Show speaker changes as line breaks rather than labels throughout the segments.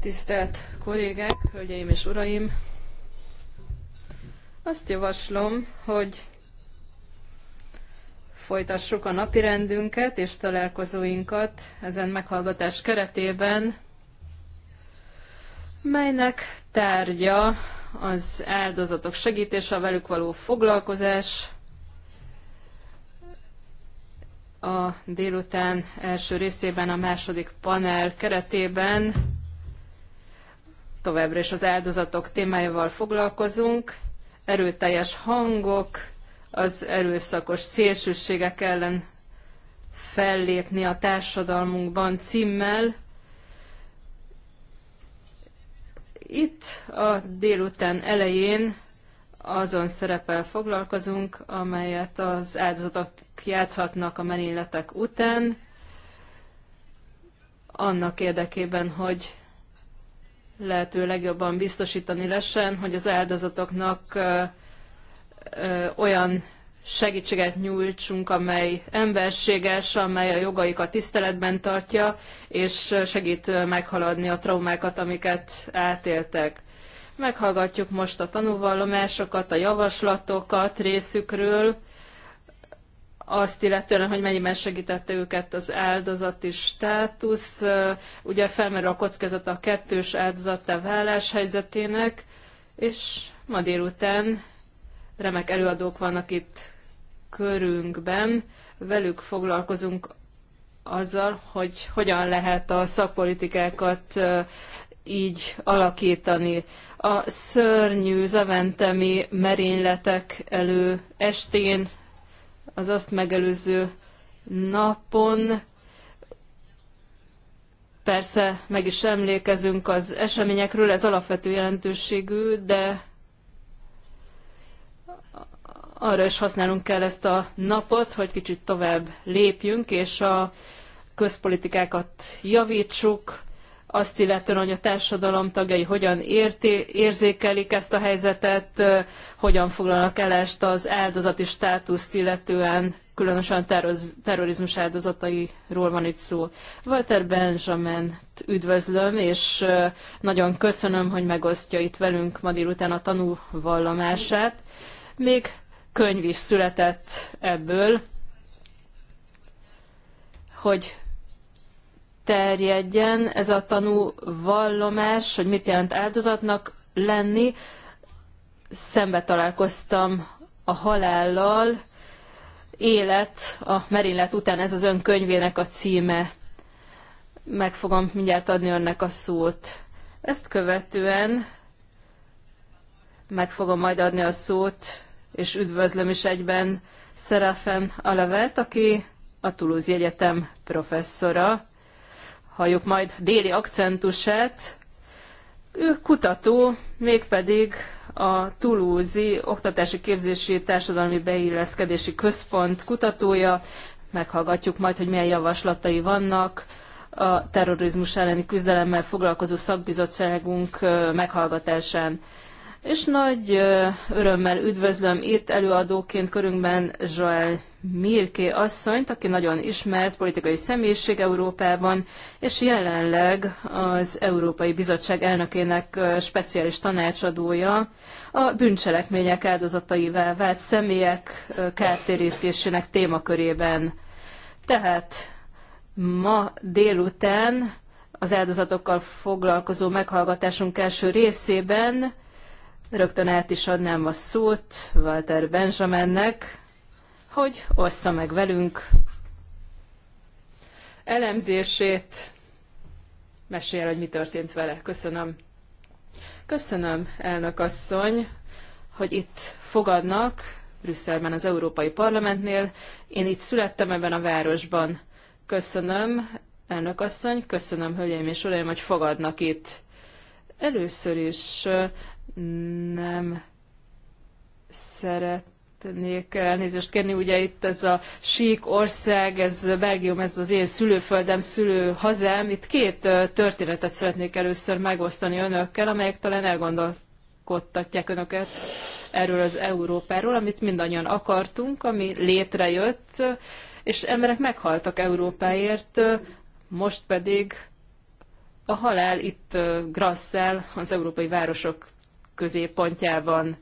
Tisztelt kollégák, hölgyeim és uraim! Azt javaslom, hogy folytassuk a napirendünket és találkozóinkat ezen meghallgatás keretében, melynek tárgya az áldozatok segítése, a velük való foglalkozás, a délután első részében a második panel keretében továbbra is az áldozatok témájával foglalkozunk. Erőteljes hangok, az erőszakos szélsőségek ellen fellépni a társadalmunkban címmel. Itt a délután elején azon szerepel foglalkozunk, amelyet az áldozatok játszhatnak a merényletek után, annak érdekében, hogy lehető legjobban biztosítani lesen, hogy az áldozatoknak ö, ö, olyan segítséget nyújtsunk, amely emberséges, amely a jogaikat tiszteletben tartja, és segít meghaladni a traumákat, amiket átéltek. Meghallgatjuk most a tanúvallomásokat, a javaslatokat részükről, azt illetően, hogy mennyiben segítette őket az áldozati státusz. Ugye felmerül a kockázat a kettős áldozata vállás helyzetének, és ma délután remek előadók vannak itt körünkben. Velük foglalkozunk azzal, hogy hogyan lehet a szakpolitikákat így alakítani. A szörnyű zaventemi merényletek elő estén, az azt megelőző napon, persze meg is emlékezünk az eseményekről, ez alapvető jelentőségű, de arra is használunk kell ezt a napot, hogy kicsit tovább lépjünk, és a közpolitikákat javítsuk, azt illetően, hogy a társadalom tagjai hogyan érti, érzékelik ezt a helyzetet, hogyan foglalnak elást az áldozati státuszt illetően, különösen a terrorizmus áldozatairól van itt szó. Walter benjamin üdvözlöm, és nagyon köszönöm, hogy megosztja itt velünk ma délután a tanúvallomását. Még könyv is született ebből, hogy terjedjen ez a tanú vallomás, hogy mit jelent áldozatnak lenni. Szembe találkoztam a halállal, élet, a merénylet után ez az ön könyvének a címe. Meg fogom mindjárt adni önnek a szót. Ezt követően meg fogom majd adni a szót, és üdvözlöm is egyben Serafen Alavet, aki a Toulouse Egyetem professzora, halljuk majd déli akcentusát. Ő kutató, mégpedig a Toulouse-i Oktatási Képzési Társadalmi Beilleszkedési Központ kutatója. Meghallgatjuk majd, hogy milyen javaslatai vannak a terrorizmus elleni küzdelemmel foglalkozó szakbizottságunk meghallgatásán és nagy örömmel üdvözlöm itt előadóként körünkben Joel Mirké asszonyt, aki nagyon ismert politikai személyiség Európában, és jelenleg az Európai Bizottság elnökének speciális tanácsadója a bűncselekmények áldozataival vált személyek kártérítésének témakörében. Tehát ma délután az áldozatokkal foglalkozó meghallgatásunk első részében Rögtön át is adnám a szót Walter Benjaminnek, hogy ossza meg velünk elemzését, mesél, hogy mi történt vele. Köszönöm. Köszönöm, elnök asszony, hogy itt fogadnak, Brüsszelben, az Európai Parlamentnél. Én itt születtem ebben a városban. Köszönöm, elnök asszony, köszönöm, hölgyeim és uraim, hogy fogadnak itt. Először is nem szeretnék elnézést kérni. Ugye itt ez a sík ország, ez Belgium, ez az én szülőföldem, szülő hazám. Itt két történetet szeretnék először megosztani önökkel, amelyek talán elgondolkodtatják önöket erről az Európáról, amit mindannyian akartunk, ami létrejött, és emberek meghaltak Európáért, most pedig a halál itt grasszel az európai városok középpontjában.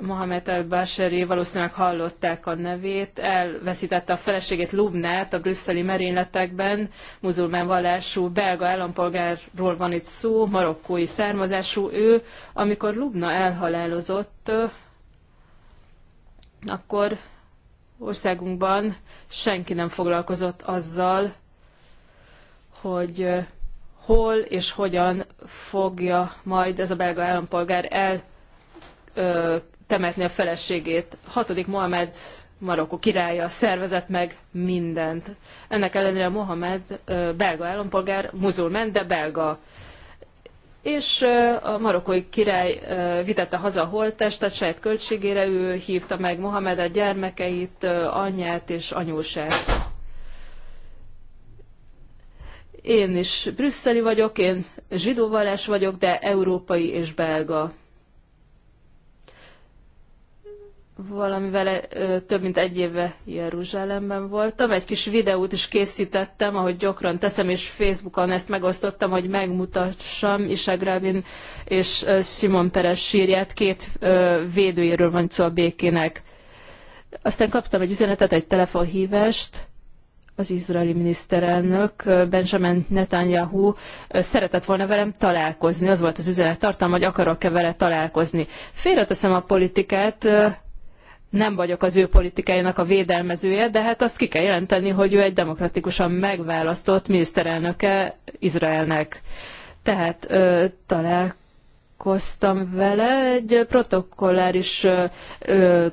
Mohamed el basheri valószínűleg hallották a nevét, elveszítette a feleségét Lubnát a brüsszeli merényletekben, muzulmán vallású belga állampolgárról van itt szó, marokkói származású ő. Amikor Lubna elhalálozott, akkor országunkban senki nem foglalkozott azzal, hogy hol és hogyan fogja majd ez a belga állampolgár el ö, temetni a feleségét. Hatodik Mohamed Marokko királya szervezett meg mindent. Ennek ellenére Mohamed ö, belga állampolgár, muzulmán, de belga. És ö, a marokkói király ö, vitette haza a holttestet, saját költségére ő hívta meg Mohamedet, gyermekeit, ö, anyját és anyósát én is brüsszeli vagyok, én zsidóvallás vagyok, de európai és belga. Valamivel több mint egy éve Jeruzsálemben voltam, egy kis videót is készítettem, ahogy gyakran teszem, és Facebookon ezt megosztottam, hogy megmutassam Isaac és Simon Peres sírját, két védőjéről van szó a békének. Aztán kaptam egy üzenetet, egy telefonhívást, az izraeli miniszterelnök Benjamin Netanyahu szeretett volna velem találkozni. Az volt az üzenet tartalma, hogy akarok-e vele találkozni. Félreteszem a politikát, nem vagyok az ő politikájának a védelmezője, de hát azt ki kell jelenteni, hogy ő egy demokratikusan megválasztott miniszterelnöke Izraelnek. Tehát találkozni találkoztam vele, egy protokolláris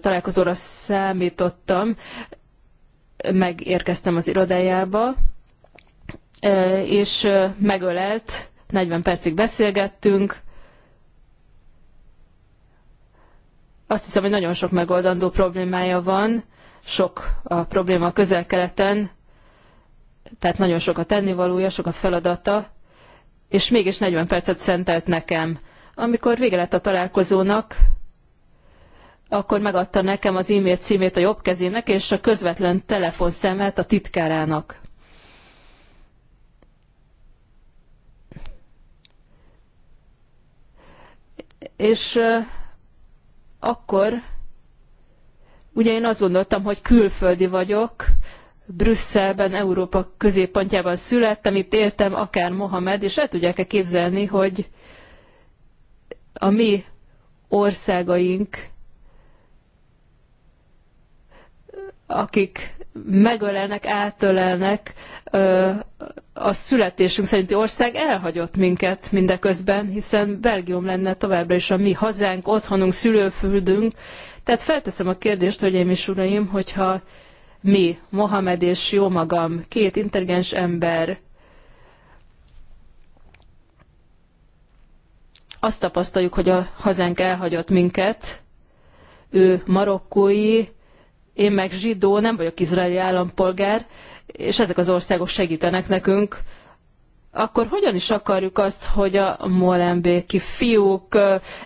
találkozóra számítottam, megérkeztem az irodájába, és megölelt, 40 percig beszélgettünk, azt hiszem, hogy nagyon sok megoldandó problémája van, sok a probléma közel-keleten, tehát nagyon sok a tennivalója, sok a feladata, és mégis 40 percet szentelt nekem. Amikor vége lett a találkozónak, akkor megadta nekem az e-mail címét a jobb kezének, és a közvetlen telefonszemet a titkárának. És akkor ugye én azt gondoltam, hogy külföldi vagyok, Brüsszelben, Európa középpontjában születtem, itt éltem, akár Mohamed, és el tudják-e képzelni, hogy a mi országaink akik megölelnek, átölelnek, a születésünk szerinti ország elhagyott minket mindeközben, hiszen Belgium lenne továbbra is a mi hazánk, otthonunk, szülőföldünk. Tehát felteszem a kérdést, hölgyeim és uraim, hogyha mi, Mohamed és jó magam, két intelligens ember, azt tapasztaljuk, hogy a hazánk elhagyott minket, ő marokkói, én meg zsidó, nem vagyok izraeli állampolgár, és ezek az országok segítenek nekünk, akkor hogyan is akarjuk azt, hogy a molembéki fiúk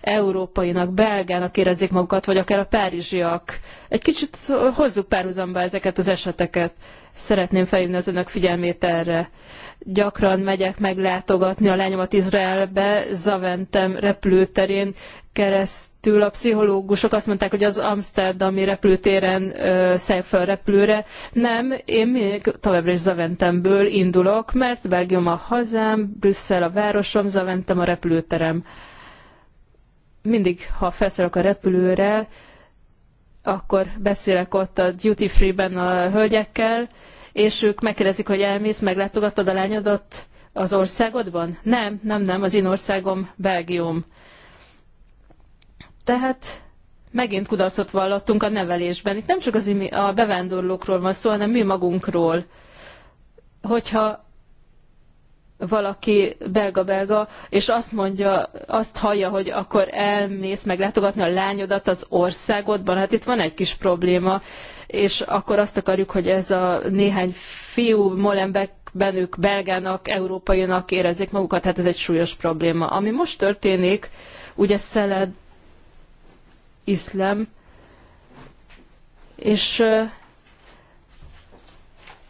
európainak, belgának érezzék magukat, vagy akár a párizsiak? Egy kicsit hozzuk párhuzamba ezeket az eseteket. Szeretném felhívni az önök figyelmét erre. Gyakran megyek meglátogatni a lányomat Izraelbe, Zaventem repülőterén, keresztül a pszichológusok azt mondták, hogy az amsterdami repülőtéren szállj fel a repülőre. Nem, én még továbbra is Zaventemből indulok, mert Belgium a hazám, Brüsszel a városom, Zaventem a repülőterem. Mindig, ha felszállok a repülőre, akkor beszélek ott a duty free-ben a hölgyekkel, és ők megkérdezik, hogy elmész, meglátogattad a lányodat az országodban? Nem, nem, nem, az én országom Belgium. Tehát megint kudarcot vallottunk a nevelésben. Itt nem csak az imi, a bevándorlókról van szó, hanem mi magunkról. Hogyha valaki belga-belga, és azt mondja, azt hallja, hogy akkor elmész meglátogatni a lányodat az országodban, hát itt van egy kis probléma, és akkor azt akarjuk, hogy ez a néhány fiú molembekben ők belgának, európainak érezzék magukat, hát ez egy súlyos probléma. Ami most történik, ugye Szeled iszlám, és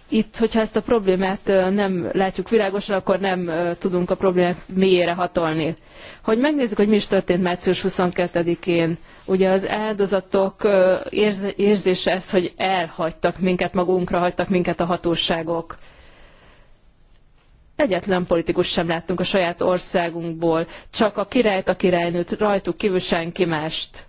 itt, hogyha ezt a problémát nem látjuk világosan, akkor nem tudunk a problémák mélyére hatolni. Hogy megnézzük, hogy mi is történt március 22-én, ugye az áldozatok érzése ez, hogy elhagytak minket, magunkra hagytak minket a hatóságok. Egyetlen politikus sem láttunk a saját országunkból, csak a királyt, a királynőt, rajtuk kívül senki mást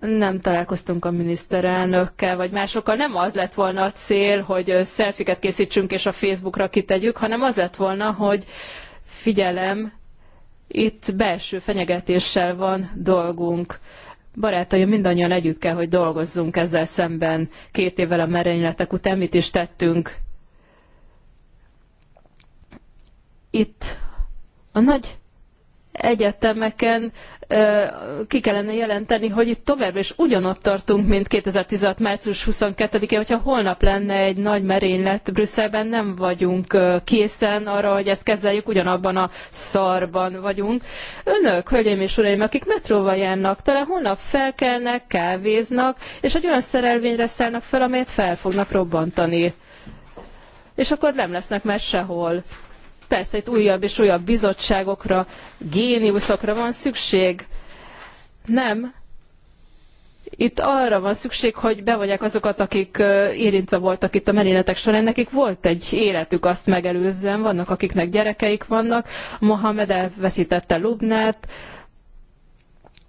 nem találkoztunk a miniszterelnökkel, vagy másokkal. Nem az lett volna a cél, hogy szelfiket készítsünk és a Facebookra kitegyük, hanem az lett volna, hogy figyelem, itt belső fenyegetéssel van dolgunk. Barátaim, mindannyian együtt kell, hogy dolgozzunk ezzel szemben. Két évvel a merényletek után mit is tettünk. Itt a nagy egyetemeken ki kellene jelenteni, hogy itt továbbra is ugyanott tartunk, mint 2016. március 22-én, hogyha holnap lenne egy nagy merénylet Brüsszelben, nem vagyunk készen arra, hogy ezt kezeljük, ugyanabban a szarban vagyunk. Önök, hölgyeim és uraim, akik metróval járnak, talán holnap felkelnek, kávéznak, és egy olyan szerelvényre szállnak fel, amelyet fel fognak robbantani. És akkor nem lesznek már sehol. Persze itt újabb és újabb bizottságokra, géniuszokra van szükség. Nem. Itt arra van szükség, hogy bevonják azokat, akik érintve voltak itt a merényletek során. Nekik volt egy életük, azt megelőzően. Vannak, akiknek gyerekeik vannak. Mohamed elveszítette Lubnát,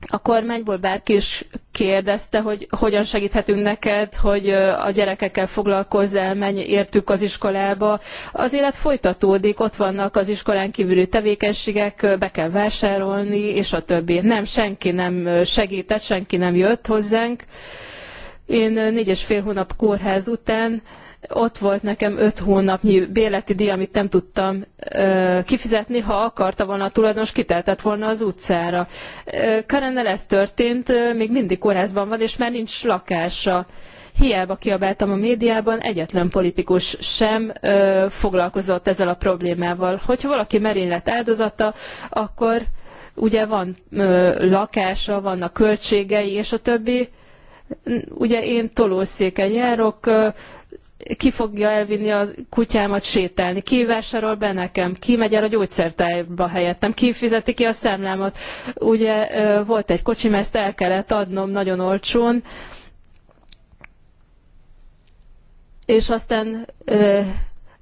a kormányból bárki is kérdezte, hogy hogyan segíthetünk neked, hogy a gyerekekkel foglalkozz, menj értük az iskolába. Az élet folytatódik, ott vannak az iskolán kívüli tevékenységek, be kell vásárolni, és a többi. Nem, senki nem segített, senki nem jött hozzánk. Én négy és fél hónap kórház után ott volt nekem öt hónapnyi béleti díj, amit nem tudtam ö, kifizetni, ha akarta volna a tulajdonos, kiteltett volna az utcára. Karennel ez történt, ö, még mindig kórházban van, és már nincs lakása. Hiába kiabáltam a médiában, egyetlen politikus sem ö, foglalkozott ezzel a problémával. Hogyha valaki merénylet áldozata, akkor ugye van ö, lakása, vannak költségei, és a többi. Ugye én tolószéken járok, ki fogja elvinni a kutyámat sétálni, ki vásárol be nekem, ki megy el a gyógyszertárba helyettem, ki fizeti ki a számlámat. Ugye volt egy kocsim, ezt el kellett adnom nagyon olcsón, és aztán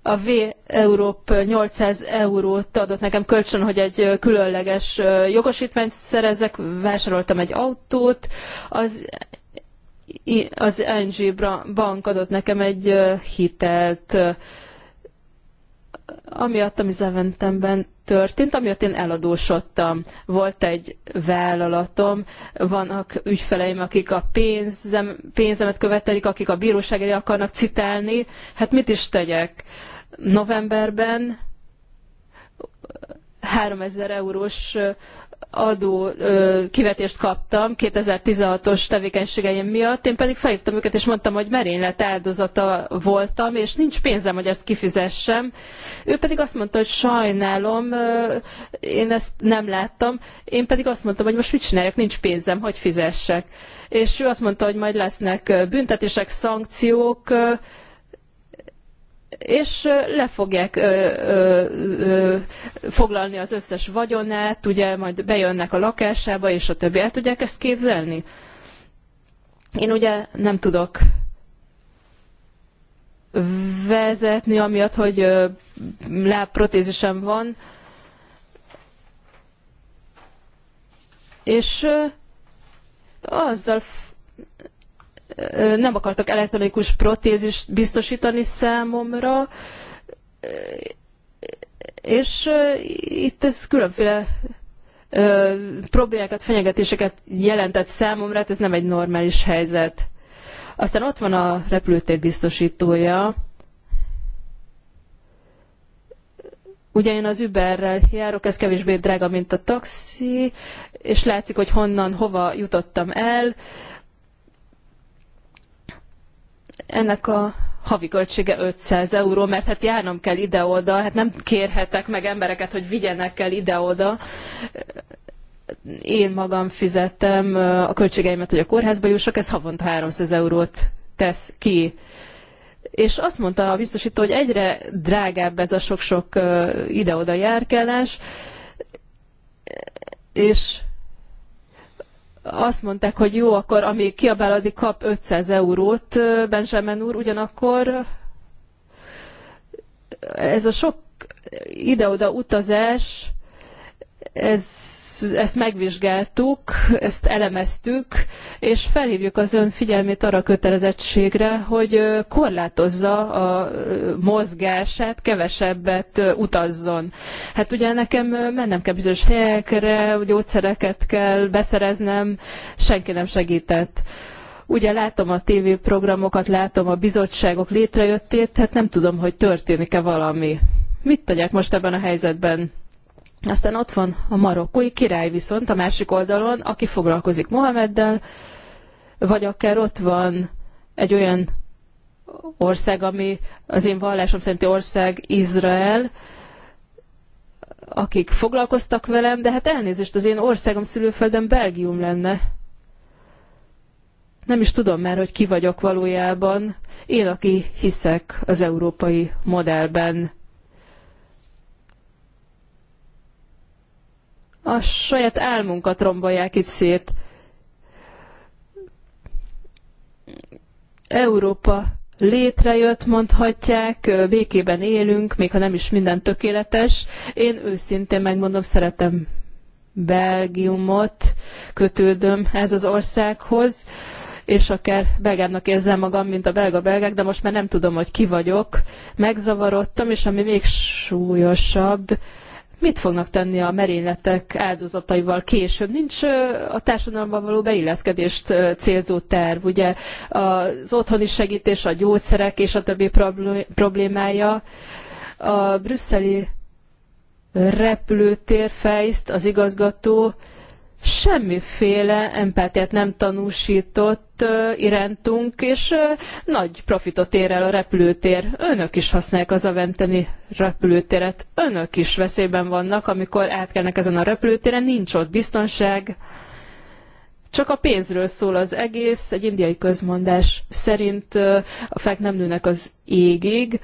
a V Europe 800 eurót adott nekem kölcsön, hogy egy különleges jogosítványt szerezzek, vásároltam egy autót, az az NG bank adott nekem egy hitelt, amiatt, ami Zeventemben történt, amiatt én eladósodtam. Volt egy vállalatom, vannak ügyfeleim, akik a pénzem, pénzemet követelik, akik a bíróság elé akarnak citálni. Hát mit is tegyek? Novemberben 3000 eurós adó ö, kivetést kaptam 2016-os tevékenységeim miatt, én pedig felhívtam őket, és mondtam, hogy merénylet áldozata voltam, és nincs pénzem, hogy ezt kifizessem. Ő pedig azt mondta, hogy sajnálom, ö, én ezt nem láttam, én pedig azt mondtam, hogy most mit csináljak, nincs pénzem, hogy fizessek. És ő azt mondta, hogy majd lesznek büntetések, szankciók, ö, és le fogják ö, ö, ö, foglalni az összes vagyonát, ugye majd bejönnek a lakásába, és a többi. El tudják ezt képzelni? Én ugye nem tudok vezetni, amiatt, hogy lábprotézisem van, és azzal nem akartak elektronikus protézist biztosítani számomra, és itt ez különféle problémákat, fenyegetéseket jelentett számomra, hát ez nem egy normális helyzet. Aztán ott van a repülőtér biztosítója. Ugye én az Uberrel járok, ez kevésbé drága, mint a taxi, és látszik, hogy honnan, hova jutottam el ennek a havi költsége 500 euró, mert hát járnom kell ide-oda, hát nem kérhetek meg embereket, hogy vigyenek el ide-oda. Én magam fizettem a költségeimet, hogy a kórházba jussak, ez havonta 300 eurót tesz ki. És azt mondta a biztosító, hogy egyre drágább ez a sok-sok ide-oda járkálás, és azt mondták, hogy jó, akkor ami kiabál, addig kap 500 eurót Benjamin úr, ugyanakkor ez a sok ide-oda utazás ez, ezt megvizsgáltuk, ezt elemeztük, és felhívjuk az ön figyelmét arra a kötelezettségre, hogy korlátozza a mozgását, kevesebbet utazzon. Hát ugye nekem mennem kell bizonyos helyekre, gyógyszereket kell beszereznem, senki nem segített ugye látom a TV programokat, látom a bizottságok létrejöttét, tehát nem tudom, hogy történik-e valami. Mit tegyek most ebben a helyzetben? Aztán ott van a marokkói király viszont a másik oldalon, aki foglalkozik Mohameddel, vagy akár ott van egy olyan ország, ami az én vallásom szerinti ország, Izrael, akik foglalkoztak velem, de hát elnézést, az én országom szülőföldem Belgium lenne. Nem is tudom már, hogy ki vagyok valójában. Én, aki hiszek az európai modellben. a saját álmunkat rombolják itt szét. Európa létrejött, mondhatják, békében élünk, még ha nem is minden tökéletes. Én őszintén megmondom, szeretem Belgiumot, kötődöm ez az országhoz, és akár belgának érzem magam, mint a belga belgák, de most már nem tudom, hogy ki vagyok. Megzavarodtam, és ami még súlyosabb, mit fognak tenni a merényletek áldozataival később? Nincs a társadalomban való beilleszkedést célzó terv. Ugye az otthoni segítés, a gyógyszerek és a többi problémája. A brüsszeli repülőtér fejszt az igazgató semmiféle empátiát nem tanúsított irántunk, és nagy profitot ér el a repülőtér. Önök is használják az aventeni repülőteret. Önök is veszélyben vannak, amikor átkelnek ezen a repülőtéren, nincs ott biztonság. Csak a pénzről szól az egész, egy indiai közmondás szerint a fák nem nőnek az égig.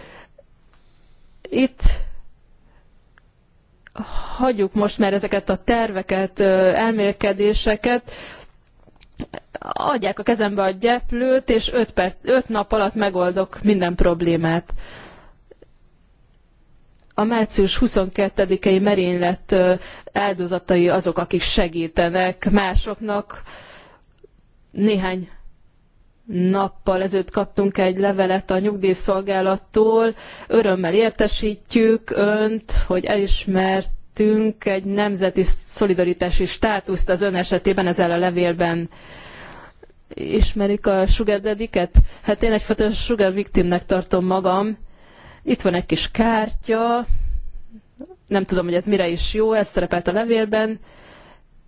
Itt hagyjuk most már ezeket a terveket, elmélkedéseket, adják a kezembe a gyeplőt, és öt perc, öt nap alatt megoldok minden problémát. A március 22-i merénylet áldozatai azok, akik segítenek másoknak néhány nappal ezelőtt kaptunk egy levelet a nyugdíjszolgálattól. Örömmel értesítjük önt, hogy elismertünk egy nemzeti szolidaritási státuszt az ön esetében ezzel a levélben. Ismerik a sugar dediket? Hát én egyfajta sugar victimnek tartom magam. Itt van egy kis kártya, nem tudom, hogy ez mire is jó, ez szerepelt a levélben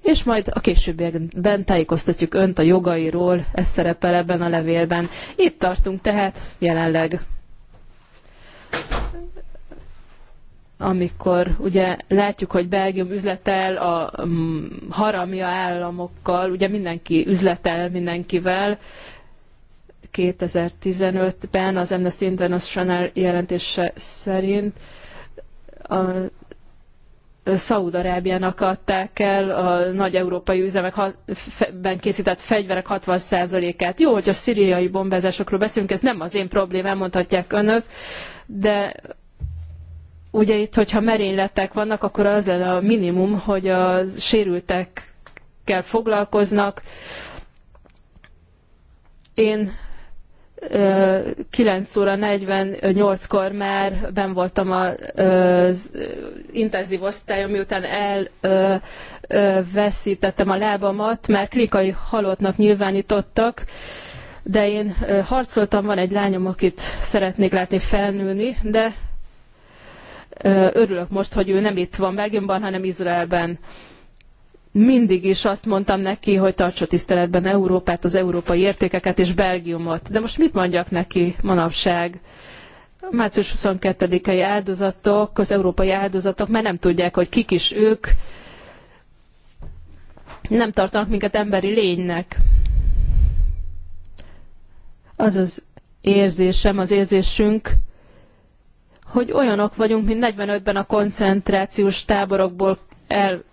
és majd a későbbiekben tájékoztatjuk önt a jogairól, ez szerepel ebben a levélben. Itt tartunk tehát jelenleg amikor ugye látjuk, hogy Belgium üzletel a mm, haramja államokkal, ugye mindenki üzletel mindenkivel, 2015-ben az Amnesty International jelentése szerint a Szaúd-Arábiának adták el a nagy európai üzemekben készített fegyverek 60%-át. Jó, hogy a szíriai bombázásokról beszélünk, ez nem az én problémám, mondhatják önök, de ugye itt, hogyha merényletek vannak, akkor az lenne a minimum, hogy a sérültekkel foglalkoznak. Én 9 óra 48-kor már ben voltam az intenzív osztályon, miután elveszítettem a lábamat, mert klikai halottnak nyilvánítottak, de én harcoltam, van egy lányom, akit szeretnék látni felnőni, de örülök most, hogy ő nem itt van Belgiumban, hanem Izraelben mindig is azt mondtam neki, hogy tartsa tiszteletben Európát, az európai értékeket és Belgiumot. De most mit mondjak neki manapság? Március 22-i áldozatok, az európai áldozatok már nem tudják, hogy kik is ők, nem tartanak minket emberi lénynek. Az az érzésem, az érzésünk, hogy olyanok vagyunk, mint 45-ben a koncentrációs táborokból el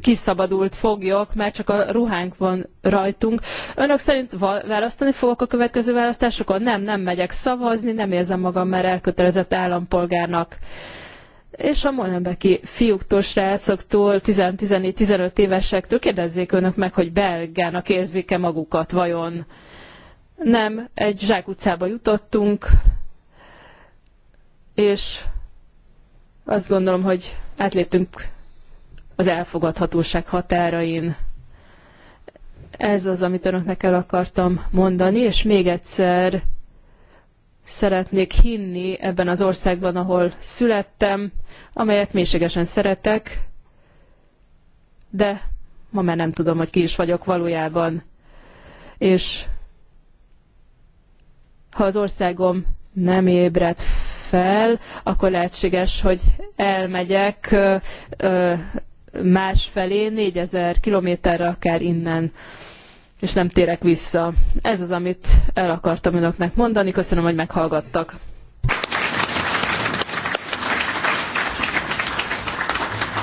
kiszabadult foglyok, már csak a ruhánk van rajtunk. Önök szerint választani fogok a következő választásokon? Nem, nem megyek szavazni, nem érzem magam már elkötelezett állampolgárnak. És a molenbeki fiúktól, srácoktól, 14-15 évesektől kérdezzék önök meg, hogy belgának érzik-e magukat vajon. Nem, egy zsákutcába jutottunk, és azt gondolom, hogy átléptünk az elfogadhatóság határain. Ez az, amit önöknek el akartam mondani, és még egyszer szeretnék hinni ebben az országban, ahol születtem, amelyet mélységesen szeretek, de ma már nem tudom, hogy ki is vagyok valójában. És ha az országom nem ébred fel, akkor lehetséges, hogy elmegyek ö, ö, más felé 4000 kilométerre akár innen és nem térek vissza. Ez az, amit el akartam önöknek mondani. Köszönöm, hogy meghallgattak.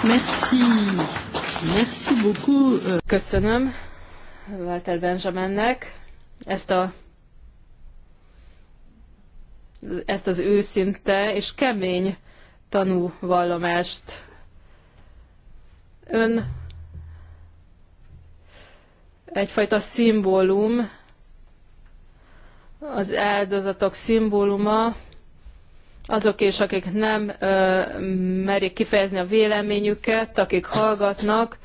Merci. Merci beaucoup. Köszönöm Walter Benjaminnek ezt a ezt az őszinte és kemény tanúvallomást Ön egyfajta szimbólum, az áldozatok szimbóluma, azok is, akik nem ö, merik kifejezni a véleményüket, akik hallgatnak,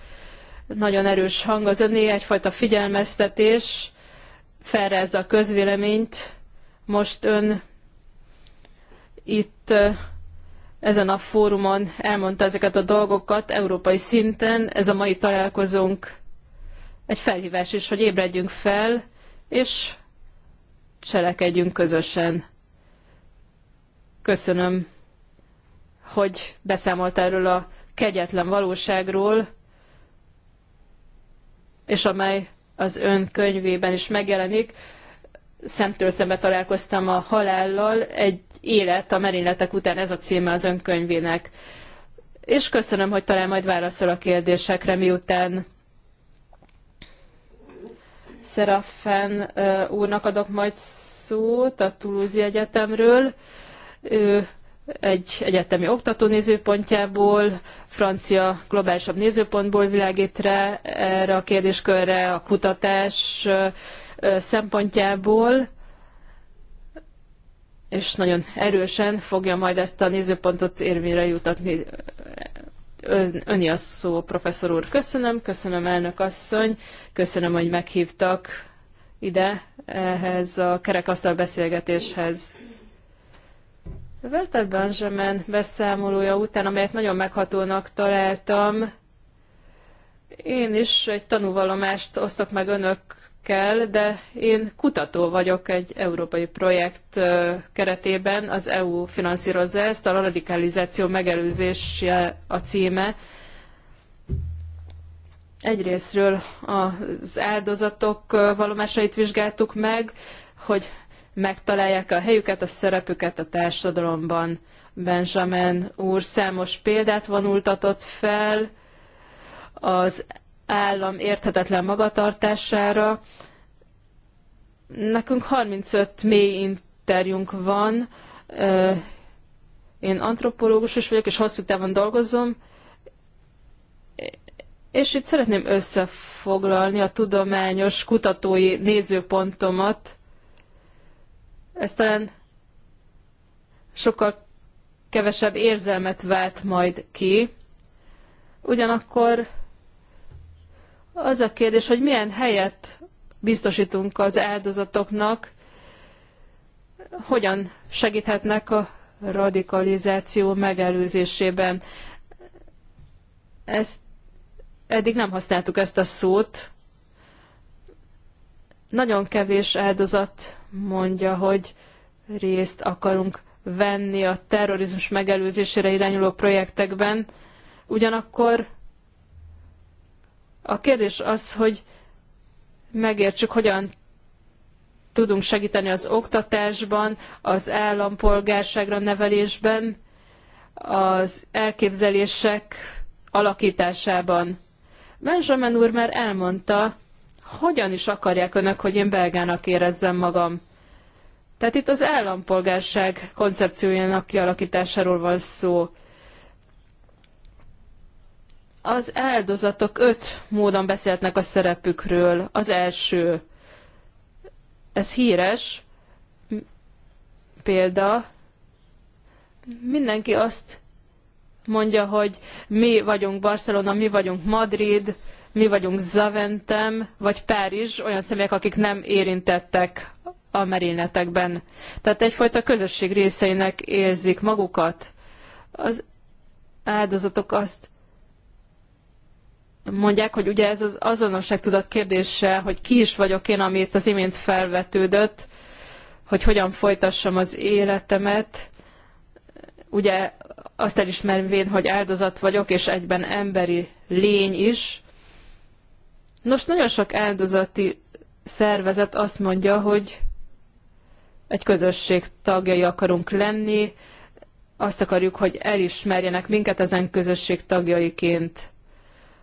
nagyon erős hang az öné, egyfajta figyelmeztetés, felrázza a közvéleményt. Most ön itt ezen a fórumon elmondta ezeket a dolgokat európai szinten. Ez a mai találkozónk egy felhívás is, hogy ébredjünk fel, és cselekedjünk közösen. Köszönöm, hogy beszámolt erről a kegyetlen valóságról, és amely az ön könyvében is megjelenik szemtől szembe találkoztam a halállal, egy élet a merényletek után, ez a címe az önkönyvének. És köszönöm, hogy talán majd válaszol a kérdésekre, miután Serafen úrnak adok majd szót a Toulouse Egyetemről. Ő egy egyetemi oktató nézőpontjából, francia globálisabb nézőpontból világít rá erre a kérdéskörre, a kutatás szempontjából, és nagyon erősen fogja majd ezt a nézőpontot érvényre jutatni. Öni a szó, professzor úr. Köszönöm, köszönöm elnök asszony, köszönöm, hogy meghívtak ide ehhez a kerekasztal beszélgetéshez. Walter Benjamin beszámolója után, amelyet nagyon meghatónak találtam, én is egy tanúvallomást osztok meg önök kell, de én kutató vagyok egy európai projekt keretében, az EU finanszírozza ezt, a radikalizáció megelőzése a címe. Egyrésztről az áldozatok valomásait vizsgáltuk meg, hogy megtalálják a helyüket, a szerepüket a társadalomban. Benjamin úr számos példát vonultatott fel, az állam érthetetlen magatartására. Nekünk 35 mély interjúnk van, én antropológus is vagyok, és hosszú távon dolgozom, és itt szeretném összefoglalni a tudományos kutatói nézőpontomat. Ez talán sokkal kevesebb érzelmet vált majd ki. Ugyanakkor az a kérdés, hogy milyen helyet biztosítunk az áldozatoknak, hogyan segíthetnek a radikalizáció megelőzésében. Ezt, eddig nem használtuk ezt a szót. Nagyon kevés áldozat mondja, hogy részt akarunk venni a terrorizmus megelőzésére irányuló projektekben. Ugyanakkor a kérdés az, hogy megértsük, hogyan tudunk segíteni az oktatásban, az állampolgárságra nevelésben, az elképzelések alakításában. Benjamin úr már elmondta, hogyan is akarják önök, hogy én belgának érezzem magam. Tehát itt az állampolgárság koncepciójának kialakításáról van szó. Az áldozatok öt módon beszélhetnek a szerepükről. Az első, ez híres példa, mindenki azt mondja, hogy mi vagyunk Barcelona, mi vagyunk Madrid, mi vagyunk Zaventem, vagy Párizs, olyan személyek, akik nem érintettek a merényletekben. Tehát egyfajta közösség részeinek érzik magukat. Az áldozatok azt mondják, hogy ugye ez az azonosságtudat kérdése, hogy ki is vagyok én, amit az imént felvetődött, hogy hogyan folytassam az életemet, ugye azt elismervén, hogy áldozat vagyok, és egyben emberi lény is. Nos, nagyon sok áldozati szervezet azt mondja, hogy egy közösség tagjai akarunk lenni, azt akarjuk, hogy elismerjenek minket ezen közösség tagjaiként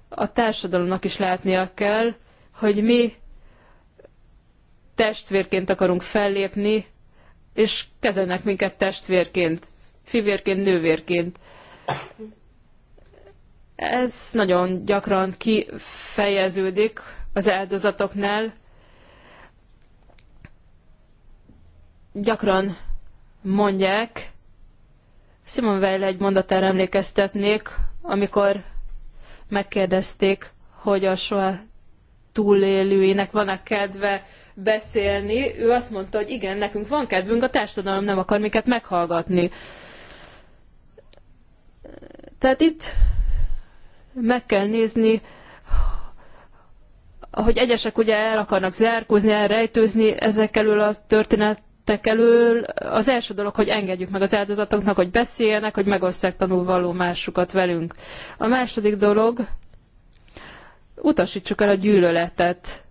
a társadalomnak is látnia kell, hogy mi testvérként akarunk fellépni, és kezelnek minket testvérként, fivérként, nővérként. Ez nagyon gyakran kifejeződik az áldozatoknál. Gyakran mondják, Simon Weil egy mondatára emlékeztetnék, amikor megkérdezték, hogy a soha túlélőinek van-e kedve beszélni. Ő azt mondta, hogy igen, nekünk van kedvünk, a társadalom nem akar minket meghallgatni. Tehát itt meg kell nézni, hogy egyesek ugye el akarnak zárkózni, elrejtőzni ezek elől a történet tettek elől, az első dolog, hogy engedjük meg az áldozatoknak, hogy beszéljenek, hogy megosszák tanulvaló másukat velünk. A második dolog, utasítsuk el a gyűlöletet.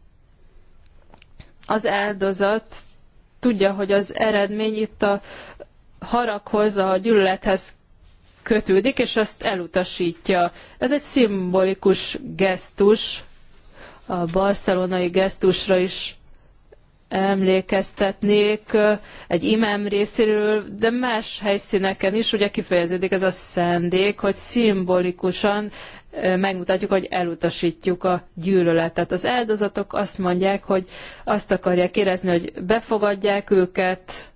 Az áldozat tudja, hogy az eredmény itt a harakhoz a gyűlölethez kötődik, és azt elutasítja. Ez egy szimbolikus gesztus, a barcelonai gesztusra is emlékeztetnék egy imám részéről, de más helyszíneken is ugye kifejeződik ez a szendék, hogy szimbolikusan megmutatjuk, hogy elutasítjuk a gyűlöletet. Az áldozatok azt mondják, hogy azt akarják érezni, hogy befogadják őket,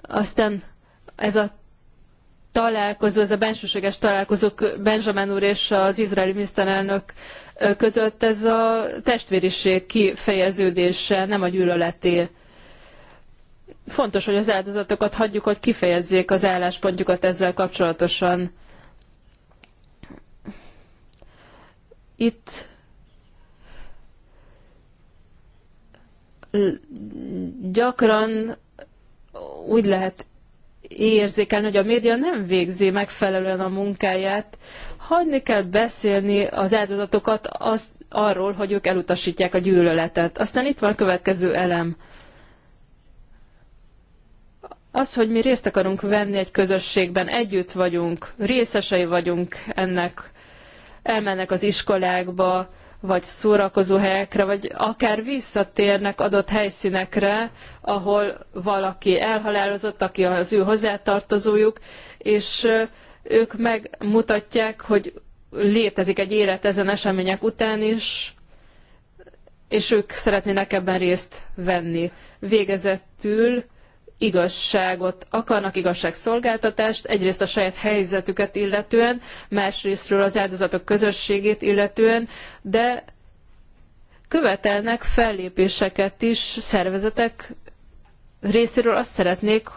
aztán ez a találkozó, ez a bensőséges találkozók Benjamin úr és az izraeli miniszterelnök között, ez a testvériség kifejeződése, nem a gyűlöleté. Fontos, hogy az áldozatokat hagyjuk, hogy kifejezzék az álláspontjukat ezzel kapcsolatosan. Itt gyakran úgy lehet érzékelni, hogy a média nem végzi megfelelően a munkáját. Hagyni kell beszélni az áldozatokat azt, arról, hogy ők elutasítják a gyűlöletet. Aztán itt van a következő elem. Az, hogy mi részt akarunk venni egy közösségben, együtt vagyunk, részesei vagyunk ennek, elmennek az iskolákba, vagy szórakozó helyekre, vagy akár visszatérnek adott helyszínekre, ahol valaki elhalálozott, aki az ő hozzátartozójuk, és ők megmutatják, hogy létezik egy élet ezen események után is, és ők szeretnének ebben részt venni. Végezetül igazságot akarnak, igazságszolgáltatást, egyrészt a saját helyzetüket illetően, másrésztről az áldozatok közösségét illetően, de követelnek fellépéseket is szervezetek részéről azt szeretnék,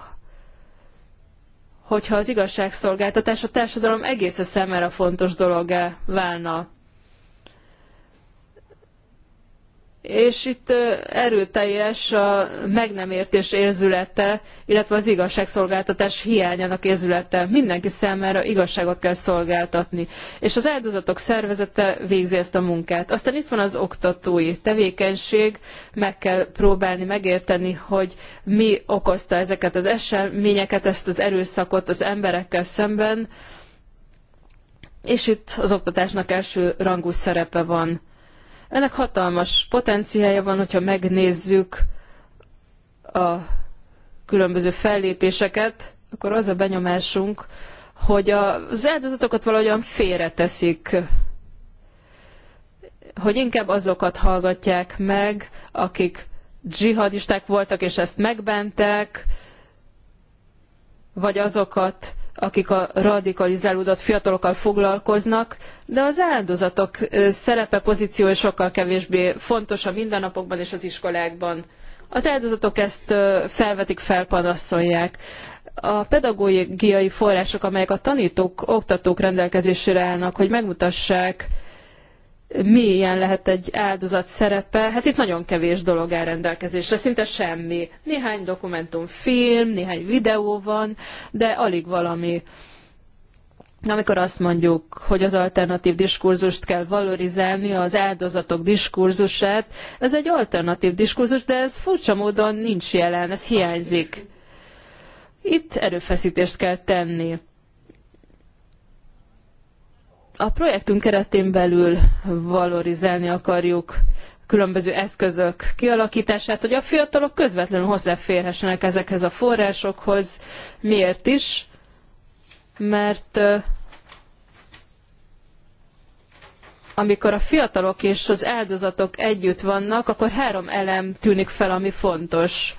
hogyha az igazságszolgáltatás a társadalom egésze számára fontos dologá válna. és itt erőteljes a meg nem értés érzülete, illetve az igazságszolgáltatás hiányának érzülete. Mindenki számára igazságot kell szolgáltatni, és az áldozatok szervezete végzi ezt a munkát. Aztán itt van az oktatói tevékenység, meg kell próbálni megérteni, hogy mi okozta ezeket az eseményeket, ezt az erőszakot az emberekkel szemben, és itt az oktatásnak első rangú szerepe van. Ennek hatalmas potenciája van, hogyha megnézzük a különböző fellépéseket, akkor az a benyomásunk, hogy az áldozatokat valahogyan félreteszik, hogy inkább azokat hallgatják meg, akik dzsihadisták voltak, és ezt megbánták, vagy azokat, akik a radikalizálódott fiatalokkal foglalkoznak, de az áldozatok szerepe, pozíciója sokkal kevésbé fontos a mindennapokban és az iskolákban. Az áldozatok ezt felvetik, felpanaszolják. A pedagógiai források, amelyek a tanítók, oktatók rendelkezésére állnak, hogy megmutassák, mélyen lehet egy áldozat szerepe, hát itt nagyon kevés dolog áll rendelkezésre, szinte semmi. Néhány dokumentumfilm, néhány videó van, de alig valami. Amikor azt mondjuk, hogy az alternatív diskurzust kell valorizálni, az áldozatok diskurzusát, ez egy alternatív diskurzus, de ez furcsa módon nincs jelen, ez hiányzik. Itt erőfeszítést kell tenni. A projektünk keretén belül valorizálni akarjuk különböző eszközök kialakítását, hogy a fiatalok közvetlenül hozzáférhessenek ezekhez a forrásokhoz. Miért is? Mert amikor a fiatalok és az áldozatok együtt vannak, akkor három elem tűnik fel, ami fontos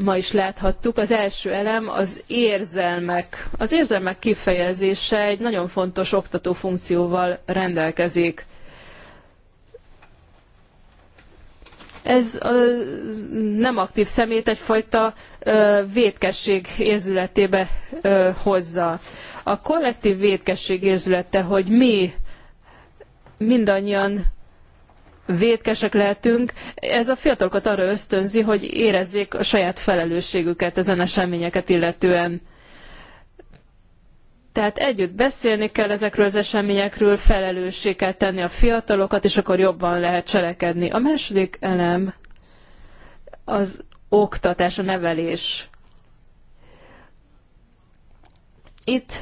ma is láthattuk. Az első elem az érzelmek. Az érzelmek kifejezése egy nagyon fontos oktató funkcióval rendelkezik. Ez a nem aktív szemét egyfajta védkesség érzületébe hozza. A kollektív védkesség érzülete, hogy mi mindannyian védkesek lehetünk. Ez a fiatalokat arra ösztönzi, hogy érezzék a saját felelősségüket ezen eseményeket illetően. Tehát együtt beszélni kell ezekről az eseményekről, felelőssé kell tenni a fiatalokat, és akkor jobban lehet cselekedni. A második elem az oktatás, a nevelés. Itt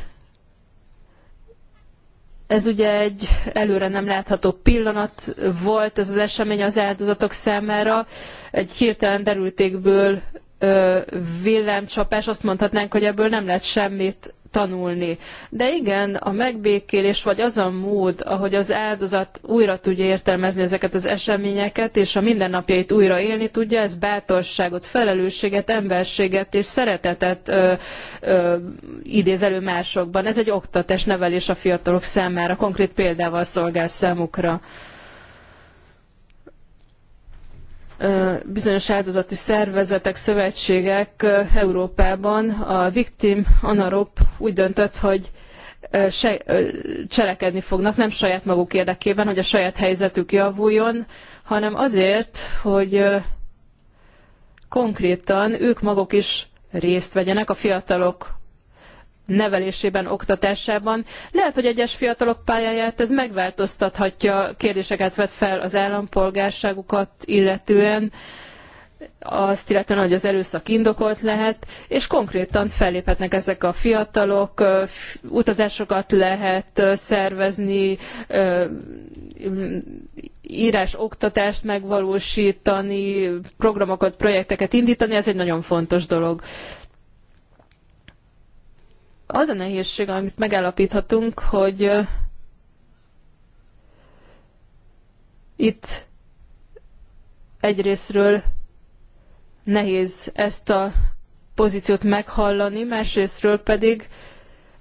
ez ugye egy előre nem látható pillanat volt ez az esemény az áldozatok számára. Egy hirtelen derültékből villámcsapás, azt mondhatnánk, hogy ebből nem lett semmit tanulni. De igen, a megbékélés vagy az a mód, ahogy az áldozat újra tudja értelmezni ezeket az eseményeket, és a mindennapjait újra élni tudja, ez bátorságot, felelősséget, emberséget és szeretetet ö, ö, idéz elő másokban. Ez egy oktatás nevelés a fiatalok számára, konkrét példával szolgál számukra bizonyos áldozati szervezetek, szövetségek Európában a Victim Anarop úgy döntött, hogy se, cselekedni fognak, nem saját maguk érdekében, hogy a saját helyzetük javuljon, hanem azért, hogy konkrétan ők maguk is részt vegyenek, a fiatalok nevelésében, oktatásában. Lehet, hogy egyes fiatalok pályáját ez megváltoztathatja, kérdéseket vet fel az állampolgárságukat illetően, azt illetően, hogy az erőszak indokolt lehet, és konkrétan felléphetnek ezek a fiatalok, utazásokat lehet szervezni, írás oktatást megvalósítani, programokat, projekteket indítani, ez egy nagyon fontos dolog. Az a nehézség, amit megállapíthatunk, hogy itt egyrésztről nehéz ezt a pozíciót meghallani, másrésztről pedig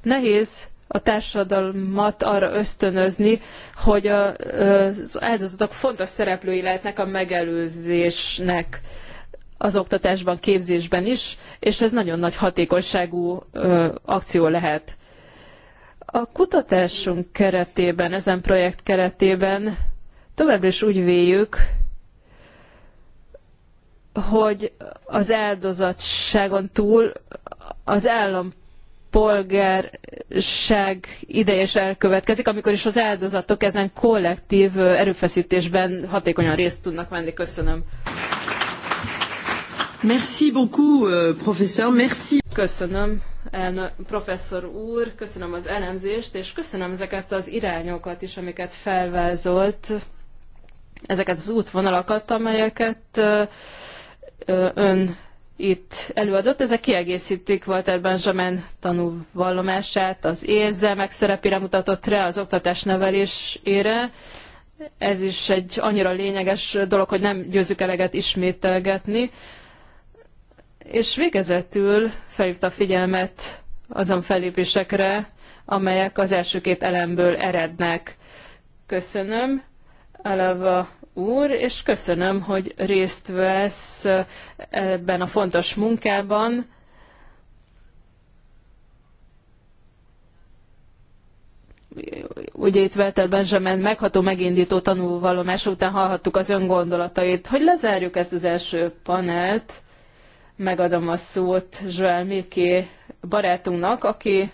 nehéz a társadalmat arra ösztönözni, hogy az áldozatok fontos szereplői lehetnek a megelőzésnek az oktatásban, képzésben is, és ez nagyon nagy hatékonyságú ö, akció lehet. A kutatásunk keretében, ezen projekt keretében továbbra is úgy véljük, hogy az áldozatságon túl az állampolgárság ideje is elkövetkezik, amikor is az áldozatok ezen kollektív erőfeszítésben hatékonyan részt tudnak venni. Köszönöm.
Merci beaucoup, euh, professeur. Merci.
Köszönöm, elnö- professzor úr, köszönöm az elemzést, és köszönöm ezeket az irányokat is, amiket felvázolt, ezeket az útvonalakat, amelyeket ön itt előadott. Ezek kiegészítik Walter Benjamin tanúvallomását, az érzelmek szerepére mutatott rá, az oktatás nevelésére. Ez is egy annyira lényeges dolog, hogy nem győzzük eleget ismételgetni. És végezetül felhívta a figyelmet azon fellépésekre, amelyek az első két elemből erednek. Köszönöm, Alava úr, és köszönöm, hogy részt vesz ebben a fontos munkában. ugye itt Walter Benjamin megható megindító tanulvallomás után hallhattuk az öngondolatait, hogy lezárjuk ezt az első panelt, megadom a szót Joel Milké barátunknak, aki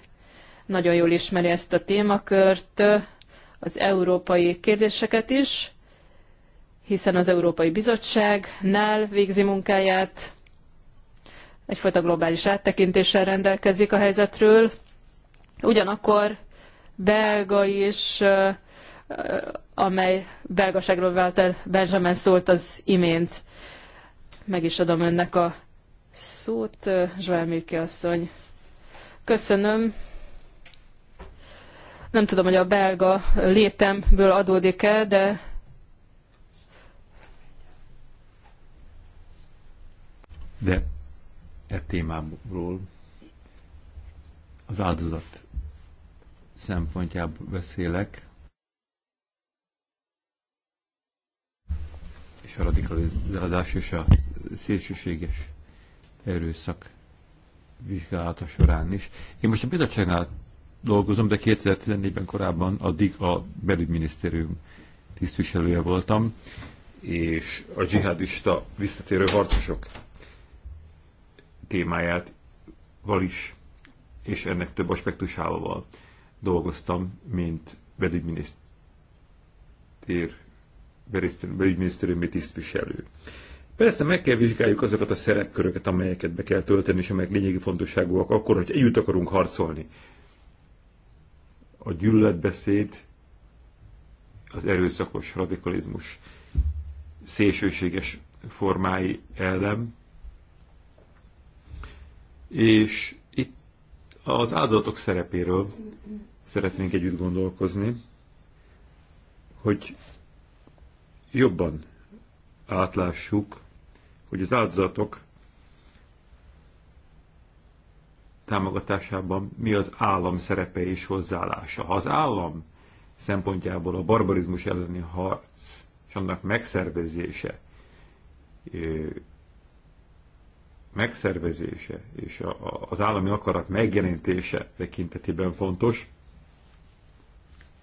nagyon jól ismeri ezt a témakört, az európai kérdéseket is, hiszen az Európai Bizottságnál végzi munkáját, egyfajta globális áttekintéssel rendelkezik a helyzetről. Ugyanakkor belga is, eh, amely belgaságról vált el Benjamin szólt az imént. Meg is adom önnek a szót. Zsoel Mirke asszony. Köszönöm. Nem tudom, hogy a belga létemből adódik-e, de
de e témáról az áldozat szempontjából beszélek, és a radikalizálás és a szélsőséges erőszak vizsgálata során is. Én most a bizottságnál dolgozom, de 2014-ben korábban addig a belügyminisztérium tisztviselője voltam, és a dzsihadista visszatérő harcosok témáját val is, és ennek több aspektusával dolgoztam, mint belügyminisztér, belügyminisztérium tisztviselő. Persze meg kell vizsgáljuk azokat a szerepköröket, amelyeket be kell tölteni, és amelyek lényegi fontosságúak akkor, hogy együtt akarunk harcolni. A gyűlöletbeszéd, az erőszakos radikalizmus szélsőséges formái ellen, és itt az áldozatok szerepéről szeretnénk együtt gondolkozni, hogy jobban átlássuk hogy az áldozatok támogatásában mi az állam szerepe és hozzáállása. Ha az állam szempontjából a barbarizmus elleni harc és annak megszervezése, megszervezése és az állami akarat megjelenítése tekintetében fontos,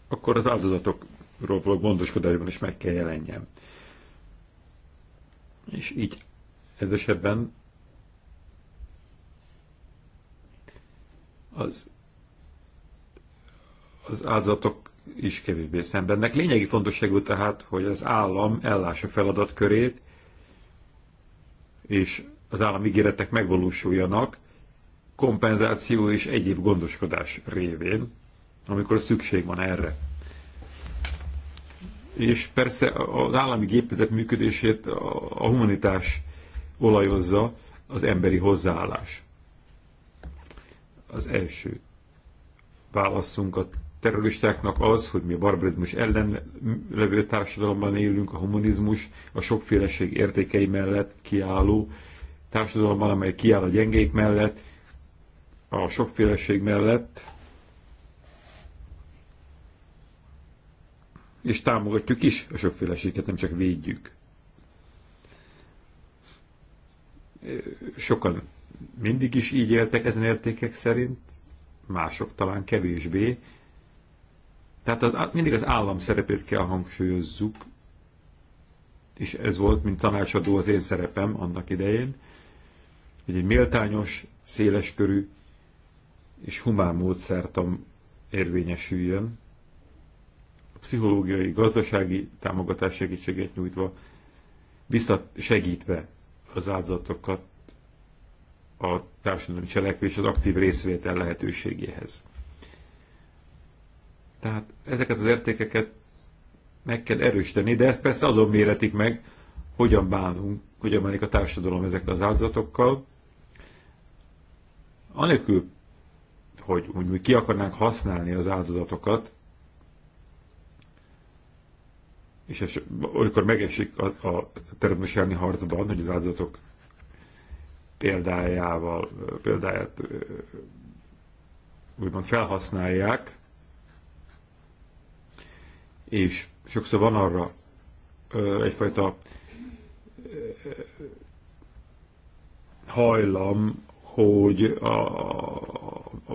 akkor az áldozatokról való gondoskodásban is meg kell jelenjen. És így Egyesebben az, az áldozatok is kevésbé szenvednek. Lényegi fontosságú tehát, hogy az állam ellássa feladatkörét, és az állam ígéretek megvalósuljanak, kompenzáció és egyéb gondoskodás révén, amikor szükség van erre. És persze az állami gépezet működését a humanitás olajozza az emberi hozzáállás. Az első válaszunk a terroristáknak az, hogy mi a barbarizmus ellen levő társadalomban élünk, a humanizmus, a sokféleség értékei mellett kiálló társadalomban, amely kiáll a gyengék mellett, a sokféleség mellett, és támogatjuk is a sokféleséget, nem csak védjük. Sokan mindig is így éltek ezen értékek szerint, mások talán kevésbé. Tehát az, mindig az állam szerepét kell hangsúlyozzuk, és ez volt, mint tanácsadó az én szerepem annak idején, hogy egy méltányos, széleskörű és humán módszertam érvényesüljön, a pszichológiai, gazdasági támogatás segítséget nyújtva, visszasegítve az áldozatokat a társadalmi cselekvés az aktív részvétel lehetőségéhez. Tehát ezeket az értékeket meg kell erősíteni, de ezt persze azon méretik meg, hogyan bánunk, hogyan bánik a társadalom ezekkel az áldozatokkal, anélkül, hogy úgy ki akarnánk használni az áldozatokat, és ez, amikor megesik a, a terrorizmus harcban, hogy az áldozatok példájával, példáját úgymond felhasználják, és sokszor van arra egyfajta hajlam, hogy a, a, a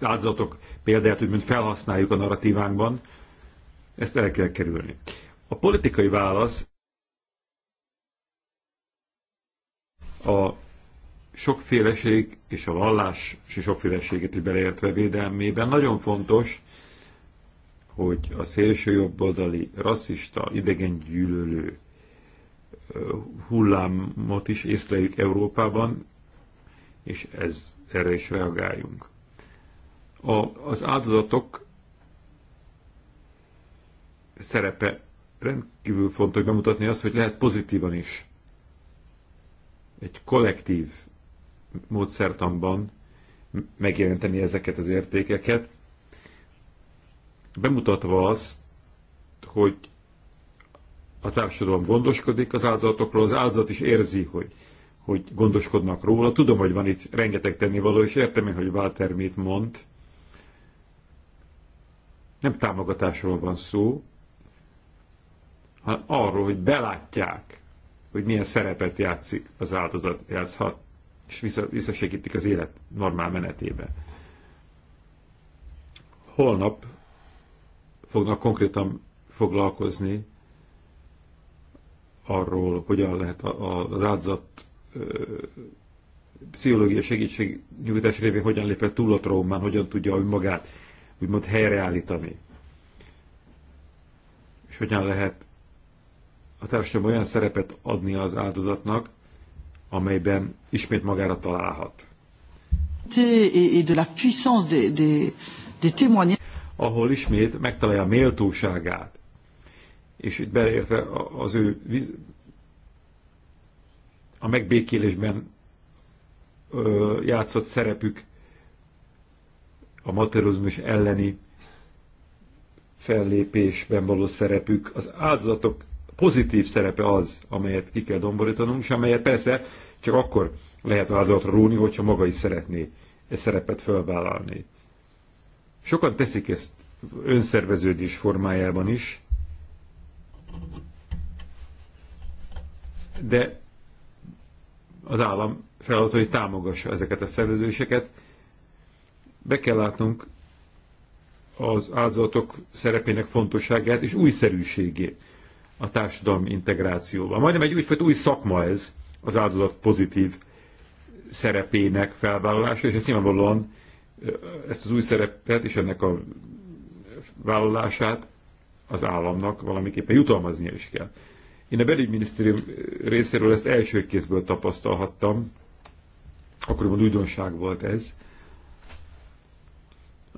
áldozatok példáját úgymond felhasználjuk a narratívánkban, ezt el kell kerülni. A politikai válasz a sokféleség és a vallás és a sokféleséget is beleértve védelmében nagyon fontos, hogy a szélső jobboldali, rasszista, idegen gyűlölő hullámot is észleljük Európában, és ez, erre is reagáljunk. A, az áldozatok szerepe rendkívül fontos bemutatni azt, hogy lehet pozitívan is. Egy kollektív módszertamban megjelenteni ezeket az értékeket, bemutatva azt, hogy a társadalom gondoskodik az áldozatokról, az áldozat is érzi, hogy, hogy gondoskodnak róla. Tudom, hogy van itt rengeteg tennivaló, és értem én, hogy Walter mit mond. Nem támogatásról van szó, hanem arról, hogy belátják, hogy milyen szerepet játszik az áldozat, játszhat, és visszasegítik az élet normál menetébe. Holnap fognak konkrétan foglalkozni arról, hogyan lehet az áldozat pszichológiai nyújtás révén hogyan lépett túl a traumán, hogyan tudja önmagát úgymond helyreállítani. És hogyan lehet a társadalom olyan szerepet adni az áldozatnak, amelyben ismét magára találhat. Ahol ismét megtalálja a méltóságát, és itt beleértve az ő víz, a megbékélésben ö, játszott szerepük a materializmus elleni fellépésben való szerepük, az áldozatok pozitív szerepe az, amelyet ki kell domborítanunk, és amelyet persze csak akkor lehet vázolatra róni, hogyha maga is szeretné e szerepet felvállalni. Sokan teszik ezt önszerveződés formájában is, de az állam feladat, hogy támogassa ezeket a szerveződéseket. Be kell látnunk az áldozatok szerepének fontosságát és újszerűségét a társadalmi integrációba. Majdnem egy úgyfajta új szakma ez, az áldozat pozitív szerepének felvállalása, és ez nyilvánvalóan eh, ezt az új szerepet és ennek a vállalását az államnak valamiképpen jutalmaznia is kell. Én a belügyminisztérium részéről ezt első kézből tapasztalhattam, akkoriban újdonság volt ez,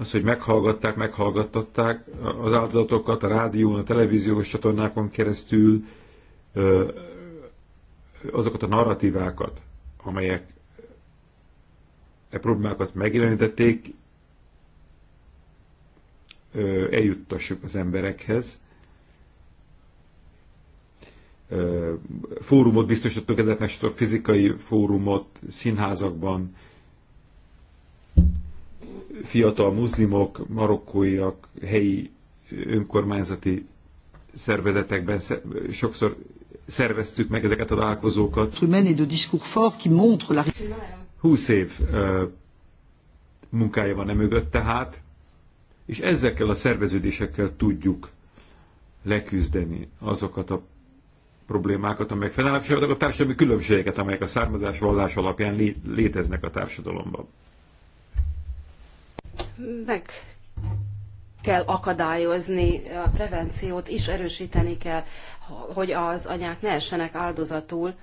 az, hogy meghallgatták, meghallgattatták az áldozatokat a rádión, a televíziós csatornákon keresztül azokat a narratívákat, amelyek e problémákat megjelenítették, eljuttassuk az emberekhez. Fórumot biztosítottuk, a fizikai fórumot színházakban, fiatal muszlimok, marokkóiak, helyi önkormányzati szervezetekben sokszor szerveztük meg ezeket a találkozókat. 20 év munkája van emögött tehát, és ezekkel a szerveződésekkel tudjuk leküzdeni azokat a problémákat, amelyek fennállnak, és a társadalmi különbségeket, amelyek a származás vallás alapján léteznek a társadalomban
meg kell akadályozni, a prevenciót is erősíteni kell, hogy az anyák ne essenek áldozatul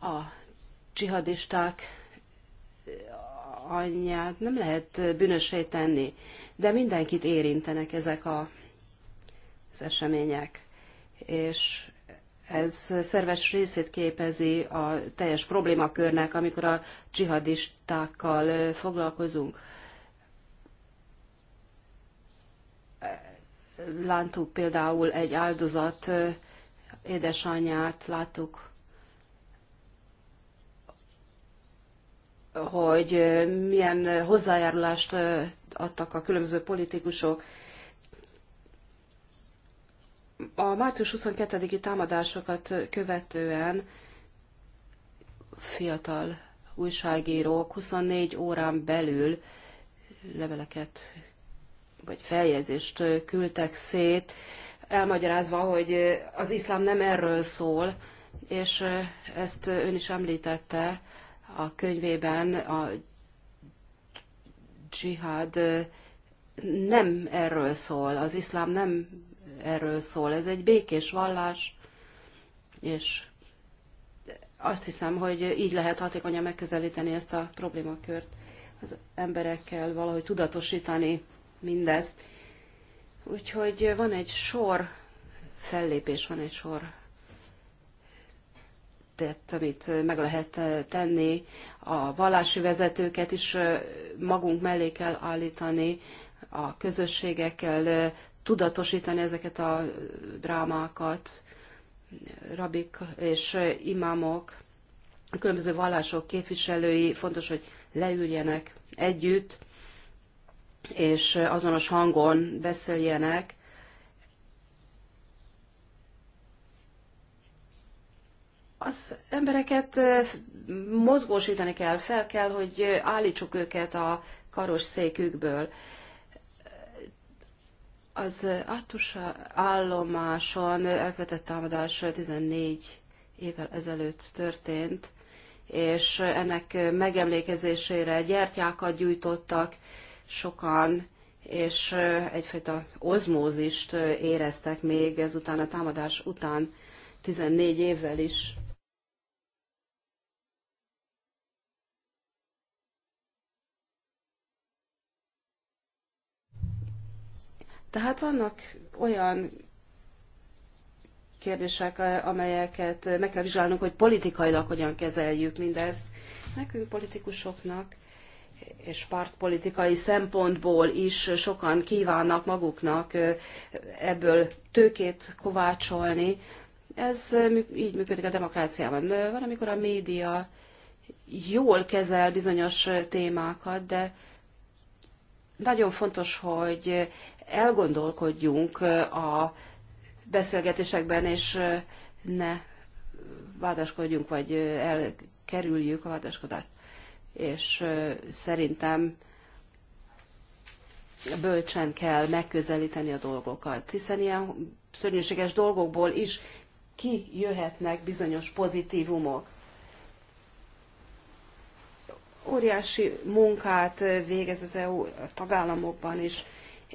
a dzsihadisták anyját nem lehet bűnösé tenni, de mindenkit érintenek ezek a, az események. És ez szerves részét képezi a teljes problémakörnek, amikor a dzsihadistákkal foglalkozunk. Láttuk például egy áldozat édesanyját, láttuk, hogy milyen hozzájárulást adtak a különböző politikusok a március 22-i támadásokat követően fiatal újságírók 24 órán belül leveleket vagy feljegyzést küldtek szét, elmagyarázva, hogy az iszlám nem erről szól, és ezt ön is említette a könyvében, a dzsihád nem erről szól, az iszlám nem erről szól. Ez egy békés vallás, és azt hiszem, hogy így lehet hatékonyan megközelíteni ezt a problémakört. Az emberekkel valahogy tudatosítani mindezt. Úgyhogy van egy sor fellépés, van egy sor tett, amit meg lehet tenni, a vallási vezetőket is magunk mellé kell állítani, a közösségekkel tudatosítani ezeket a drámákat, rabik és imámok, a különböző vallások képviselői, fontos, hogy leüljenek együtt, és azonos hangon beszéljenek, az embereket mozgósítani kell, fel kell, hogy állítsuk őket a karos székükből. Az Attusa állomáson elkövetett támadás 14 évvel ezelőtt történt, és ennek megemlékezésére gyertyákat gyújtottak sokan, és egyfajta ozmózist éreztek még ezután a támadás után 14 évvel is. Tehát vannak olyan kérdések, eh, amelyeket meg kell vizsgálnunk, hogy politikailag hogyan kezeljük mindezt. Nekünk politikusoknak és pártpolitikai szempontból is sokan kívánnak maguknak eh, ebből tőkét kovácsolni. Ez eh, így működik a demokráciában. Van, amikor a média jól kezel bizonyos témákat, de nagyon fontos, hogy elgondolkodjunk a beszélgetésekben, és ne vádaskodjunk, vagy elkerüljük a vádaskodást. És szerintem bölcsen kell megközelíteni a dolgokat, hiszen ilyen szörnyűséges dolgokból is kijöhetnek bizonyos pozitívumok. Óriási munkát végez az EU tagállamokban is,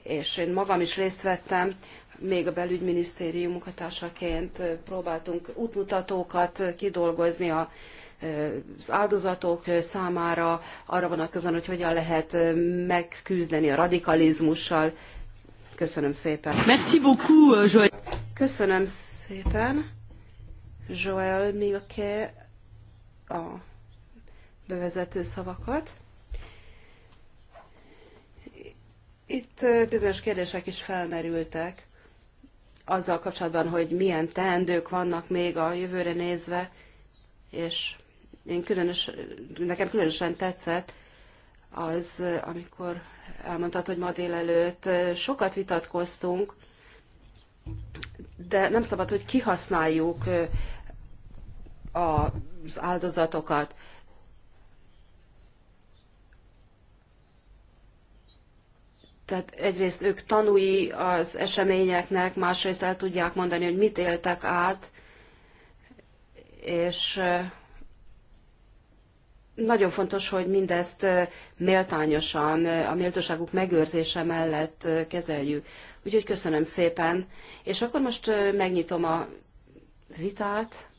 és én magam is részt vettem, még a belügyminisztérium munkatársaként próbáltunk útmutatókat kidolgozni a az áldozatok számára arra vonatkozóan, hogy hogyan lehet megküzdeni a radikalizmussal. Köszönöm szépen. Merci beaucoup, euh, Joël. Köszönöm szépen. Joël Milke a bevezető szavakat. Itt bizonyos kérdések is felmerültek azzal kapcsolatban, hogy milyen teendők vannak még a jövőre nézve, és én különös, nekem különösen tetszett az, amikor elmondtad, hogy ma délelőtt sokat vitatkoztunk, de nem szabad, hogy kihasználjuk az áldozatokat. Tehát egyrészt ők tanúi az eseményeknek, másrészt el tudják mondani, hogy mit éltek át, és nagyon fontos, hogy mindezt méltányosan, a méltóságuk megőrzése mellett kezeljük. Úgyhogy köszönöm szépen. És akkor most megnyitom a vitát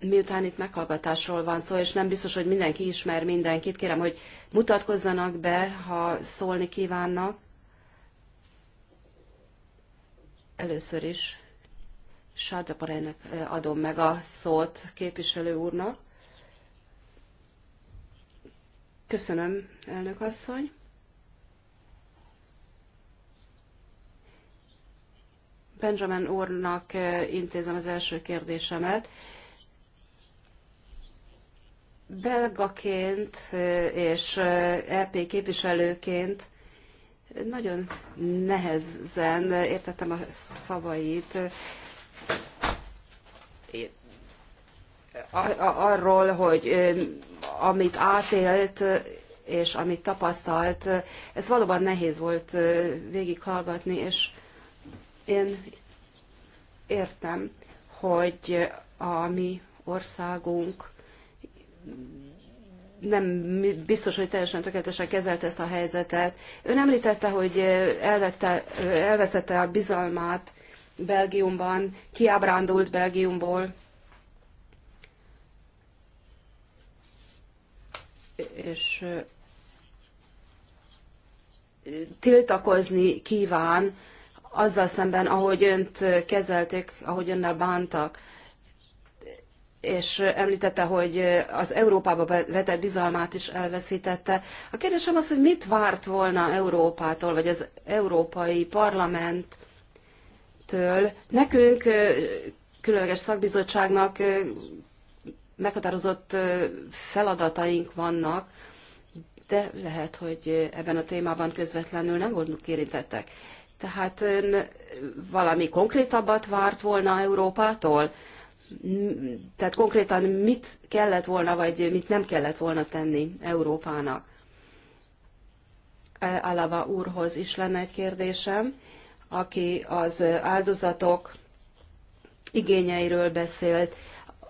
miután itt meghallgatásról van szó, és nem biztos, hogy mindenki ismer mindenkit, kérem, hogy mutatkozzanak be, ha szólni kívánnak. Először is Sáda adom meg a szót képviselő úrnak. Köszönöm, elnök asszony. Benjamin úrnak intézem az első kérdésemet belgaként és EP képviselőként nagyon nehezen értettem a szavait arról, hogy amit átélt és amit tapasztalt, ez valóban nehéz volt végighallgatni, és én értem, hogy a mi országunk nem biztos, hogy teljesen tökéletesen kezelte ezt a helyzetet. Ön említette, hogy elvette, elvesztette a bizalmát Belgiumban, kiábrándult Belgiumból. És tiltakozni kíván azzal szemben, ahogy önt kezelték, ahogy önnel bántak és említette, hogy az Európába vetett bizalmát is elveszítette. A kérdésem az, hogy mit várt volna Európától, vagy az Európai Parlamenttől. Nekünk, különleges szakbizottságnak meghatározott feladataink vannak, de lehet, hogy ebben a témában közvetlenül nem voltunk érintettek. Tehát ön valami konkrétabbat várt volna Európától? tehát konkrétan mit kellett volna, vagy mit nem kellett volna tenni Európának. Eh, Alava úrhoz is lenne egy kérdésem, aki az áldozatok igényeiről beszélt,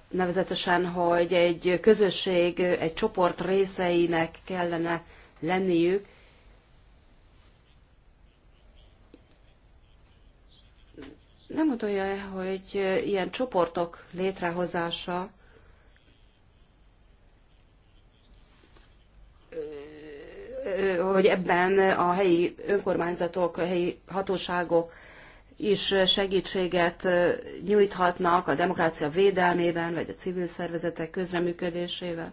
nevezetesen, hogy egy közösség, egy csoport részeinek kellene lenniük, Nem gondolja -e, hogy ilyen csoportok létrehozása hogy ebben a helyi önkormányzatok, a helyi hatóságok is segítséget nyújthatnak a demokrácia védelmében, vagy a civil szervezetek közreműködésével.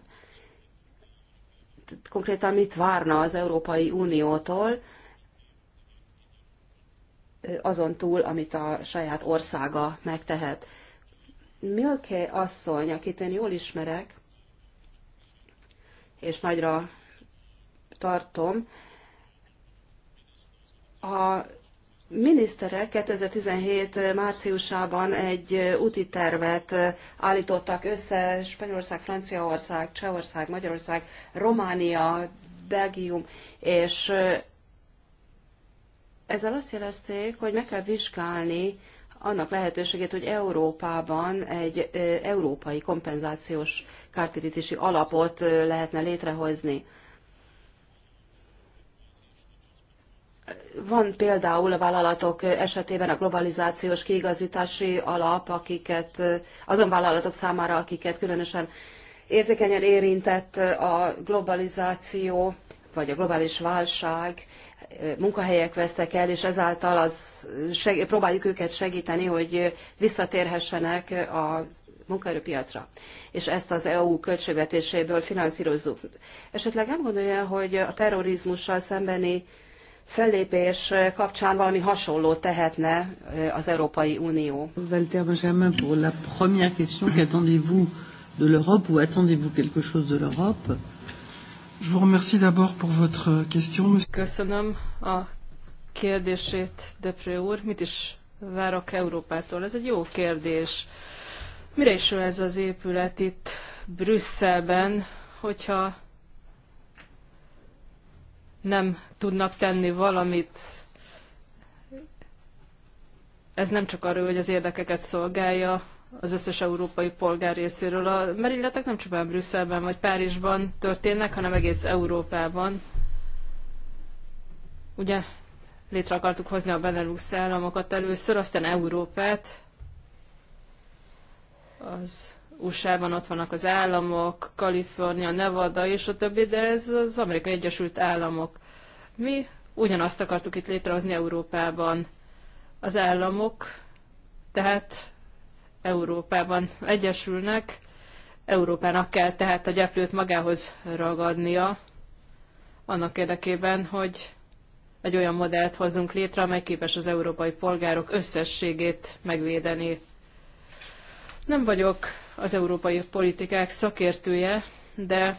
Konkrétan mit várna az Európai Uniótól, azon túl, amit a saját országa megtehet. Milke asszony, akit én jól ismerek, és nagyra tartom, a miniszterek 2017 márciusában egy úti tervet állítottak össze Spanyolország, Franciaország, Csehország, Magyarország, Románia, Belgium, és ezzel azt jelezték, hogy meg kell vizsgálni annak lehetőségét, hogy Európában egy európai kompenzációs kártérítési alapot lehetne létrehozni. Van például a vállalatok esetében a globalizációs kiigazítási alap, akiket azon vállalatok számára, akiket különösen érzékenyen érintett a globalizáció vagy a globális válság, munkahelyek vesztek el, és ezáltal az, seg, próbáljuk őket segíteni, hogy visszatérhessenek a munkaerőpiacra. És ezt az EU költségvetéséből finanszírozzuk. Esetleg nem gondolja, hogy a terrorizmussal szembeni fellépés kapcsán valami hasonló tehetne az Európai Unió. Walter Benjamin, pour la première question, qu'attendez-vous de l'Europe ou
attendez-vous quelque chose de l'Europe? Je vous remercie d'abord pour votre question.
Köszönöm a kérdését, Depré úr. Mit is várok Európától? Ez egy jó kérdés. Mire is ez az épület itt Brüsszelben, hogyha nem tudnak tenni valamit. Ez nem csak arról, hogy az érdekeket szolgálja, az összes európai polgár részéről. A merilletek nem csupán Brüsszelben vagy Párizsban történnek, hanem egész Európában. Ugye létre akartuk hozni a Benelux államokat először, aztán Európát. Az USA-ban ott vannak az államok, Kalifornia, Nevada és a többi, de ez az Amerikai Egyesült Államok. Mi ugyanazt akartuk itt létrehozni Európában. Az államok tehát Európában egyesülnek, Európának kell tehát a gyeplőt magához ragadnia, annak érdekében, hogy egy olyan modellt hozzunk létre, amely képes az európai polgárok összességét megvédeni. Nem vagyok az európai politikák szakértője, de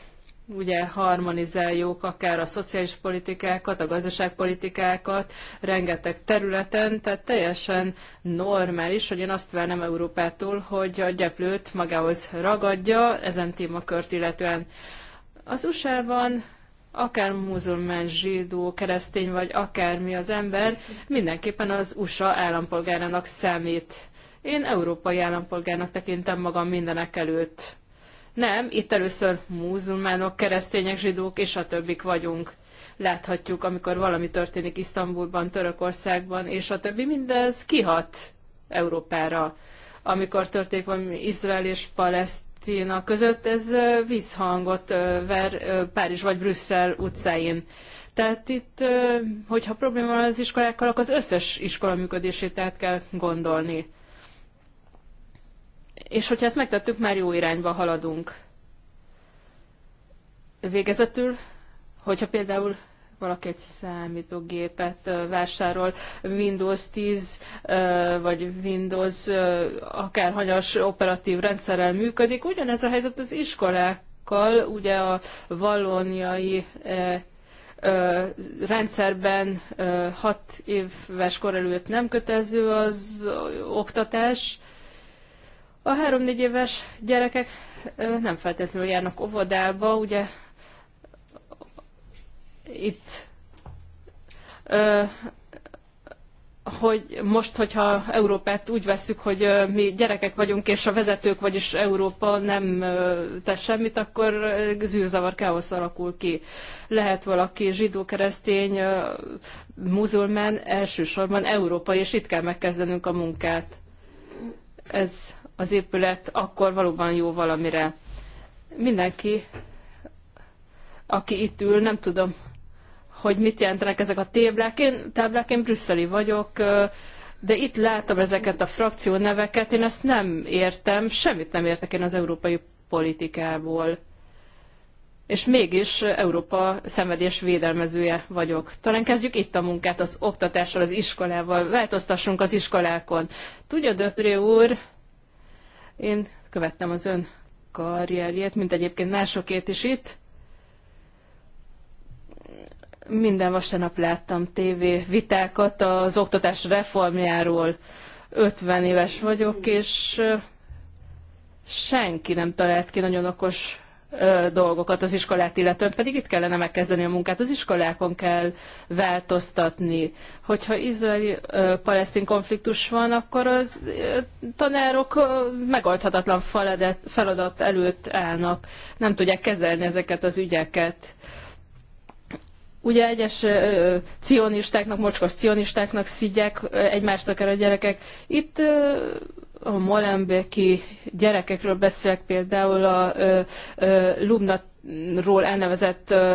ugye harmonizáljuk akár a szociális politikákat, a gazdaságpolitikákat rengeteg területen, tehát teljesen normális, hogy én azt várnám Európától, hogy a gyeplőt magához ragadja ezen témakört illetően. Az USA-ban akár muzulmán, zsidó, keresztény vagy akármi az ember, mindenképpen az USA állampolgárának számít. Én európai állampolgárnak tekintem magam mindenek előtt. Nem, itt először muzulmánok, keresztények, zsidók és a többik vagyunk. Láthatjuk, amikor valami történik Isztambulban, Törökországban és a többi, mindez kihat Európára. Amikor történik valami Izrael és Palesztina között, ez vízhangot ver Párizs vagy Brüsszel utcáin. Tehát itt, hogyha probléma van az iskolákkal, akkor az összes iskola működését át kell gondolni és hogyha ezt megtettük, már jó irányba haladunk. Végezetül, hogyha például valaki egy számítógépet vásárol, Windows 10 vagy Windows akár hanyas operatív rendszerrel működik. Ugyanez a helyzet az iskolákkal, ugye a valóniai rendszerben 6 éves kor előtt nem kötező az oktatás, a három-négy éves gyerekek nem feltétlenül járnak óvodába, ugye itt hogy most, hogyha Európát úgy veszük, hogy mi gyerekek vagyunk, és a vezetők, vagyis Európa nem tesz semmit, akkor zűrzavar, káosz alakul ki. Lehet valaki zsidó, keresztény, muzulmán, elsősorban Európa és itt kell megkezdenünk a munkát. Ez az épület, akkor valóban jó valamire. Mindenki, aki itt ül, nem tudom, hogy mit jelentenek ezek a téblák. Én, táblák, én brüsszeli vagyok, de itt látom ezeket a frakció neveket, én ezt nem értem, semmit nem értek én az európai politikából. És mégis Európa szenvedés védelmezője vagyok. Talán kezdjük itt a munkát, az oktatással, az iskolával. Változtassunk az iskolákon. Tudja, Döpré úr, én követtem az ön karrierjét, mint egyébként másokét is itt. Minden vasárnap láttam TV vitákat az oktatás reformjáról. 50 éves vagyok, és senki nem talált ki nagyon okos dolgokat az iskolát illetően, pedig itt kellene megkezdeni a munkát, az iskolákon kell változtatni. Hogyha izraeli-palesztin konfliktus van, akkor az tanárok megoldhatatlan feladat előtt állnak, nem tudják kezelni ezeket az ügyeket. Ugye egyes cionistáknak, mocskos cionistáknak szidják egymást akár a gyerekek. Itt ö, a molembeki gyerekekről beszélek, például a ö, ö, Lubnatról elnevezett ö,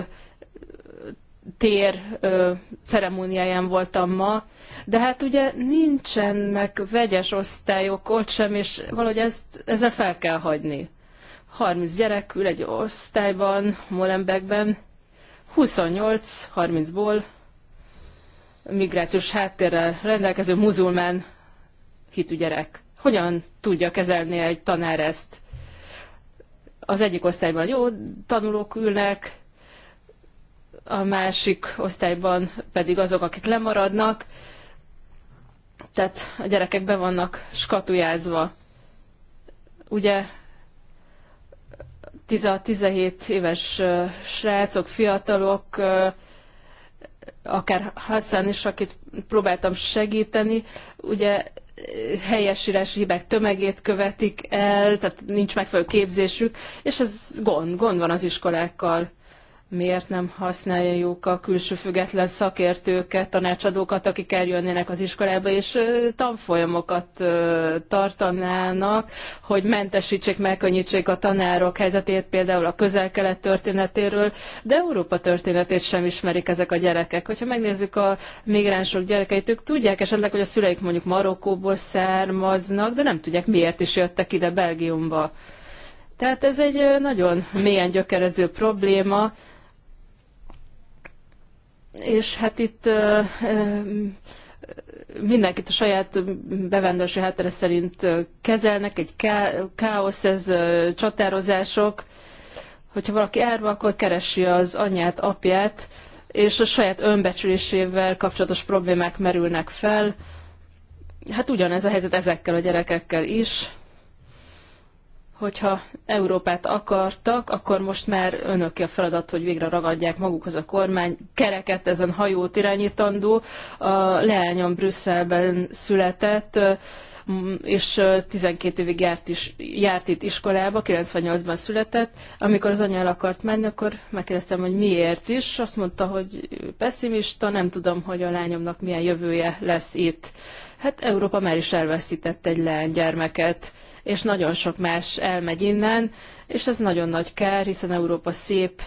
tér ö, ceremóniáján voltam ma, de hát ugye nincsenek vegyes osztályok ott sem, és valahogy ezt, ezzel fel kell hagyni. 30 gyerek ül egy osztályban, Molenbeekben, 28, 30-ból migrációs háttérrel rendelkező muzulmán hitű gyerek. Hogyan tudja kezelni egy tanár ezt? Az egyik osztályban jó tanulók ülnek, a másik osztályban pedig azok, akik lemaradnak, tehát a gyerekek be vannak skatujázva. Ugye 16-17 éves srácok, fiatalok, akár Hassan is, akit próbáltam segíteni, ugye helyesírási hibák tömegét követik el, tehát nincs megfelelő képzésük, és ez gond, gond van az iskolákkal miért nem használjuk a külső független szakértőket, tanácsadókat, akik eljönnének az iskolába, és tanfolyamokat tartanának, hogy mentesítsék, megkönnyítsék a tanárok helyzetét, például a közel-kelet történetéről, de Európa történetét sem ismerik ezek a gyerekek. Hogyha megnézzük a migránsok gyerekeit, ők tudják esetleg, hogy a szüleik mondjuk Marokkóból származnak, de nem tudják, miért is jöttek ide Belgiumba. Tehát ez egy nagyon mélyen gyökerező probléma, és hát itt mindenkit a saját bevendősi háttere szerint kezelnek, egy káosz, ez csatározások. Hogyha valaki árva, akkor keresi az anyját, apját, és a saját önbecsülésével kapcsolatos problémák merülnek fel. Hát ugyanez a helyzet ezekkel a gyerekekkel is hogyha Európát akartak, akkor most már önöki a feladat, hogy végre ragadják magukhoz a kormány kereket ezen hajót irányítandó. A leányom Brüsszelben született, mm, és 12 évig járt, is, járt itt iskolába, 98-ban született. Amikor az anyja el akart menni, akkor megkérdeztem, hogy miért is. Azt mondta, hogy pessimista, nem tudom, hogy a lányomnak milyen jövője lesz itt. Hát Európa már is elveszített egy leánygyermeket. gyermeket és nagyon sok más elmegy innen, és ez nagyon nagy kár, hiszen Európa szép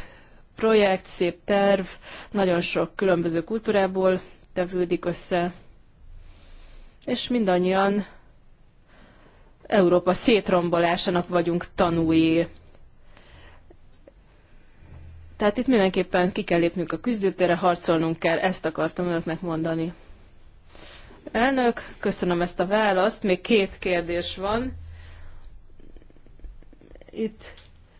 projekt, szép terv, nagyon sok különböző kultúrából tevődik össze, és mindannyian Európa szétrombolásának vagyunk tanúi. Tehát itt mindenképpen ki kell lépnünk a küzdőtérre, harcolnunk kell, ezt akartam önöknek mondani. Elnök, köszönöm ezt a választ. Még két kérdés van. Itt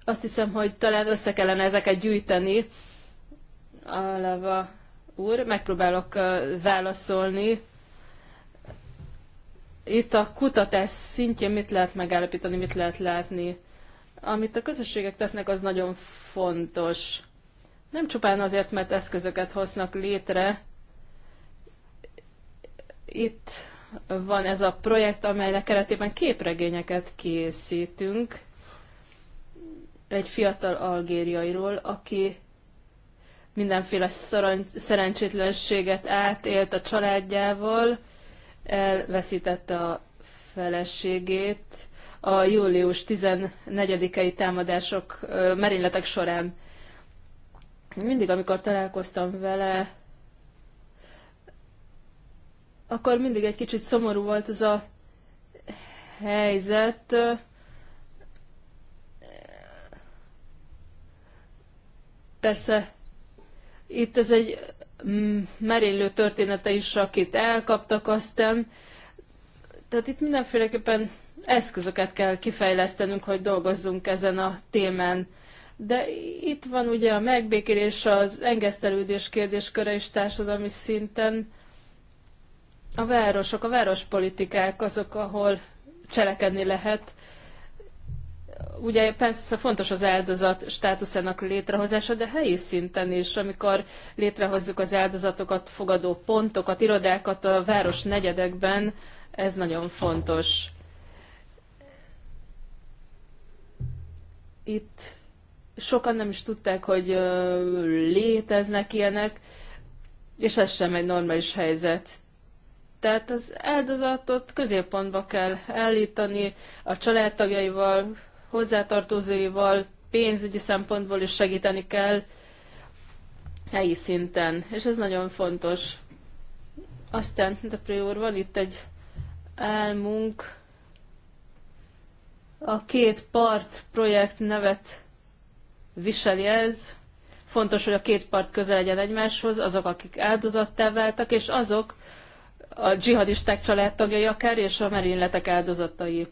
azt hiszem, hogy talán össze kellene ezeket gyűjteni. Alava úr, megpróbálok válaszolni. Itt a kutatás szintjén mit lehet megállapítani, mit lehet látni. Amit a közösségek tesznek, az nagyon fontos. Nem csupán azért, mert eszközöket hoznak létre. Itt van ez a projekt, amelynek keretében képregényeket készítünk egy fiatal algériairól, aki mindenféle szerencsétlenséget átélt a családjával, elveszítette a feleségét a július 14-i támadások, merényletek során. Mindig, amikor találkoztam vele, akkor mindig egy kicsit szomorú volt ez a helyzet, Persze itt ez egy mm, merénylő története is, akit elkaptak aztán. Tehát itt mindenféleképpen eszközöket kell kifejlesztenünk, hogy dolgozzunk ezen a témán. De itt van ugye a megbékélés, az engesztelődés kérdésköre is társadalmi szinten. A városok, a várospolitikák azok, ahol cselekedni lehet ugye persze fontos az áldozat státuszának létrehozása, de helyi szinten is, amikor létrehozzuk az áldozatokat, fogadó pontokat, irodákat a város negyedekben, ez nagyon fontos. Itt sokan nem is tudták, hogy léteznek ilyenek, és ez sem egy normális helyzet. Tehát az áldozatot középpontba kell állítani, a családtagjaival hozzátartozóival pénzügyi szempontból is segíteni kell helyi szinten, és ez nagyon fontos. Aztán, de prior van itt egy elmunk a két part projekt nevet viseli ez. Fontos, hogy a két part közel legyen egymáshoz, azok, akik áldozattá váltak, és azok a dzsihadisták családtagjai akár, és a merényletek áldozatai.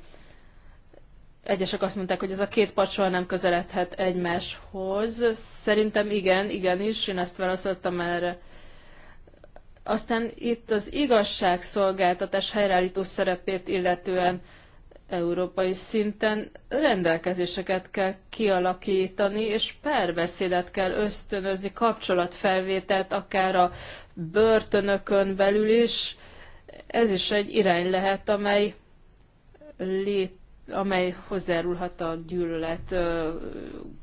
Egyesek azt mondták, hogy ez a két part soha nem közeledhet egymáshoz. Szerintem igen, igenis, én ezt válaszoltam erre. Aztán itt az igazságszolgáltatás helyreállító szerepét illetően európai szinten rendelkezéseket kell kialakítani, és párbeszédet kell ösztönözni, kapcsolatfelvételt akár a börtönökön belül is. Ez is egy irány lehet, amely létezik amely hozzájárulhat a gyűlölet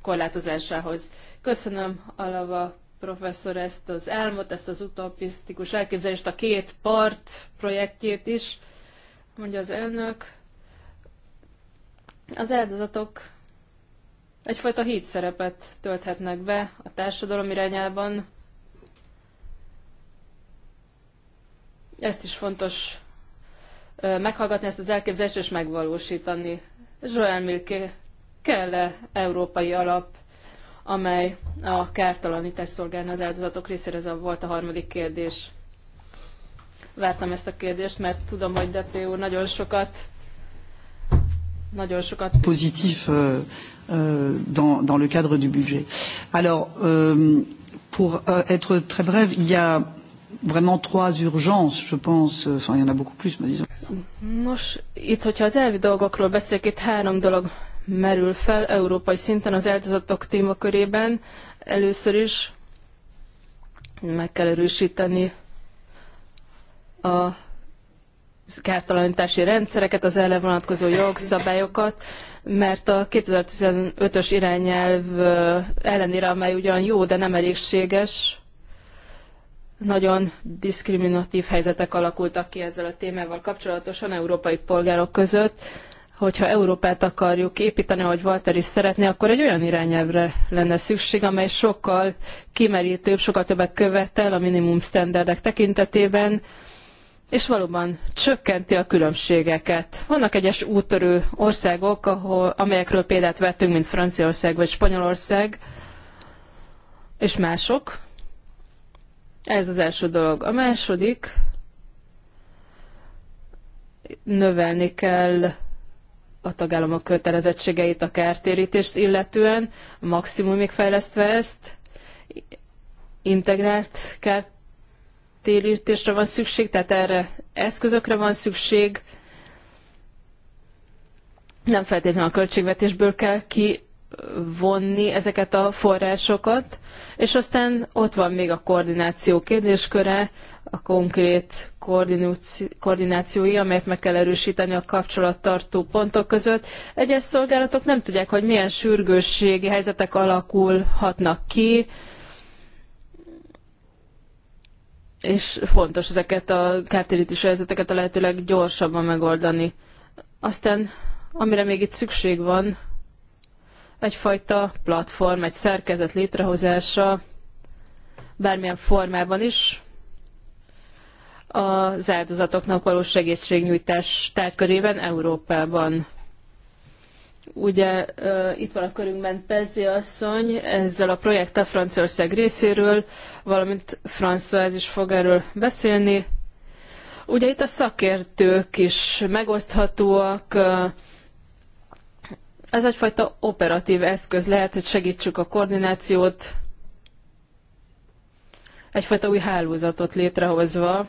korlátozásához. Köszönöm, Alava professzor, ezt az elmot, ezt az utopisztikus elképzelést, a két part projektjét is, mondja az elnök. Az áldozatok egyfajta híd szerepet tölthetnek be a társadalom irányában. Ezt is fontos meghallgatni ezt az elképzelést és megvalósítani. Joel Milke, kell -e európai alap, amely a kártalanítás szolgálna az áldozatok részére? Ez volt a harmadik kérdés. Vártam ezt a kérdést, mert tudom, hogy Depré úr nagyon sokat nagyon sokat pozitív
euh, euh, dans, dans le
cadre du budget. Alors, euh, pour euh, être très bref, il y a vraiment trois urgences, je pense, enfin, il y en a beaucoup plus, mais disons.
Nos, itt, hogyha az elvi dolgokról beszélek, itt három dolog merül fel európai szinten az áldozatok témakörében. Először is meg kell erősíteni a kártalanítási rendszereket, az erre vonatkozó jogszabályokat, mert a 2015-ös irányelv ellenére, amely ugyan jó, de nem elégséges, nagyon diszkriminatív helyzetek alakultak ki ezzel a témával kapcsolatosan európai polgárok között. Hogyha Európát akarjuk építeni, ahogy Walter is szeretné, akkor egy olyan irányelvre lenne szükség, amely sokkal kimerítőbb, sokkal többet követel a minimum standardek tekintetében, és valóban csökkenti a különbségeket. Vannak egyes úttörő országok, ahol, amelyekről példát vettünk, mint Franciaország vagy Spanyolország, és mások, ez az első dolog. A második, növelni kell a tagállamok kötelezettségeit a kártérítést illetően, maximumig fejlesztve ezt, integrált kártérítésre van szükség, tehát erre eszközökre van szükség, nem feltétlenül a költségvetésből kell ki vonni ezeket a forrásokat, és aztán ott van még a koordináció kérdésköre, a konkrét koordinációi, amelyet meg kell erősíteni a kapcsolattartó pontok között. Egyes szolgálatok nem tudják, hogy milyen sürgősségi helyzetek alakulhatnak ki, és fontos ezeket a kártérítési helyzeteket a lehetőleg gyorsabban megoldani. Aztán, amire még itt szükség van, egyfajta platform, egy szerkezet létrehozása bármilyen formában is az áldozatoknak való segítségnyújtás tárgykörében Európában. Ugye itt van a körünkben Pezzi asszony, ezzel a projekttel Franciaország részéről, valamint François is fog erről beszélni. Ugye itt a szakértők is megoszthatóak, ez egyfajta operatív eszköz lehet, hogy segítsük a koordinációt, egyfajta új hálózatot létrehozva,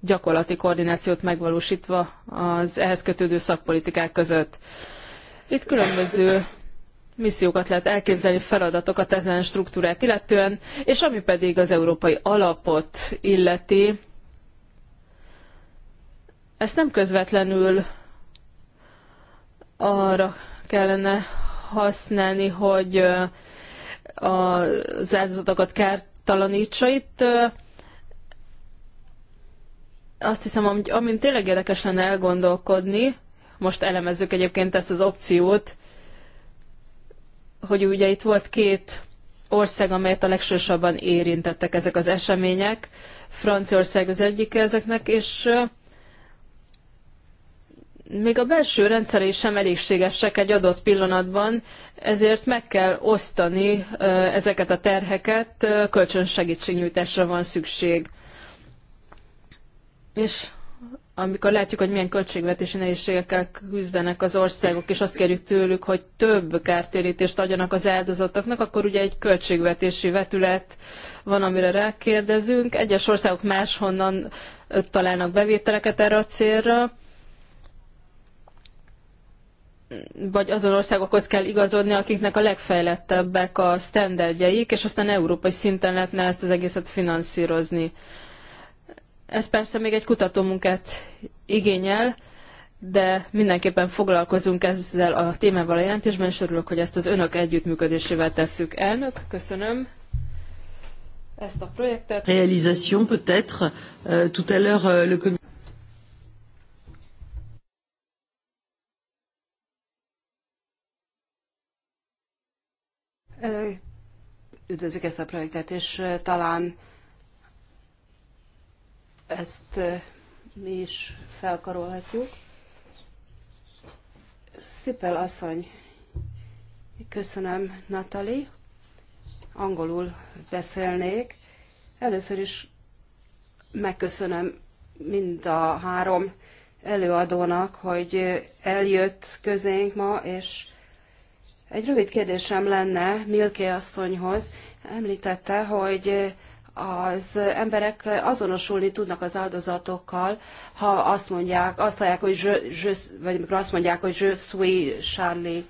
gyakorlati koordinációt megvalósítva az ehhez kötődő szakpolitikák között. Itt különböző missziókat lehet elképzelni, feladatokat ezen struktúrát illetően, és ami pedig az európai alapot illeti, ezt nem közvetlenül arra kellene használni, hogy az áldozatokat kártalanítsa. Itt azt hiszem, amint tényleg érdekes lenne elgondolkodni, most elemezzük egyébként ezt az opciót, hogy ugye itt volt két ország, amelyet a legsősebben érintettek ezek az események. Franciaország az egyik ezeknek, és még a belső rendszerei sem elégségesek egy adott pillanatban, ezért meg kell osztani ezeket a terheket, kölcsön segítségnyújtásra van szükség. És amikor látjuk, hogy milyen költségvetési nehézségekkel küzdenek az országok, és azt kérjük tőlük, hogy több kártérítést adjanak az áldozatoknak, akkor ugye egy költségvetési vetület van, amire rákérdezünk. Egyes országok máshonnan találnak bevételeket erre a célra, vagy azon országokhoz kell igazodni, akiknek a legfejlettebbek a standardjeik, és aztán európai szinten lehetne ezt az egészet finanszírozni. Ez persze még egy kutatómunkát igényel, de mindenképpen foglalkozunk ezzel a témával a jelentésben, és örülök, hogy ezt az önök együttműködésével tesszük. Elnök, köszönöm ezt a projektet. peut-être.
Euh, tout à l'heure, euh, le üdvözlük ezt a projektet, és talán ezt mi is felkarolhatjuk. Szipel asszony, köszönöm, Natali. Angolul beszélnék. Először is megköszönöm mind a három előadónak, hogy eljött közénk ma, és egy rövid kérdésem lenne Milké asszonyhoz. Említette, hogy az emberek azonosulni tudnak az áldozatokkal, ha azt mondják, azt hallják, hogy je, je, vagy amikor azt mondják, hogy je suis Charlie.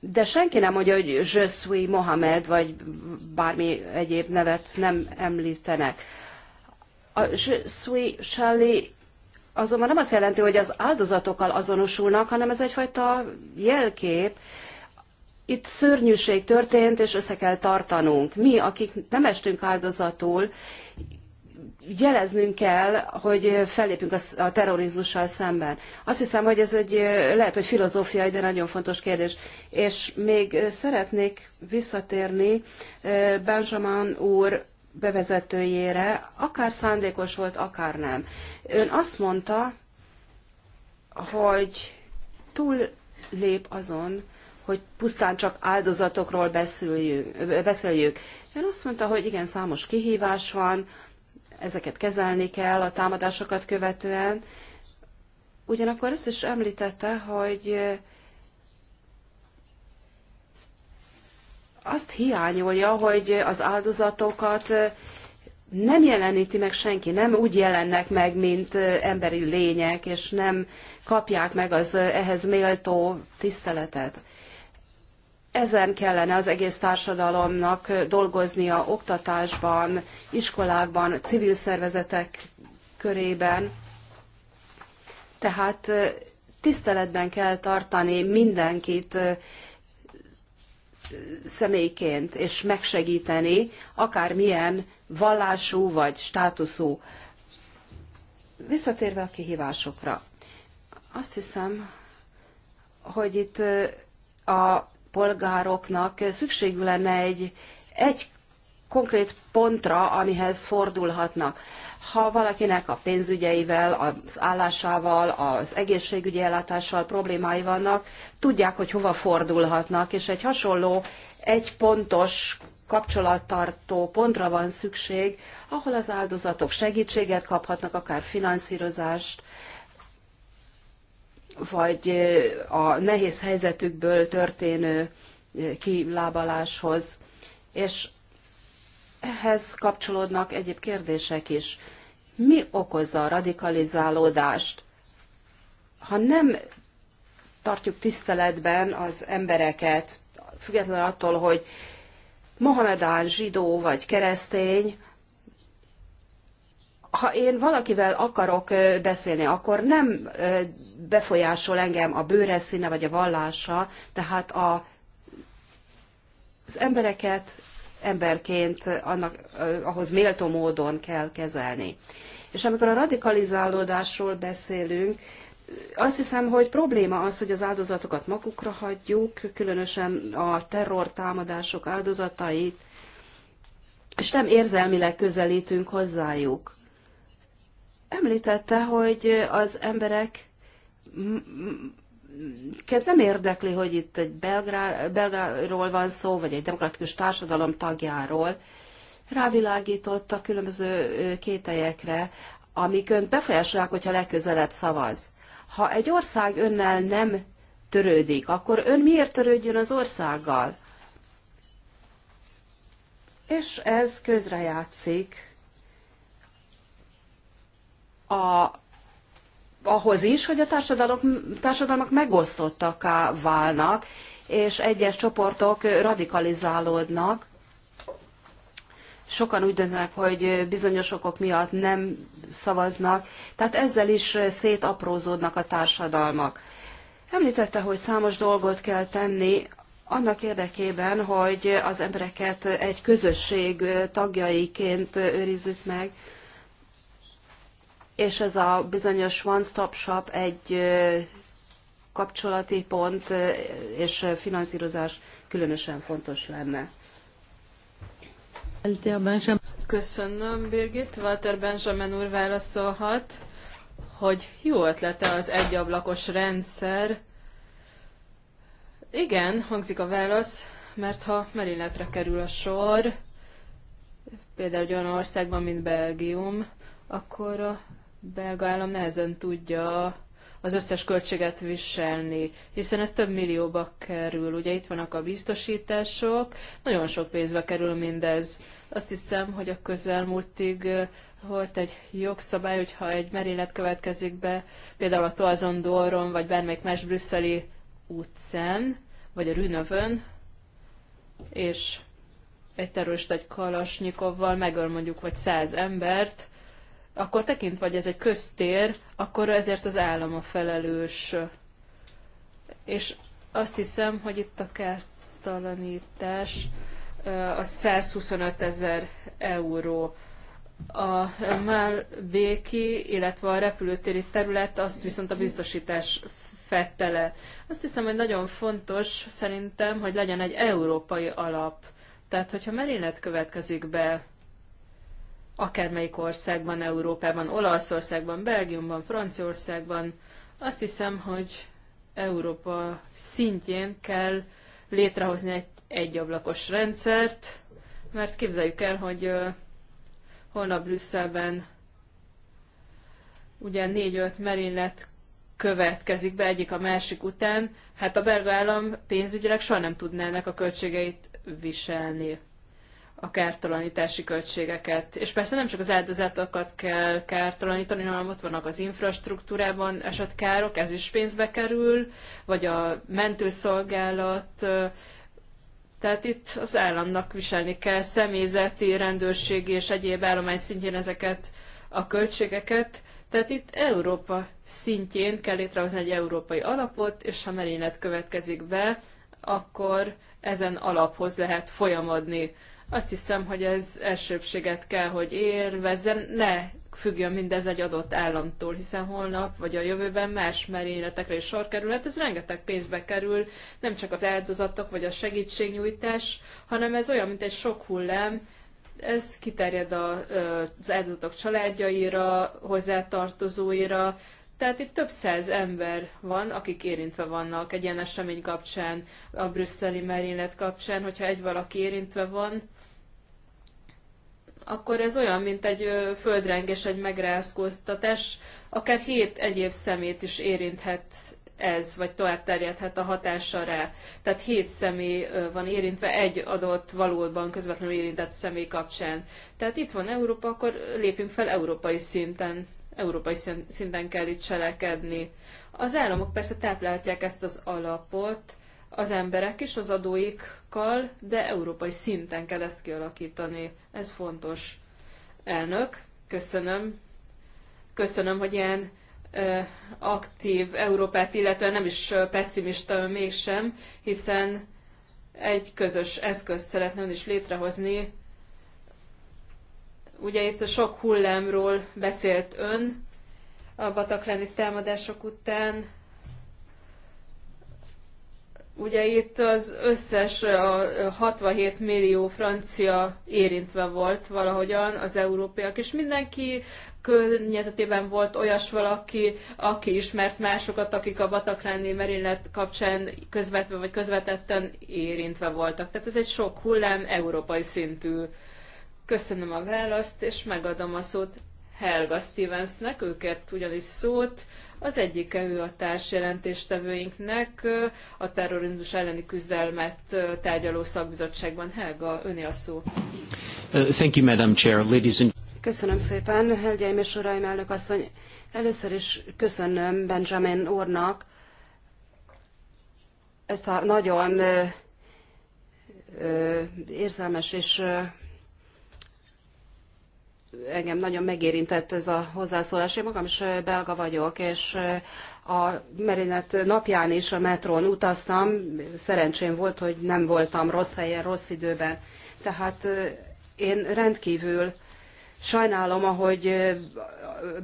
De senki nem mondja, hogy je suis Mohamed, vagy bármi egyéb nevet nem említenek. A je suis Charlie azonban nem azt jelenti, hogy az áldozatokkal azonosulnak, hanem ez egyfajta jelkép, itt szörnyűség történt, és össze kell tartanunk. Mi, akik nem estünk áldozatul, jeleznünk kell, hogy fellépünk a terrorizmussal szemben. Azt hiszem, hogy ez egy lehet, hogy filozófiai, de nagyon fontos kérdés. És még szeretnék visszatérni eh, Benjamin úr bevezetőjére, akár szándékos volt, akár nem. Ön azt mondta, hogy túl lép azon, hogy pusztán csak áldozatokról beszéljünk. beszéljünk. Ön azt mondta, hogy igen, számos kihívás van, ezeket kezelni kell a támadásokat követően. Ugyanakkor ezt is említette, hogy azt hiányolja, hogy az áldozatokat nem jeleníti meg senki, nem úgy jelennek meg, mint emberi lények, és nem kapják meg az ehhez méltó tiszteletet ezen kellene az egész társadalomnak dolgoznia oktatásban, iskolákban, civil szervezetek körében. Tehát tiszteletben kell tartani mindenkit személyként, és megsegíteni akármilyen vallású vagy státuszú. Visszatérve a kihívásokra, azt hiszem, hogy itt a polgároknak szükségük lenne egy, egy konkrét pontra, amihez fordulhatnak. Ha valakinek a pénzügyeivel, az állásával, az egészségügyi ellátással problémái vannak, tudják, hogy hova fordulhatnak, és egy hasonló egy pontos kapcsolattartó pontra van szükség, ahol az áldozatok segítséget kaphatnak, akár finanszírozást, vagy a nehéz helyzetükből történő kilábaláshoz. És ehhez kapcsolódnak egyéb kérdések is. Mi okozza a radikalizálódást? Ha nem tartjuk tiszteletben az embereket, függetlenül attól, hogy Mohamedán zsidó vagy keresztény, ha én valakivel akarok beszélni, akkor nem befolyásol engem a bőre színe vagy a vallása, tehát a, az embereket emberként annak, ahhoz méltó módon kell kezelni. És amikor a radikalizálódásról beszélünk, azt hiszem, hogy probléma az, hogy az áldozatokat magukra hagyjuk, különösen a terrortámadások áldozatait, és nem érzelmileg közelítünk hozzájuk. Említette, hogy az emberek nem érdekli, hogy itt egy belgáról van szó, vagy egy demokratikus társadalom tagjáról. Rávilágított a különböző kételyekre, amik önt befolyásolják, hogyha legközelebb szavaz. Ha egy ország önnel nem törődik, akkor ön miért törődjön az országgal? És ez közrejátszik a, ahhoz is, hogy a társadalmak, társadalmak a válnak, és egyes csoportok radikalizálódnak. Sokan úgy döntenek, hogy bizonyos okok miatt nem szavaznak, tehát ezzel is szétaprózódnak a társadalmak. Említette, hogy számos dolgot kell tenni annak érdekében, hogy az embereket egy közösség tagjaiként őrizzük meg, és ez a bizonyos one-stop shop egy kapcsolati pont és finanszírozás különösen fontos lenne.
Köszönöm, Birgit. Walter Benjamin úr válaszolhat, hogy jó ötlete az egyablakos rendszer. Igen, hangzik a válasz, mert ha merilletre kerül a sor, például egy olyan országban, mint Belgium, akkor a belga állam nehezen tudja az összes költséget viselni, hiszen ez több millióba kerül. Ugye itt vannak a biztosítások, nagyon sok pénzbe kerül mindez. Azt hiszem, hogy a közelmúltig volt egy jogszabály, hogyha egy merénylet következik be, például a Toazon Doron, vagy bármelyik más brüsszeli utcán, vagy a Rünövön, és egy terrorista egy kalasnyikovval megöl mondjuk vagy száz embert, akkor tekintve, hogy ez egy köztér, akkor ezért az állam a felelős. És azt hiszem, hogy itt a kártalanítás a 125 ezer euró. A Malbéki, illetve a repülőtéri terület azt viszont a biztosítás fette le. Azt hiszem, hogy nagyon fontos szerintem, hogy legyen egy európai alap. Tehát, hogyha merénylet következik be akármelyik országban, Európában, Olaszországban, Belgiumban, Franciaországban, azt hiszem, hogy Európa szintjén kell létrehozni egy egyablakos rendszert, mert képzeljük el, hogy holnap Brüsszelben ugye négy-öt merénylet következik be egyik a másik után, hát a belga állam pénzügyileg soha nem tudná ennek a költségeit viselni a kártalanítási költségeket. És persze nem csak az áldozatokat kell kártalanítani, hanem ott vannak az infrastruktúrában esett károk, ez is pénzbe kerül, vagy a mentőszolgálat, tehát itt az államnak viselni kell személyzeti, rendőrségi és egyéb állomány szintjén ezeket a költségeket. Tehát itt Európa szintjén kell létrehozni egy európai alapot, és ha merénylet következik be, akkor ezen alaphoz lehet folyamodni. Azt hiszem, hogy ez elsőbséget kell, hogy élvezzen, ne függjön mindez egy adott államtól, hiszen holnap vagy a jövőben más merényletekre is sor hát Ez rengeteg pénzbe kerül, nem csak az áldozatok vagy a segítségnyújtás, hanem ez olyan, mint egy sok hullám, ez kiterjed a, az áldozatok családjaira, hozzátartozóira, tehát itt több száz ember van, akik érintve vannak egy ilyen esemény kapcsán, a brüsszeli merénylet kapcsán, hogyha egy valaki érintve van, akkor ez olyan, mint egy földrengés, egy megrázkódtatás, akár hét egyéb szemét is érinthet ez, vagy tovább terjedhet a hatása rá. Tehát hét személy van érintve egy adott valóban közvetlenül érintett személy kapcsán. Tehát itt van Európa, akkor lépjünk fel európai szinten. Európai szinten kell itt cselekedni. Az államok persze táplálják ezt az alapot, az emberek és az adóikkal, de európai szinten kell ezt kialakítani. Ez fontos. Elnök, köszönöm. Köszönöm, hogy ilyen aktív Európát, illetve nem is pessimista mégsem, hiszen egy közös eszközt szeretne ön is létrehozni. Ugye itt a sok hullámról beszélt ön a Bataklani támadások után, Ugye itt az összes a 67 millió francia érintve volt valahogyan, az európaiak, és mindenki környezetében volt olyas valaki, aki ismert másokat, akik a Batakláni merénylet kapcsán közvetve vagy közvetetten érintve voltak. Tehát ez egy sok hullám, európai szintű. Köszönöm a választ, és megadom a szót Helga Stevensnek, őket ugyanis szót. Az egyik ő a jelentéstevőinknek a terrorizmus elleni küzdelmet tárgyaló szakbizottságban. Helga, öné a szó. Uh, thank you, Madam Chair. Ladies and... Köszönöm szépen, hölgyeim
és uraim, elnök asszony. Először is köszönöm Benjamin úrnak ezt a nagyon érzelmes és engem nagyon megérintett ez a hozzászólás. Én magam is belga vagyok, és a Merinet napján is a metrón utaztam. Szerencsém volt, hogy nem voltam rossz helyen, rossz időben. Tehát én rendkívül sajnálom, ahogy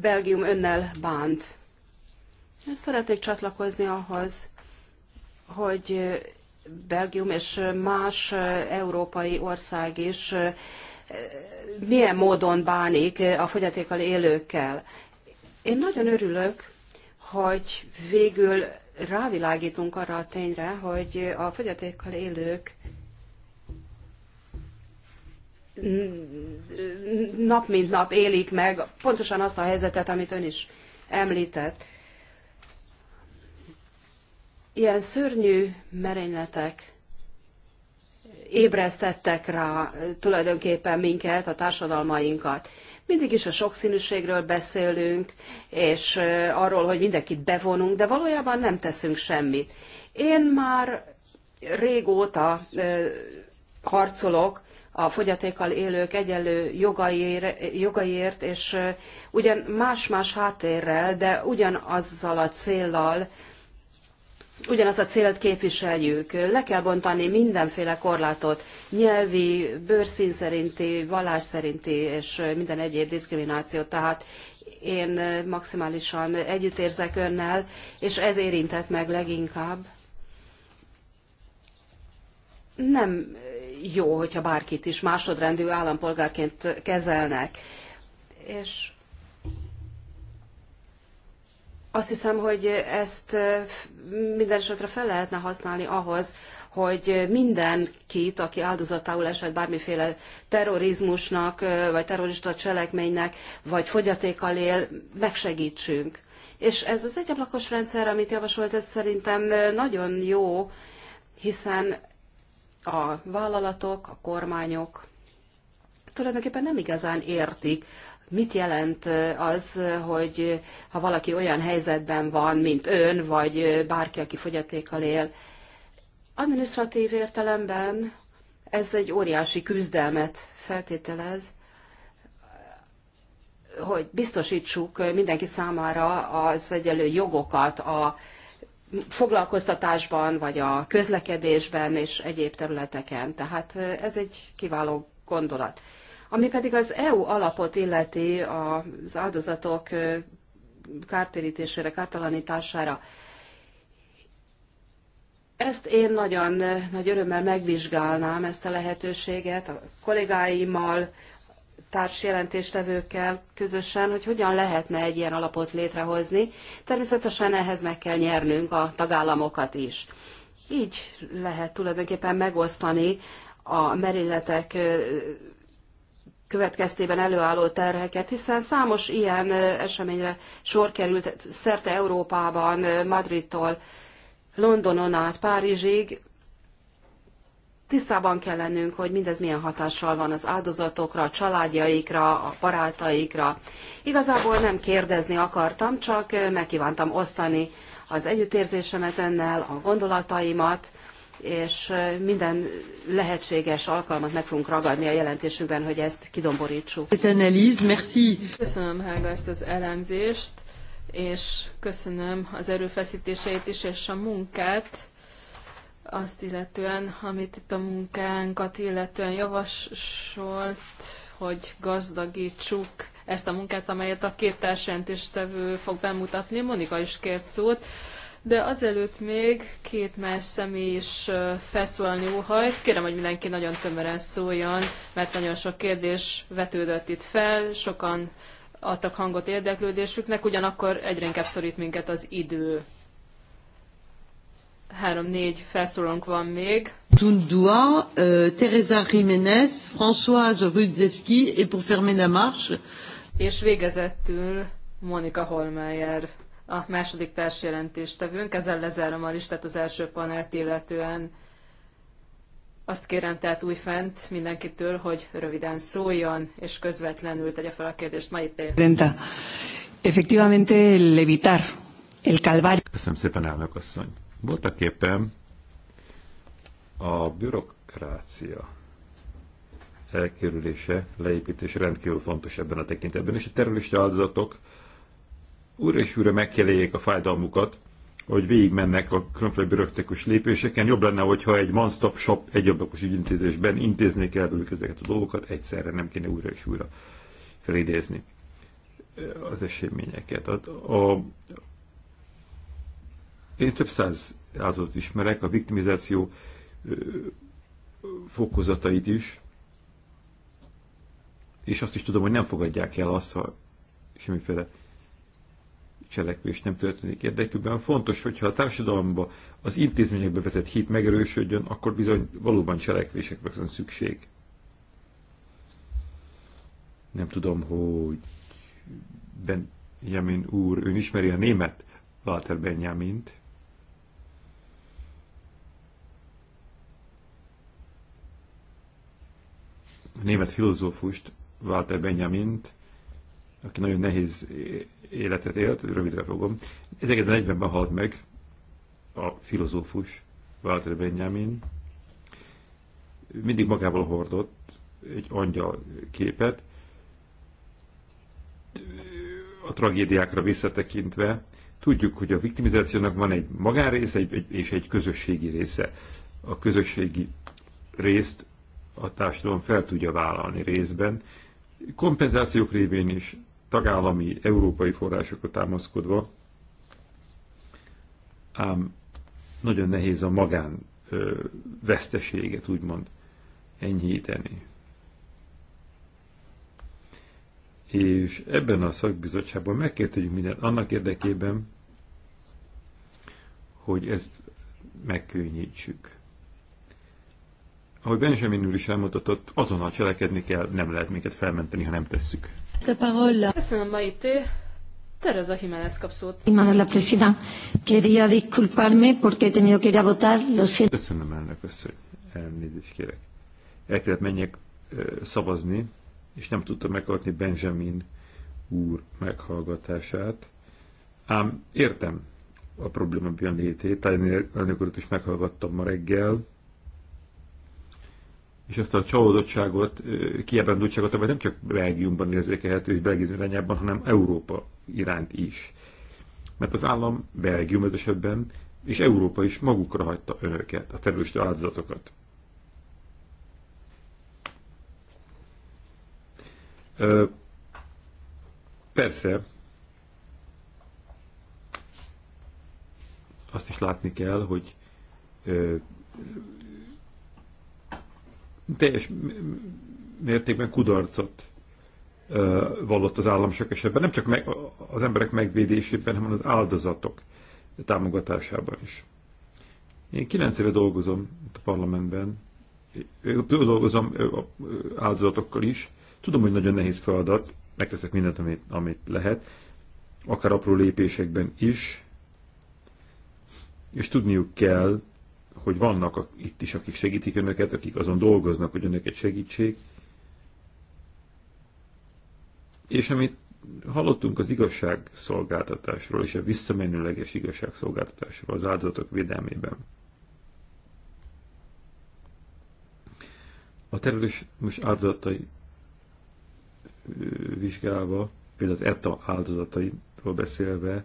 Belgium önnel bánt. Szeretnék csatlakozni ahhoz, hogy Belgium és más európai ország is milyen módon bánik a fogyatékkal élőkkel. Én nagyon örülök, hogy végül rávilágítunk arra a tényre, hogy a fogyatékkal élők nap mint nap élik meg pontosan azt a helyzetet, amit ön is említett. Ilyen szörnyű merényletek ébresztettek rá tulajdonképpen minket, a társadalmainkat. Mindig is a sokszínűségről beszélünk, és arról, hogy mindenkit bevonunk, de valójában nem teszünk semmit. Én már régóta harcolok a fogyatékkal élők egyenlő jogaiért, és ugyan más-más háttérrel, de ugyanazzal a céllal, ugyanazt a célt képviseljük. Le kell bontani mindenféle korlátot, nyelvi, bőrszín szerinti, vallás szerinti és minden egyéb diszkriminációt. Tehát én maximálisan együttérzek önnel, és ez érintett meg leginkább. Nem jó, hogyha bárkit is másodrendű állampolgárként kezelnek. És azt hiszem, hogy ezt minden esetre fel lehetne használni ahhoz, hogy mindenkit, aki áldozatául esett bármiféle terrorizmusnak, vagy terrorista cselekménynek, vagy fogyatékkal él, megsegítsünk. És ez az egyablakos rendszer, amit javasolt, ez szerintem nagyon jó, hiszen a vállalatok, a kormányok tulajdonképpen nem igazán értik mit jelent az, hogy ha valaki olyan helyzetben van, mint ön, vagy bárki, aki fogyatékkal él, administratív értelemben ez egy óriási küzdelmet feltételez, hogy biztosítsuk mindenki számára az egyenlő jogokat a foglalkoztatásban, vagy a közlekedésben és egyéb területeken. Tehát ez egy kiváló gondolat. Ami pedig az EU alapot illeti az áldozatok kártérítésére, kártalanítására, ezt én nagyon nagy örömmel megvizsgálnám, ezt a lehetőséget a kollégáimmal, társjelentéstevőkkel közösen, hogy hogyan lehetne egy ilyen alapot létrehozni. Természetesen ehhez meg kell nyernünk a tagállamokat is. Így lehet tulajdonképpen megosztani a merényletek következtében előálló terheket, hiszen számos ilyen eseményre sor került szerte Európában, Madridtól, Londonon át Párizsig. Tisztában kell lennünk, hogy mindez milyen hatással van az áldozatokra, a családjaikra, a barátaikra. Igazából nem kérdezni akartam, csak megkívántam osztani az együttérzésemet önnel, a gondolataimat, és minden lehetséges alkalmat meg fogunk ragadni a jelentésünkben, hogy ezt kidomborítsuk.
Köszönöm, Helga, ezt az elemzést, és köszönöm az erőfeszítéseit is, és a munkát, azt illetően, amit itt a munkánkat illetően javasolt, hogy gazdagítsuk ezt a munkát, amelyet a két társjelentéstevő fog bemutatni. Monika is kért szót de azelőtt még két más személy is felszólalni óhajt. Kérem, hogy mindenki nagyon tömören szóljon, mert nagyon sok kérdés vetődött itt fel, sokan adtak hangot érdeklődésüknek, ugyanakkor egyre inkább szorít minket az idő. Három-négy felszólalónk van még.
Tundua, uh, Teresa
Jiménez, Françoise Rudzewski, et pour fermer la marche.
És végezettül Monika Holmeyer a második társjelentéstevőnk. Ezzel lezárom a listát az első panelt illetően. Azt kérem tehát újfent mindenkitől, hogy röviden szóljon, és közvetlenül tegye fel a kérdést Maité.
Effectivamente el evitar el calvario. Köszönöm szépen, elnök asszony. Voltak éppen a bürokrácia elkerülése, leépítés rendkívül fontos ebben a tekintetben, és a terrorista áldozatok újra és újra megkeléljék a fájdalmukat, hogy végigmennek a különféle bürokratikus lépéseken. Jobb lenne, hogyha egy one-stop shop egy ablakos ügyintézésben intéznék el velük ezeket a dolgokat, egyszerre nem kéne újra és újra felidézni az eseményeket. A, a, én több száz áldozatot ismerek, a viktimizáció fokozatait is, és azt is tudom, hogy nem fogadják el azt, ha semmiféle cselekvés nem történik érdekükben. Fontos, hogyha a társadalomba, az intézményekbe vetett hit megerősödjön, akkor bizony valóban cselekvésekre van szükség. Nem tudom, hogy Benjamin úr, ön ismeri a német Walter Benjamint. A német filozófust, Walter Benjamint, aki nagyon nehéz életet élt, rövidre fogom, 1940-ben halt meg a filozófus Walter Benjamin, mindig magával hordott egy angyal képet, a tragédiákra visszatekintve, tudjuk, hogy a viktimizációnak van egy magánrésze egy, egy, és egy közösségi része. A közösségi részt a társadalom fel tudja vállalni részben, kompenzációk révén is, tagállami, európai forrásokra támaszkodva, ám nagyon nehéz a magán ö, veszteséget úgymond enyhíteni. És ebben a szakbizottságban megkértünk mindent annak érdekében, hogy ezt megkönnyítsük. Ahogy Benjamin úr is elmutatott, azonnal cselekedni kell, nem lehet minket felmenteni, ha nem tesszük.
Köszönöm, Maite. Teresa Jiménez kap szót.
la presidenta. Quería
disculparme
porque he tenido que ir a votar. Lo siento.
Köszönöm, elnök asszony. Elnézést kérek. El kellett menjek szavazni, és nem tudtam meghallgatni Benjamin úr meghallgatását. Ám értem a probléma létét, talán elnök úrat is meghallgattam ma reggel, és ezt a csalódottságot, kiábrándultságot, amely nem csak Belgiumban érzékelhető, és Belgium irányában, hanem Európa iránt is. Mert az állam Belgium az esetben, és Európa is magukra hagyta önöket, a terrorista áldozatokat. persze, azt is látni kell, hogy teljes mértékben kudarcot vallott az állam sok esetben, nem csak meg, az emberek megvédésében, hanem az áldozatok támogatásában is. Én kilenc éve dolgozom a parlamentben, dolgozom áldozatokkal is, tudom, hogy nagyon nehéz feladat, megteszek mindent, amit, amit lehet, akár apró lépésekben is, és tudniuk kell, hogy vannak itt is, akik segítik önöket, akik azon dolgoznak, hogy önöket segítsék. És amit hallottunk az igazságszolgáltatásról és a visszamenőleges igazságszolgáltatásról az áldozatok védelmében. A most áldozatai vizsgálva, például az ETA áldozatairól beszélve,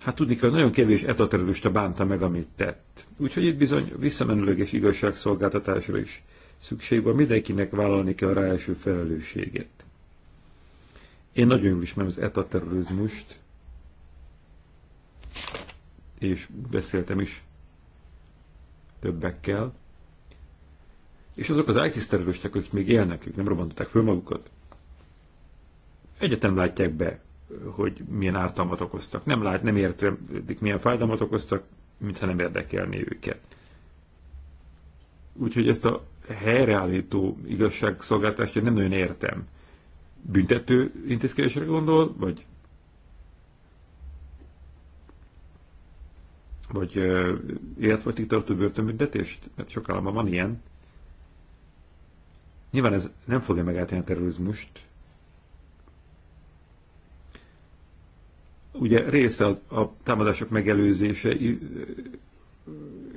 Hát tudni kell, nagyon kevés etaterülista bánta meg, amit tett. Úgyhogy itt bizony visszamenőleges igazságszolgáltatásra is szükség van, mindenkinek vállalni kell rá első felelősséget. Én nagyon jól ismerem az ETA és beszéltem is többekkel. És azok az ISIS terroristák, akik még élnek, ők nem robbantották föl magukat, egyetem látják be, hogy milyen ártalmat okoztak. Nem lát, nem értik, milyen fájdalmat okoztak, mintha nem érdekelné őket. Úgyhogy ezt a helyreállító igazságszolgáltást nem nagyon értem. Büntető intézkedésre gondol, vagy vagy életfogytig tartó börtönbüntetést? Mert sok államban van ilyen. Nyilván ez nem fogja megállítani a terrorizmust, ugye része a, a támadások megelőzése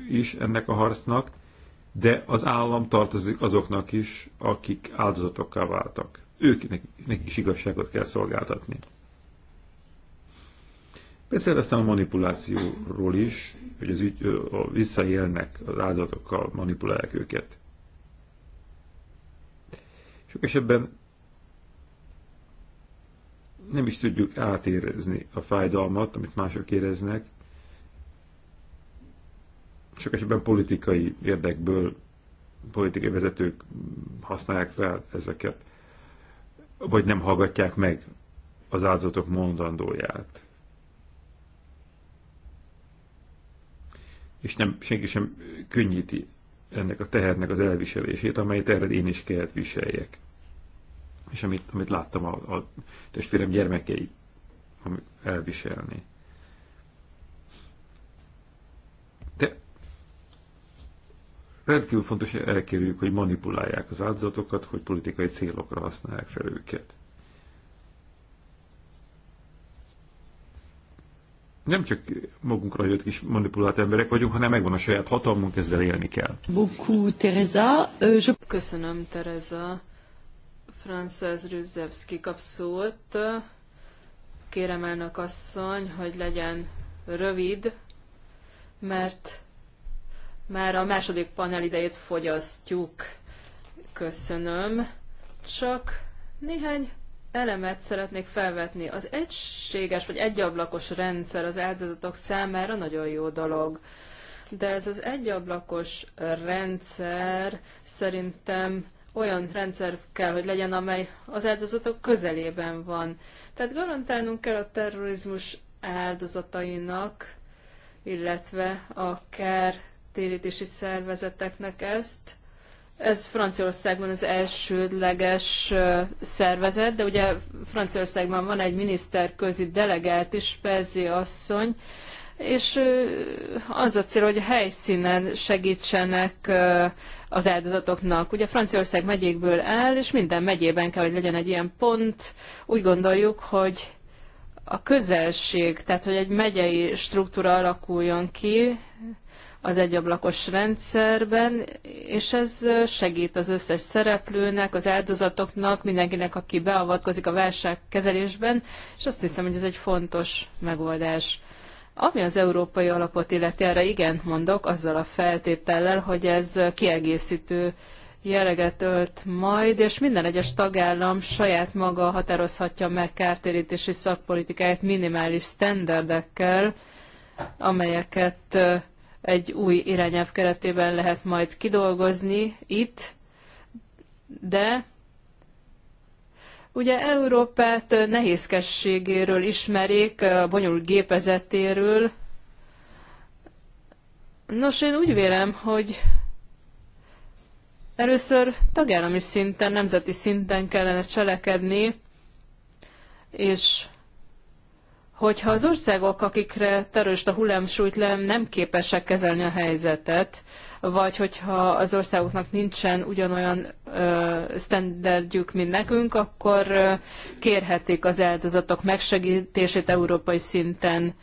is ennek a harcnak, de az állam tartozik azoknak is, akik áldozatokká váltak. Ők nekik, is igazságot kell szolgáltatni. Beszél a manipulációról is, hogy az ügy, a visszaélnek az áldozatokkal, manipulálják őket. Sok esetben nem is tudjuk átérezni a fájdalmat, amit mások éreznek. Sok esetben politikai érdekből politikai vezetők használják fel ezeket, vagy nem hallgatják meg az áldozatok mondandóját. És nem, senki sem könnyíti ennek a tehernek az elviselését, amelyet erre én is kellett viseljek és amit, amit láttam a, a testvérem gyermekei elviselni. De rendkívül fontos, hogy elkerüljük, hogy manipulálják az áldozatokat, hogy politikai célokra használják fel őket. nem csak magunkra jött kis manipulált emberek vagyunk, hanem megvan a saját hatalmunk, ezzel élni kell.
Euh, Köszönöm, Tereza. Frances Rüzzevski kap szót. Kérem elnök asszony, hogy legyen rövid, mert már a második panel idejét fogyasztjuk. Köszönöm. Csak néhány elemet szeretnék felvetni. Az egységes vagy egyablakos rendszer az áldozatok számára nagyon jó dolog. De ez az egyablakos rendszer szerintem olyan rendszer kell, hogy legyen, amely az áldozatok közelében van. Tehát garantálnunk kell a terrorizmus áldozatainak, illetve a térítési szervezeteknek ezt. Ez Franciaországban az elsődleges szervezet, de ugye Franciaországban van egy miniszterközi delegált is, Perzi asszony, és az a cél, hogy helyszínen segítsenek az áldozatoknak. Ugye Franciaország megyékből áll, és minden megyében kell, hogy legyen egy ilyen pont. Úgy gondoljuk, hogy a közelség, tehát hogy egy megyei struktúra alakuljon ki az egyablakos rendszerben, és ez segít az összes szereplőnek, az áldozatoknak, mindenkinek, aki beavatkozik a válságkezelésben, és azt hiszem, hogy ez egy fontos megoldás. Ami az európai alapot illeti, erre igent mondok, azzal a feltétellel, hogy ez kiegészítő jelleget ölt majd, és minden egyes tagállam saját maga határozhatja meg kártérítési szakpolitikáját minimális sztenderdekkel, amelyeket egy új irányelv keretében lehet majd kidolgozni itt, de Ugye Európát nehézkességéről ismerik, a bonyolult gépezetéről. Nos, én úgy vélem, hogy először tagállami szinten, nemzeti szinten kellene cselekedni, és hogyha az országok, akikre terörista hullám sújt le, nem képesek kezelni a helyzetet, vagy hogyha az országoknak nincsen ugyanolyan ö, standardjük, mint nekünk, akkor ö, kérhetik az áldozatok megsegítését európai szinten.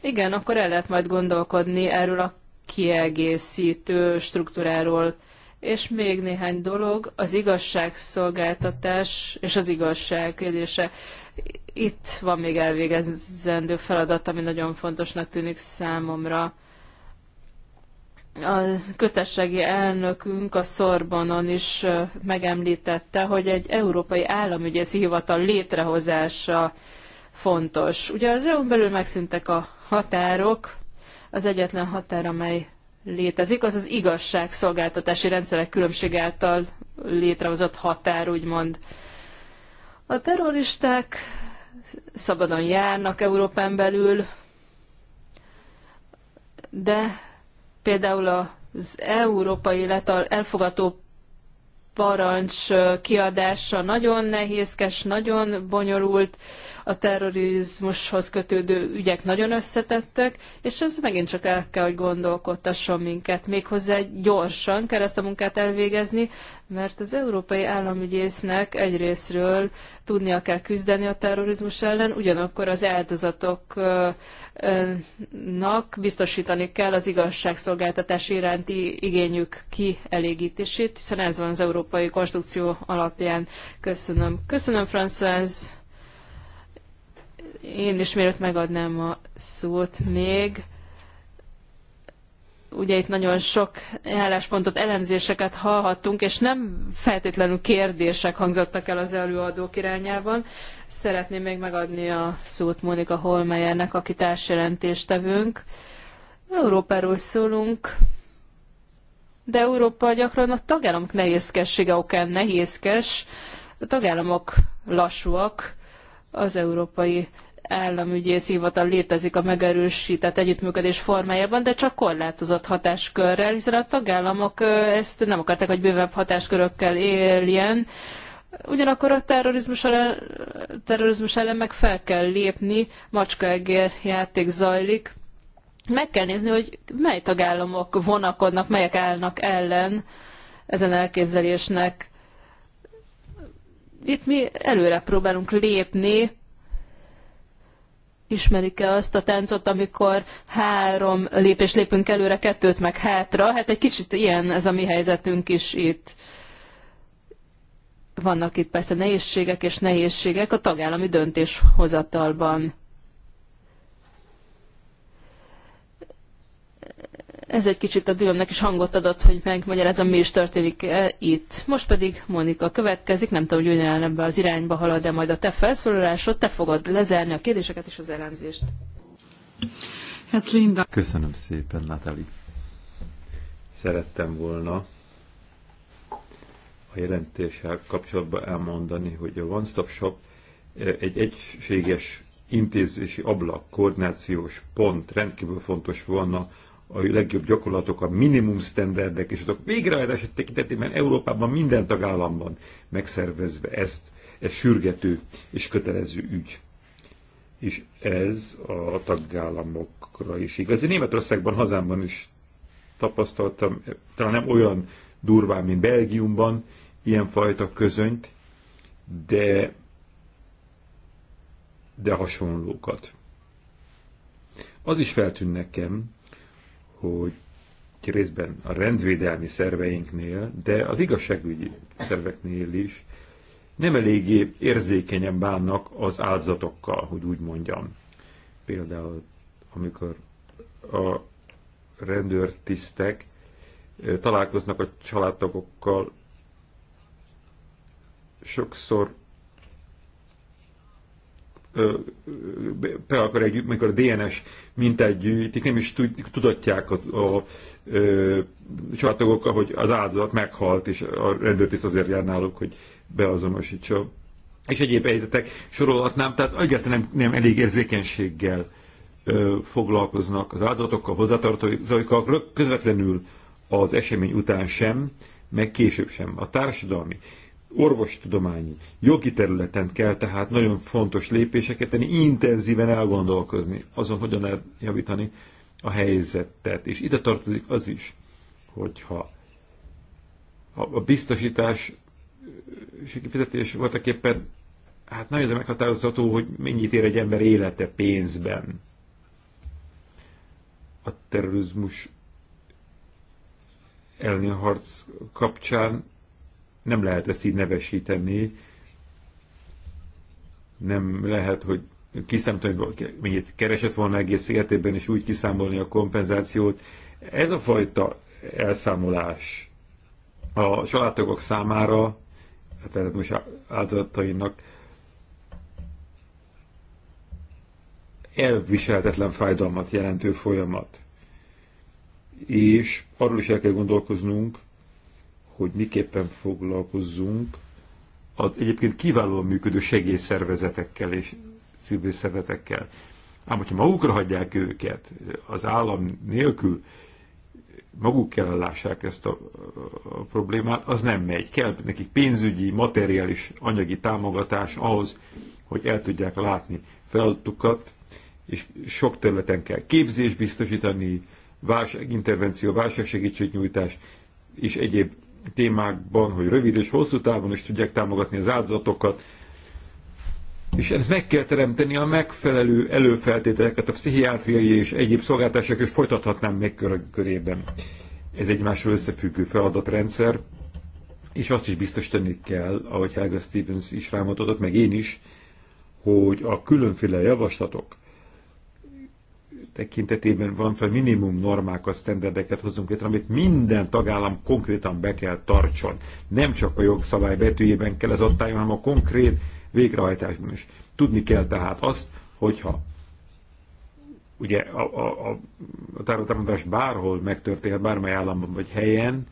Igen, akkor el lehet majd gondolkodni erről a kiegészítő struktúráról. És még néhány dolog, az igazságszolgáltatás és az igazság kérdése. Itt van még elvégezendő feladat, ami nagyon fontosnak tűnik számomra a köztársasági elnökünk a Szorbonon is megemlítette, hogy egy európai államügyészi hivatal létrehozása fontos. Ugye az EU-n belül megszűntek a határok, az egyetlen határ, amely létezik, az az igazságszolgáltatási rendszerek különbség által létrehozott határ, úgymond. A terroristák szabadon járnak Európán belül, de Például az európai letal elfogató parancs kiadása nagyon nehézkes, nagyon bonyolult a terrorizmushoz kötődő ügyek nagyon összetettek, és ez megint csak el kell, hogy gondolkodtasson minket. Méghozzá gyorsan kell ezt a munkát elvégezni, mert az európai államügyésznek egyrésztről tudnia kell küzdeni a terrorizmus ellen, ugyanakkor az áldozatoknak biztosítani kell az igazságszolgáltatás iránti igényük kielégítését, hiszen ez van az európai konstrukció alapján. Köszönöm. Köszönöm, François. Én is mielőtt megadnám a szót még, ugye itt nagyon sok álláspontot, elemzéseket hallhattunk, és nem feltétlenül kérdések hangzottak el az előadók irányában. Szeretném még megadni a szót Monika Holmeyernek, aki társjelentéstevőnk. Európáról szólunk, de Európa gyakran a tagállamok nehézkessége okán nehézkes, a tagállamok lassúak, az európai államügyész hivatal létezik a megerősített együttműködés formájában, de csak korlátozott hatáskörrel, hiszen a tagállamok ezt nem akarták, hogy bővebb hatáskörökkel éljen. Ugyanakkor a terrorizmus ellen, terrorizmus ellen meg fel kell lépni, macskaegér játék zajlik. Meg kell nézni, hogy mely tagállamok vonakodnak, melyek állnak ellen ezen elképzelésnek. Itt mi előre próbálunk lépni, ismerik-e azt a táncot, amikor három lépés lépünk előre, kettőt meg hátra. Hát egy kicsit ilyen ez a mi helyzetünk is itt. Vannak itt persze nehézségek és nehézségek a tagállami döntéshozatalban. Ez egy kicsit a dülömnek is hangot adott, hogy megmagyarázom, mi is történik -e itt. Most pedig Monika következik, nem tudom, hogy ugyan ebbe az irányba halad, de majd a te felszólalásod, te fogod lezárni a kérdéseket és az elemzést.
Hát Linda. Köszönöm szépen, Natali. Szerettem volna a jelentéssel kapcsolatban elmondani, hogy a One Stop Shop eh, egy egységes intézési ablak, koordinációs pont rendkívül fontos volna a legjobb gyakorlatok, a minimum standardek és azok végrehajtása tekintetében Európában minden tagállamban megszervezve ezt, ez sürgető és kötelező ügy. És ez a tagállamokra is igaz. Én Németországban, hazámban is tapasztaltam, talán nem olyan durván, mint Belgiumban, ilyenfajta közönyt, de, de hasonlókat. Az is feltűn nekem, hogy részben a rendvédelmi szerveinknél, de az igazságügyi szerveknél is nem eléggé érzékenyen bánnak az áldozatokkal, hogy úgy mondjam. Például, amikor a rendőrtisztek találkoznak a családtagokkal, sokszor be akar egy, amikor a DNS mintát gyűjtik, nem is tudatják a, a, a családtagok, hogy az áldozat meghalt, és a rendőrtiszt azért jár náluk, hogy beazonosítsa. És egyéb helyzetek sorolhatnám, tehát egyáltalán nem, nem elég érzékenységgel ö, foglalkoznak az áldozatokkal, hozzátartozóikkal, közvetlenül az esemény után sem, meg később sem. A társadalmi orvostudományi, jogi területen kell tehát nagyon fontos lépéseket tenni, intenzíven elgondolkozni azon, hogyan lehet javítani a helyzetet. És ide tartozik az is, hogyha a biztosítás és kifizetés voltak éppen, hát nagyon meghatározható, hogy mennyit ér egy ember élete pénzben. A terrorizmus elleni harc kapcsán nem lehet ezt így nevesíteni, nem lehet, hogy kiszámolni, hogy mennyit keresett volna egész életében, és úgy kiszámolni a kompenzációt. Ez a fajta elszámolás a családtagok számára, tehát most áldozatainak elviselhetetlen fájdalmat jelentő folyamat. És arról is el kell gondolkoznunk, hogy miképpen foglalkozzunk az egyébként kiválóan működő segélyszervezetekkel és szervezetekkel. Ám hogyha magukra hagyják őket, az állam nélkül maguk kell lássák ezt a, a problémát, az nem megy. Kell nekik pénzügyi, materiális, anyagi támogatás ahhoz, hogy el tudják látni feladatukat, és sok területen kell képzés biztosítani, válság, intervenció, válságsegítségnyújtás és egyéb témákban, hogy rövid és hosszú távon is tudják támogatni az áldozatokat, és ezt meg kell teremteni a megfelelő előfeltételeket a pszichiátriai és egyéb szolgáltások, és folytathatnám még körében. Ez egymásról összefüggő feladatrendszer, és azt is biztosítani kell, ahogy Helga Stevens is rámutatott, meg én is, hogy a különféle javaslatok, tekintetében fel minimum normákat, sztenderdeket hozunk létre, amit minden tagállam konkrétan be kell tartson. Nem csak a jogszabály betűjében kell ez ott hanem a konkrét végrehajtásban is. Tudni kell tehát azt, hogyha ugye a, a, a, a tároltámadás bárhol megtörténhet, bármely államban vagy helyen,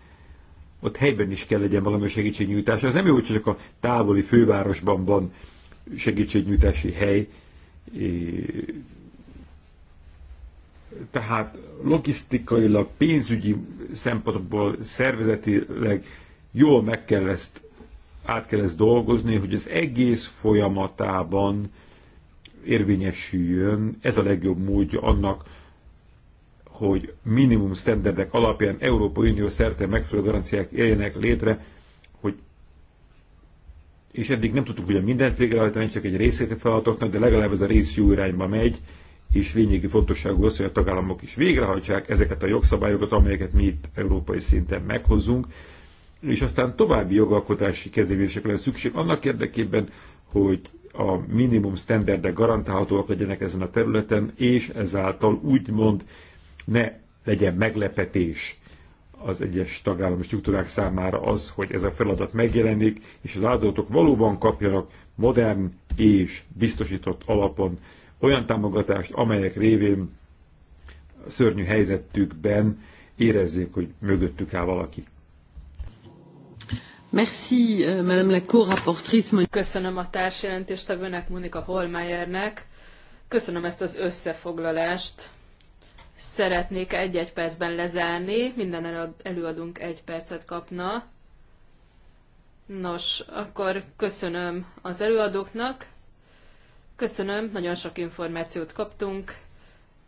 ott helyben is kell legyen valami segítségnyújtás. Ez nem jó, hogy csak a távoli fővárosban van segítségnyújtási hely, tehát logisztikailag, pénzügyi szempontból, szervezetileg jól meg kell ezt, át kell ezt dolgozni, hogy az egész folyamatában érvényesüljön. Ez a legjobb módja annak, hogy minimum standardek alapján Európai Unió szerte megfelelő garanciák éljenek létre, hogy és eddig nem tudtuk ugye mindent végrehajtani, csak egy részét a feladatoknak, de legalább ez a rész jó irányba megy, és lényegi fontosságú az, hogy a tagállamok is végrehajtsák ezeket a jogszabályokat, amelyeket mi itt európai szinten meghozunk, és aztán további jogalkotási kezelésekre lesz szükség annak érdekében, hogy a minimum standardek garantálhatóak legyenek ezen a területen, és ezáltal úgymond ne legyen meglepetés az egyes tagállami struktúrák számára az, hogy ez a feladat megjelenik, és az áldozatok valóban kapjanak modern és biztosított alapon olyan támogatást, amelyek révén szörnyű helyzetükben érezzék, hogy mögöttük áll valaki.
Merci, euh, Madame la co-rapportrice. Köszönöm a társjelentéstevőnek, Monika Holmeyernek. Köszönöm ezt az összefoglalást. Szeretnék egy-egy percben lezárni, minden előadunk egy percet kapna. Nos, akkor köszönöm az előadóknak, Köszönöm, nagyon sok információt kaptunk.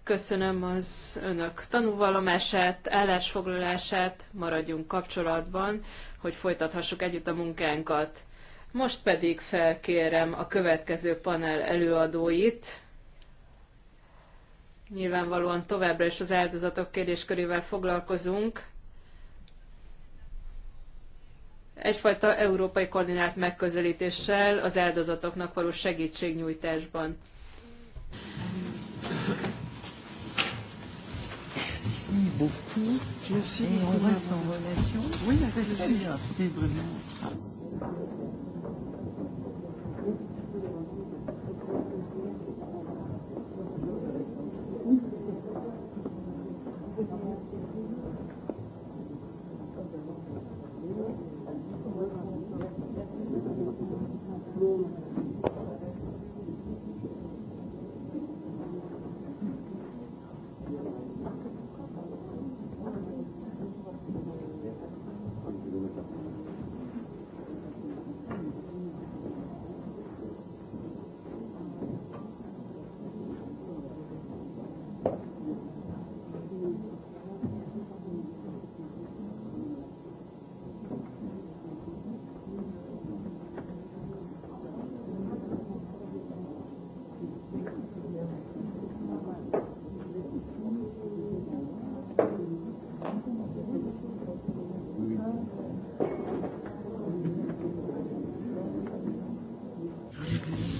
Köszönöm az önök tanúvallomását, állásfoglalását, maradjunk kapcsolatban, hogy folytathassuk együtt a munkánkat. Most pedig felkérem a következő panel előadóit. Nyilvánvalóan továbbra is az áldozatok kérdéskörével foglalkozunk, egyfajta európai koordinált megközelítéssel az áldozatoknak való segítségnyújtásban.
Merci beaucoup. Merci. Et on reste en relation. Oui, avec plaisir. C'est vraiment.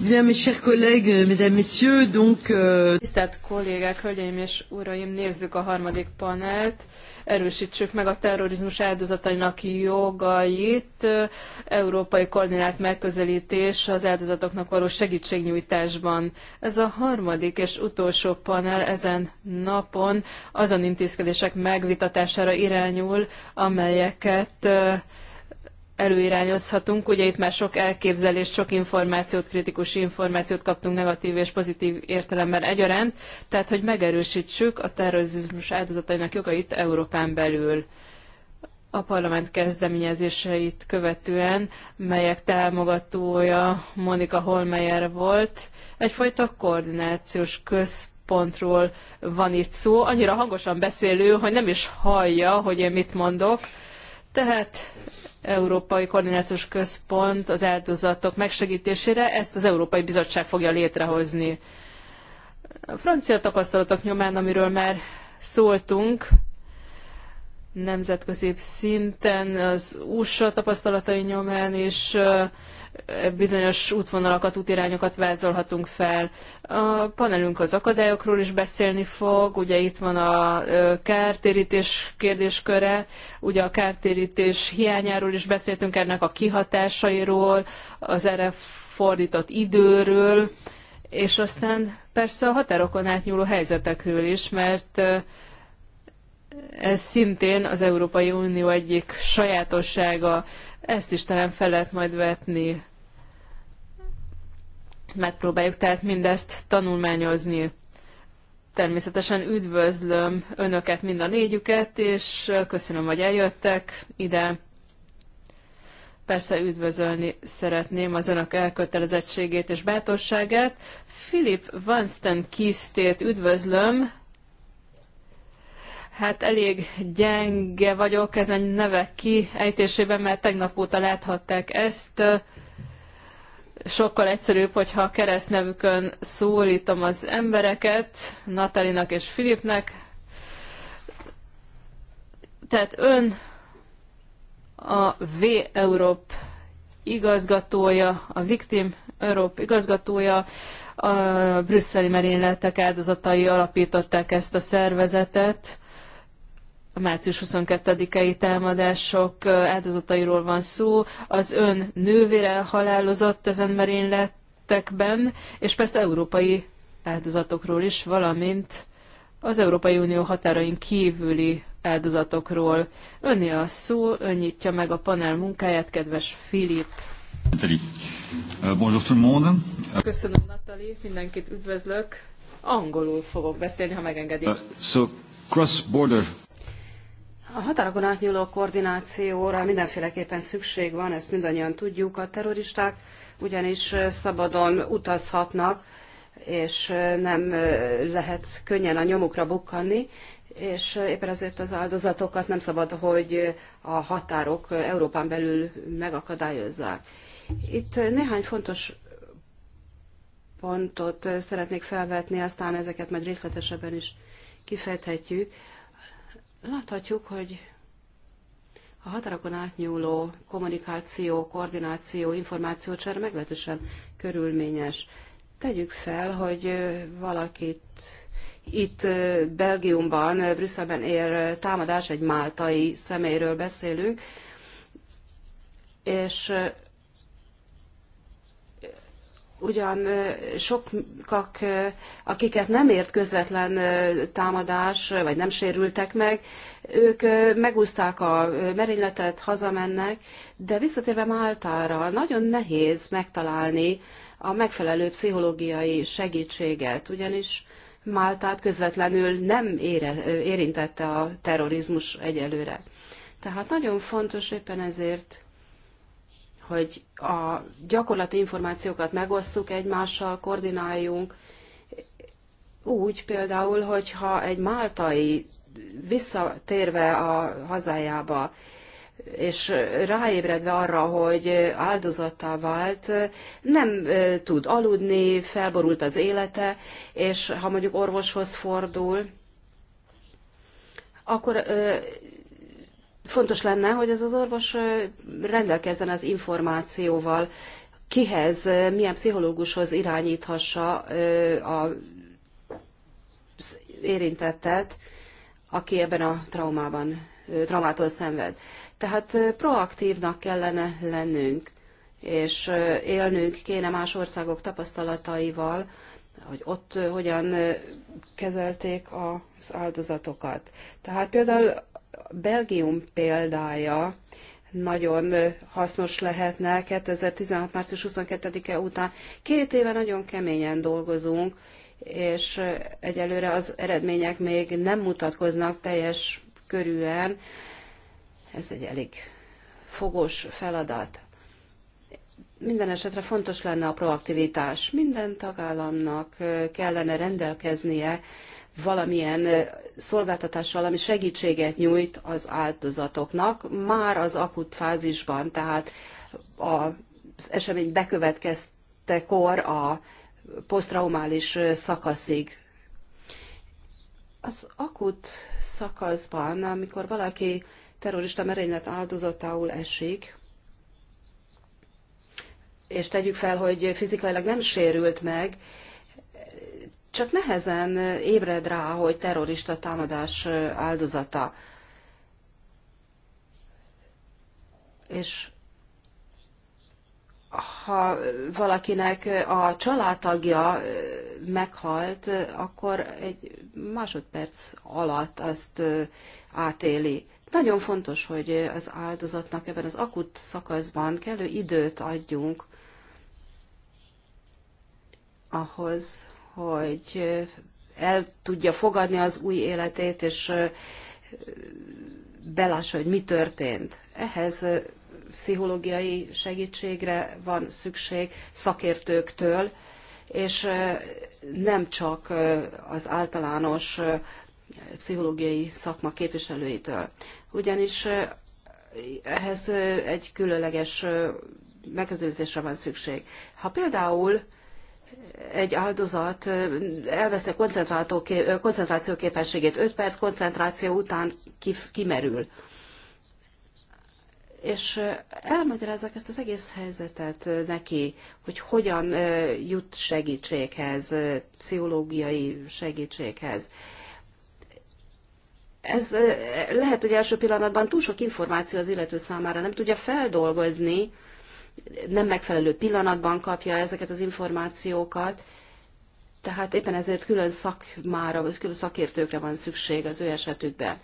Bien, mes chers collègues, mesdames,
messieurs, donc... Euh...
Tisztelt kollégák, hölgyeim és uraim, nézzük a harmadik panelt. Erősítsük meg a terrorizmus áldozatainak jogait. Európai koordinált megközelítés az áldozatoknak való segítségnyújtásban. Ez a harmadik és utolsó panel ezen napon azon intézkedések megvitatására irányul, amelyeket uh, előirányozhatunk. Ugye itt már sok elképzelést, sok információt, kritikus információt kaptunk negatív és pozitív értelemben egyaránt, tehát hogy megerősítsük a terrorizmus áldozatainak jogait Európán belül a parlament kezdeményezéseit követően, melyek támogatója Monika Holmeyer volt. Egyfajta koordinációs központról van itt szó, annyira hangosan beszélő, hogy nem is hallja, hogy én mit mondok. Tehát Európai Koordinációs Központ az áldozatok megsegítésére, ezt az Európai Bizottság fogja létrehozni. A francia tapasztalatok nyomán, amiről már szóltunk, nemzetközi szinten, az USA tapasztalatai nyomán is bizonyos útvonalakat, útirányokat vázolhatunk fel. A panelünk az akadályokról is beszélni fog, ugye itt van a kártérítés kérdésköre, ugye a kártérítés hiányáról is beszéltünk ennek a kihatásairól, az erre fordított időről, és aztán persze a határokon átnyúló helyzetekről is, mert ez szintén az Európai Unió egyik sajátossága, ezt is talán fel lehet majd vetni. Megpróbáljuk tehát mindezt tanulmányozni. Természetesen üdvözlöm Önöket, mind a négyüket, és köszönöm, hogy eljöttek ide. Persze üdvözölni szeretném az Önök elkötelezettségét és bátorságát. Philip Vanston Kisztét üdvözlöm, Hát elég gyenge vagyok ezen nevek kiejtésében, mert tegnap óta láthatták ezt. Sokkal egyszerűbb, hogyha a keresztnevükön szólítom az embereket, Natalinak és Filipnek. Tehát ön a V Europe igazgatója, a Victim Europe igazgatója, a brüsszeli merényletek áldozatai alapították ezt a szervezetet a március 22-i támadások áldozatairól van szó. Az ön nővére halálozott ezen merényletekben, és persze európai áldozatokról is, valamint az Európai Unió határain kívüli áldozatokról. Önni a szó, önnyitja meg a panel munkáját, kedves Filip.
Euh, bonjour tout le monde.
Köszönöm, Natali, mindenkit üdvözlök. Angolul fogok beszélni, ha megengedik. Uh,
so, cross-border
a határokon átnyúló koordinációra mindenféleképpen szükség van, ezt mindannyian tudjuk. A terroristák ugyanis szabadon utazhatnak, és nem lehet könnyen a nyomukra bukkanni, és éppen ezért az áldozatokat nem szabad, hogy a határok Európán belül megakadályozzák. Itt néhány fontos pontot szeretnék felvetni, aztán ezeket majd részletesebben is kifejthetjük. Láthatjuk, hogy a határokon átnyúló kommunikáció, koordináció, információcsere meglehetősen körülményes. Tegyük fel, hogy valakit itt Belgiumban, Brüsszelben ér támadás, egy máltai személyről beszélünk, és ugyan sokak, akiket nem ért közvetlen támadás, vagy nem sérültek meg, ők megúzták a merényletet, hazamennek, de visszatérve Máltára nagyon nehéz megtalálni a megfelelő pszichológiai segítséget, ugyanis Máltát közvetlenül nem ére, érintette a terrorizmus egyelőre. Tehát nagyon fontos éppen ezért hogy a gyakorlati információkat megosszuk egymással, koordináljunk. Úgy például, hogyha egy máltai visszatérve a hazájába, és ráébredve arra, hogy áldozattá vált, nem tud aludni, felborult az élete, és ha mondjuk orvoshoz fordul, akkor fontos lenne, hogy ez az orvos rendelkezzen az információval, kihez, milyen pszichológushoz irányíthassa az érintettet, aki ebben a traumában, traumától szenved. Tehát proaktívnak kellene lennünk, és élnünk kéne más országok tapasztalataival, hogy ott hogyan kezelték az áldozatokat. Tehát például Belgium példája nagyon hasznos lehetne 2016. március 22-e után. Két éve nagyon keményen dolgozunk, és egyelőre az eredmények még nem mutatkoznak teljes körűen. Ez egy elég fogos feladat. Minden esetre fontos lenne a proaktivitás. Minden tagállamnak kellene rendelkeznie valamilyen szolgáltatással, ami segítséget nyújt az áldozatoknak, már az akut fázisban, tehát az esemény bekövetkeztekor a posztraumális szakaszig. Az akut szakaszban, amikor valaki terrorista merénylet áldozatául esik, és tegyük fel, hogy fizikailag nem sérült meg, csak nehezen ébred rá, hogy terrorista támadás áldozata. És ha valakinek a családtagja meghalt, akkor egy másodperc alatt azt átéli. Nagyon fontos, hogy az áldozatnak ebben az akut szakaszban kellő időt adjunk ahhoz, hogy el tudja fogadni az új életét, és belássa, hogy mi történt. Ehhez pszichológiai segítségre van szükség szakértőktől, és nem csak az általános pszichológiai szakma képviselőitől. Ugyanis ehhez egy különleges megközelítésre van szükség. Ha például egy áldozat elveszte koncentráció képességét, 5 perc koncentráció után kimerül. És elmagyarázzák ezt az egész helyzetet neki, hogy hogyan jut segítséghez, pszichológiai segítséghez. Ez lehet, hogy első pillanatban túl sok információ az illető számára nem tudja feldolgozni, nem megfelelő pillanatban kapja ezeket az információkat, tehát éppen ezért külön szakmára, vagy külön szakértőkre van szükség az ő esetükben.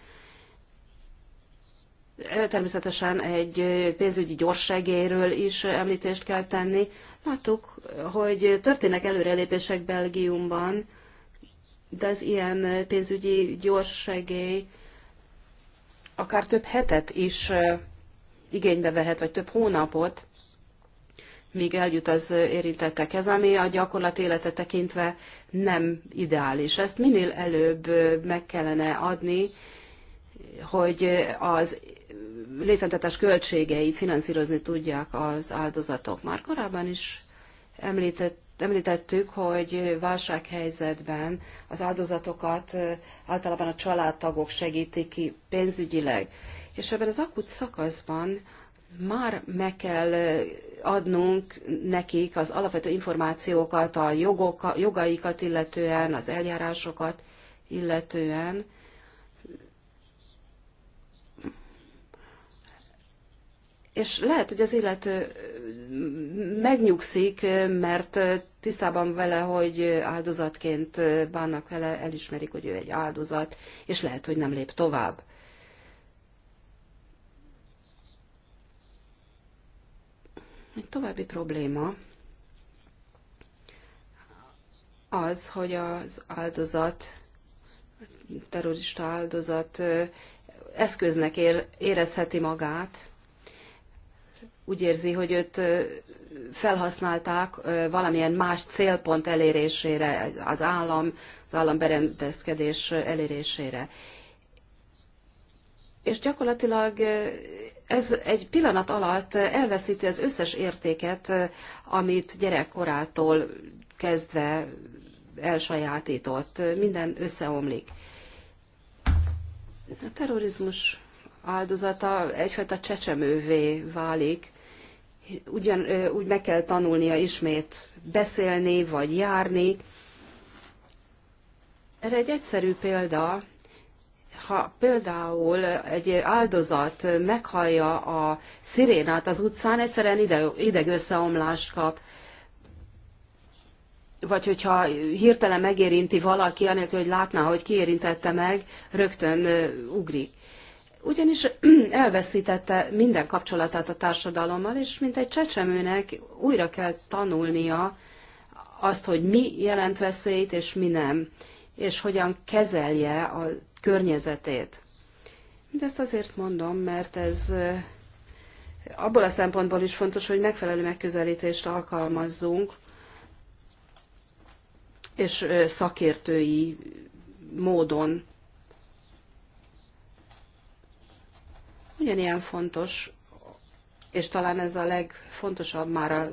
Természetesen egy pénzügyi gyorsegéről is említést kell tenni. Láttuk, hogy történnek előrelépések Belgiumban, de az ilyen pénzügyi gyorsegély akár több hetet is igénybe vehet, vagy több hónapot míg eljut az érintettekhez, ami a gyakorlat élete tekintve nem ideális. Ezt minél előbb meg kellene adni, hogy az létfenntartás költségeit finanszírozni tudják az áldozatok. Már korábban is említett Említettük, hogy válsághelyzetben az áldozatokat általában a családtagok segítik ki pénzügyileg. És ebben az akut szakaszban már meg kell adnunk nekik az alapvető információkat, a jogok, jogaikat illetően, az eljárásokat illetően. És lehet, hogy az illető megnyugszik, mert tisztában vele, hogy áldozatként bánnak vele, elismerik, hogy ő egy áldozat, és lehet, hogy nem lép tovább. Egy további probléma az, hogy az áldozat, terrorista áldozat eszköznek érezheti magát, úgy érzi, hogy őt felhasználták valamilyen más célpont elérésére, az állam, az államberendezkedés elérésére. És gyakorlatilag ez egy pillanat alatt elveszíti az összes értéket, amit gyerekkorától kezdve elsajátított. Minden összeomlik. A terrorizmus áldozata egyfajta csecsemővé válik, ugyan, úgy meg kell tanulnia ismét beszélni vagy járni. Erre egy egyszerű példa, ha például egy áldozat meghallja a szirénát az utcán, egyszerűen ide, ideg összeomlást kap, vagy hogyha hirtelen megérinti valaki, anélkül, hogy látná, hogy kiérintette meg, rögtön ugrik. Ugyanis elveszítette minden kapcsolatát a társadalommal, és mint egy csecsemőnek újra kell tanulnia azt, hogy mi jelent veszélyt, és mi nem, és hogyan kezelje a környezetét. Mindezt azért mondom, mert ez abból a szempontból is fontos, hogy megfelelő megközelítést alkalmazzunk, és szakértői módon. Ugyanilyen fontos, és talán ez a legfontosabb már a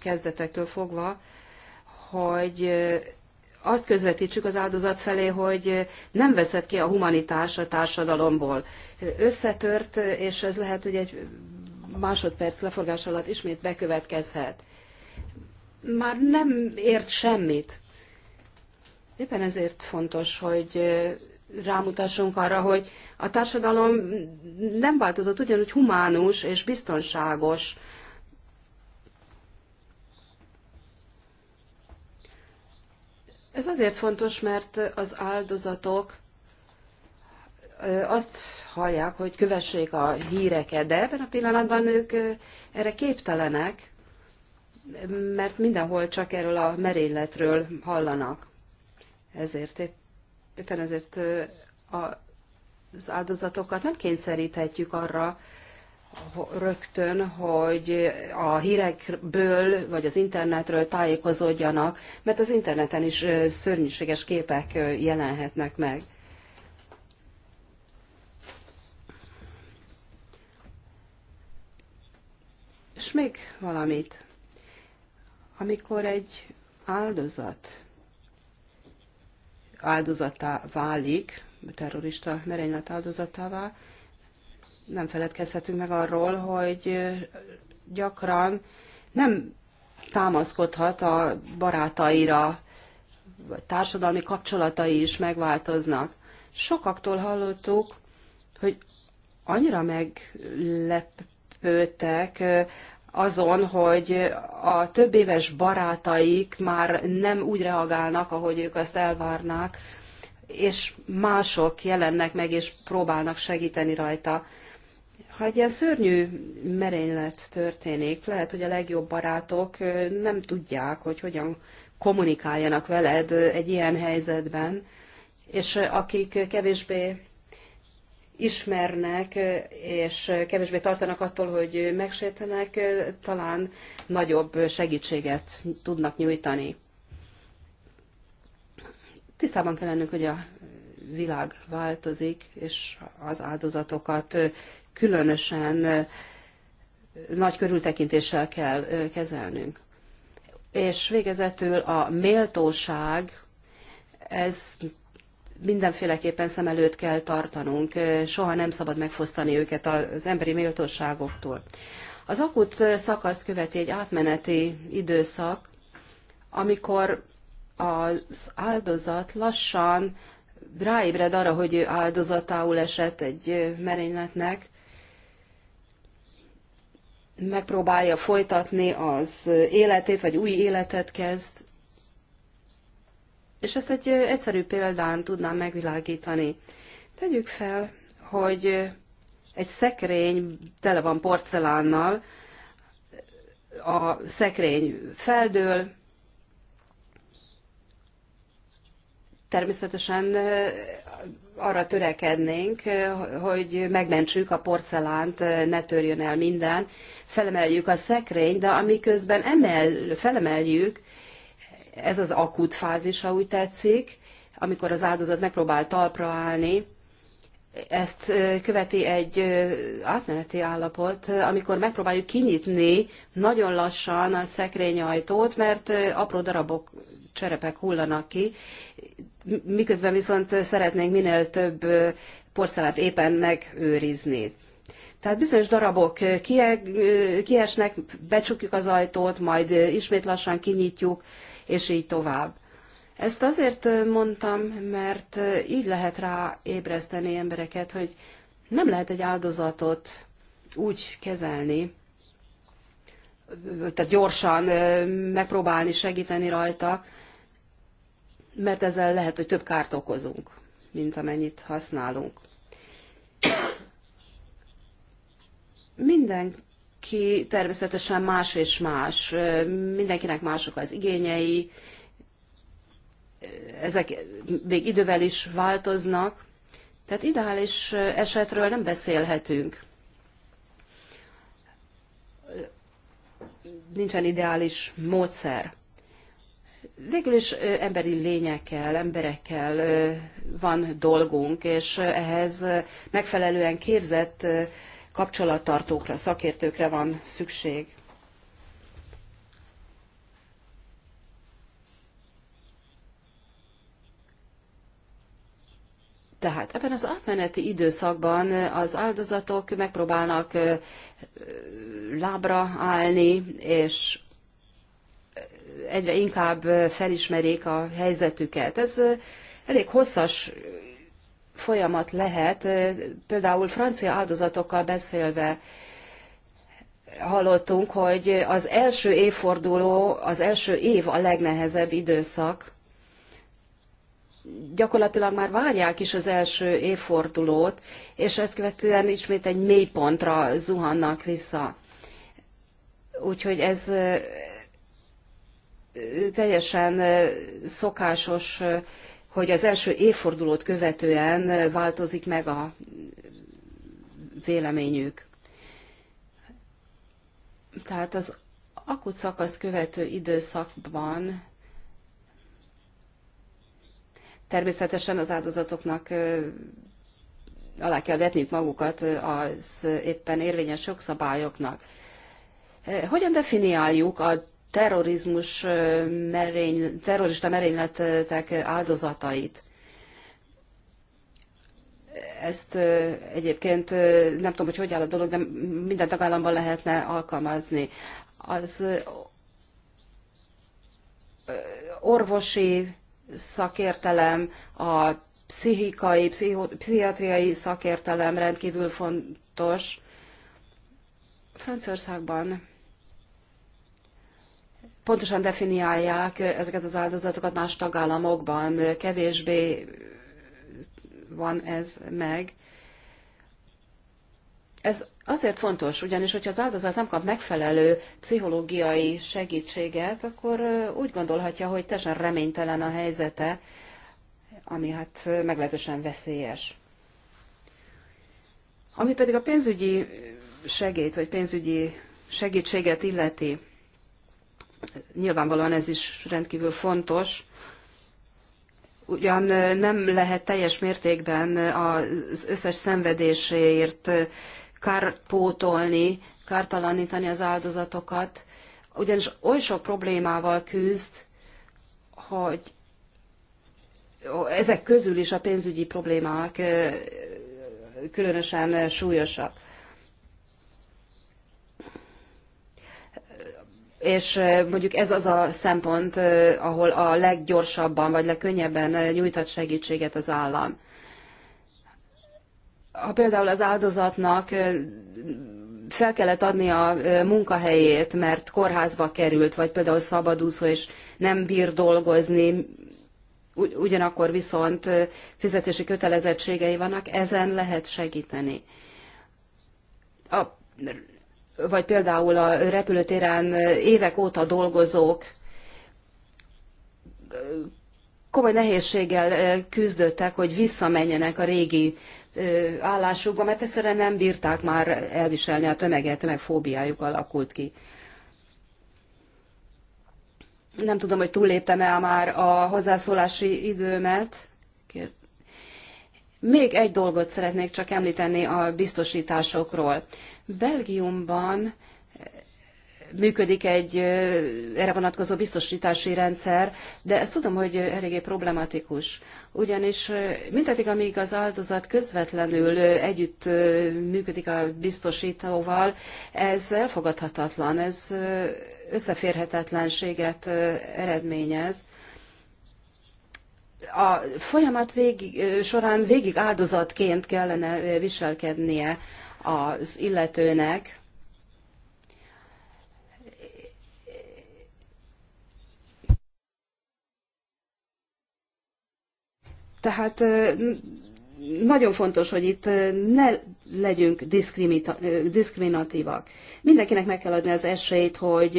kezdetektől fogva, hogy azt közvetítsük az áldozat felé, hogy nem veszett ki a humanitás a társadalomból. Összetört, és ez lehet, hogy egy másodperc leforgás alatt ismét bekövetkezhet. Már nem ért semmit. Éppen ezért fontos, hogy rámutassunk arra, hogy a társadalom nem változott, ugyanúgy humánus és biztonságos Ez azért fontos, mert az áldozatok azt hallják, hogy kövessék a híreket, de ebben a pillanatban ők erre képtelenek, mert mindenhol csak erről a merényletről hallanak. Ezért éppen ezért az áldozatokat nem kényszeríthetjük arra, rögtön, hogy a hírekből vagy az internetről tájékozódjanak, mert az interneten is szörnyűséges képek jelenhetnek meg. És még valamit. Amikor egy áldozat áldozatá válik, terrorista merénylet áldozatává, nem feledkezhetünk meg arról, hogy gyakran nem támaszkodhat a barátaira, vagy társadalmi kapcsolatai is megváltoznak. Sokaktól hallottuk, hogy annyira meglepődtek azon, hogy a több éves barátaik már nem úgy reagálnak, ahogy ők azt elvárnák, és mások jelennek meg, és próbálnak segíteni rajta. Ha egy ilyen szörnyű merénylet történik, lehet, hogy a legjobb barátok nem tudják, hogy hogyan kommunikáljanak veled egy ilyen helyzetben, és akik kevésbé ismernek, és kevésbé tartanak attól, hogy megsértenek, talán nagyobb segítséget tudnak nyújtani. Tisztában kell lennünk, hogy a világ változik, és az áldozatokat különösen nagy körültekintéssel kell kezelnünk. És végezetül a méltóság, ez mindenféleképpen szem előtt kell tartanunk, soha nem szabad megfosztani őket az emberi méltóságoktól. Az akut szakaszt követi egy átmeneti időszak, amikor az áldozat lassan ráébred arra, hogy ő áldozatául esett egy merényletnek, megpróbálja folytatni az életét, vagy új életet kezd. És ezt egy egyszerű példán tudnám megvilágítani. Tegyük fel, hogy egy szekrény tele van porcelánnal, a szekrény feldől, természetesen arra törekednénk, eh, hogy megmentsük a porcelánt, eh, ne törjön el minden, felemeljük a szekrény, de amiközben emel, felemeljük, ez az akut ha úgy tetszik, amikor az áldozat megpróbál talpra állni, ezt eh, követi egy átmeneti állapot, amikor megpróbáljuk kinyitni nagyon lassan a szekrény ajtót, mert apró darabok cserepek hullanak ki, miközben viszont szeretnénk minél több porcelát éppen megőrizni. Tehát bizonyos darabok kiesnek, becsukjuk az ajtót, majd ismét lassan kinyitjuk, és így tovább. Ezt azért mondtam, mert így lehet rá ébreszteni embereket, hogy nem lehet egy áldozatot úgy kezelni, tehát gyorsan megpróbálni segíteni rajta, mert ezzel lehet, hogy több kárt okozunk, mint amennyit használunk. Mindenki természetesen más és más, mindenkinek mások az igényei, ezek még idővel is változnak, tehát ideális esetről nem beszélhetünk. Nincsen ideális módszer végül is emberi lényekkel, emberekkel van dolgunk, és ehhez megfelelően képzett kapcsolattartókra, szakértőkre van szükség. Tehát ebben az átmeneti időszakban az áldozatok megpróbálnak lábra állni, és egyre inkább felismerik a helyzetüket. Ez elég hosszas folyamat lehet, például francia áldozatokkal beszélve hallottunk, hogy az első évforduló, az első év a legnehezebb időszak. Gyakorlatilag már várják is az első évfordulót, és ezt követően ismét egy mélypontra zuhannak vissza. Úgyhogy ez teljesen szokásos, hogy az első évfordulót követően változik meg a véleményük. Tehát az akut szakaszt követő időszakban természetesen az áldozatoknak alá kell vetniük magukat az éppen érvényes jogszabályoknak. Hogyan definiáljuk a terrorizmus merény, terrorista merényletek áldozatait. Ezt egyébként nem tudom, hogy hogy áll a dolog, de minden tagállamban lehetne alkalmazni. Az orvosi szakértelem, a pszichikai, pszicho, pszichiátriai szakértelem rendkívül fontos. Franciaországban pontosan definiálják ezeket az áldozatokat más tagállamokban, kevésbé van ez meg. Ez azért fontos, ugyanis, hogyha az áldozat nem kap megfelelő pszichológiai segítséget, akkor úgy gondolhatja, hogy teljesen reménytelen a helyzete, ami hát meglehetősen veszélyes. Ami pedig a pénzügyi segélyt, vagy pénzügyi segítséget illeti, Nyilvánvalóan ez is rendkívül fontos. Ugyan nem lehet teljes mértékben az összes szenvedéséért kárpótolni, pótolni, kártalanítani az áldozatokat, ugyanis oly sok problémával küzd, hogy ezek közül is a pénzügyi problémák különösen súlyosak. és mondjuk ez az a szempont, ahol a leggyorsabban vagy legkönnyebben nyújthat segítséget az állam. Ha például az áldozatnak fel kellett adni a munkahelyét, mert kórházba került, vagy például szabadúszó, és nem bír dolgozni, ugyanakkor viszont fizetési kötelezettségei vannak, ezen lehet segíteni. A vagy például a repülőtéren évek óta dolgozók komoly nehézséggel küzdöttek, hogy visszamenjenek a régi állásukba, mert egyszerűen nem bírták már elviselni a tömeget, tömegfóbiájuk alakult ki. Nem tudom, hogy túlléptem el már a hozzászólási időmet. Még egy dolgot szeretnék csak említeni a biztosításokról. Belgiumban eh, működik egy eh, erre vonatkozó biztosítási rendszer, de ezt tudom, hogy eh, eléggé problematikus. Ugyanis mindaddig, amíg az áldozat közvetlenül együtt működik a biztosítóval, ez elfogadhatatlan, ez összeférhetetlenséget eredményez a folyamat végig, során végig áldozatként kellene viselkednie az illetőnek, Tehát nagyon fontos, hogy itt ne legyünk diszkriminatívak. Mindenkinek meg kell adni az esélyt, hogy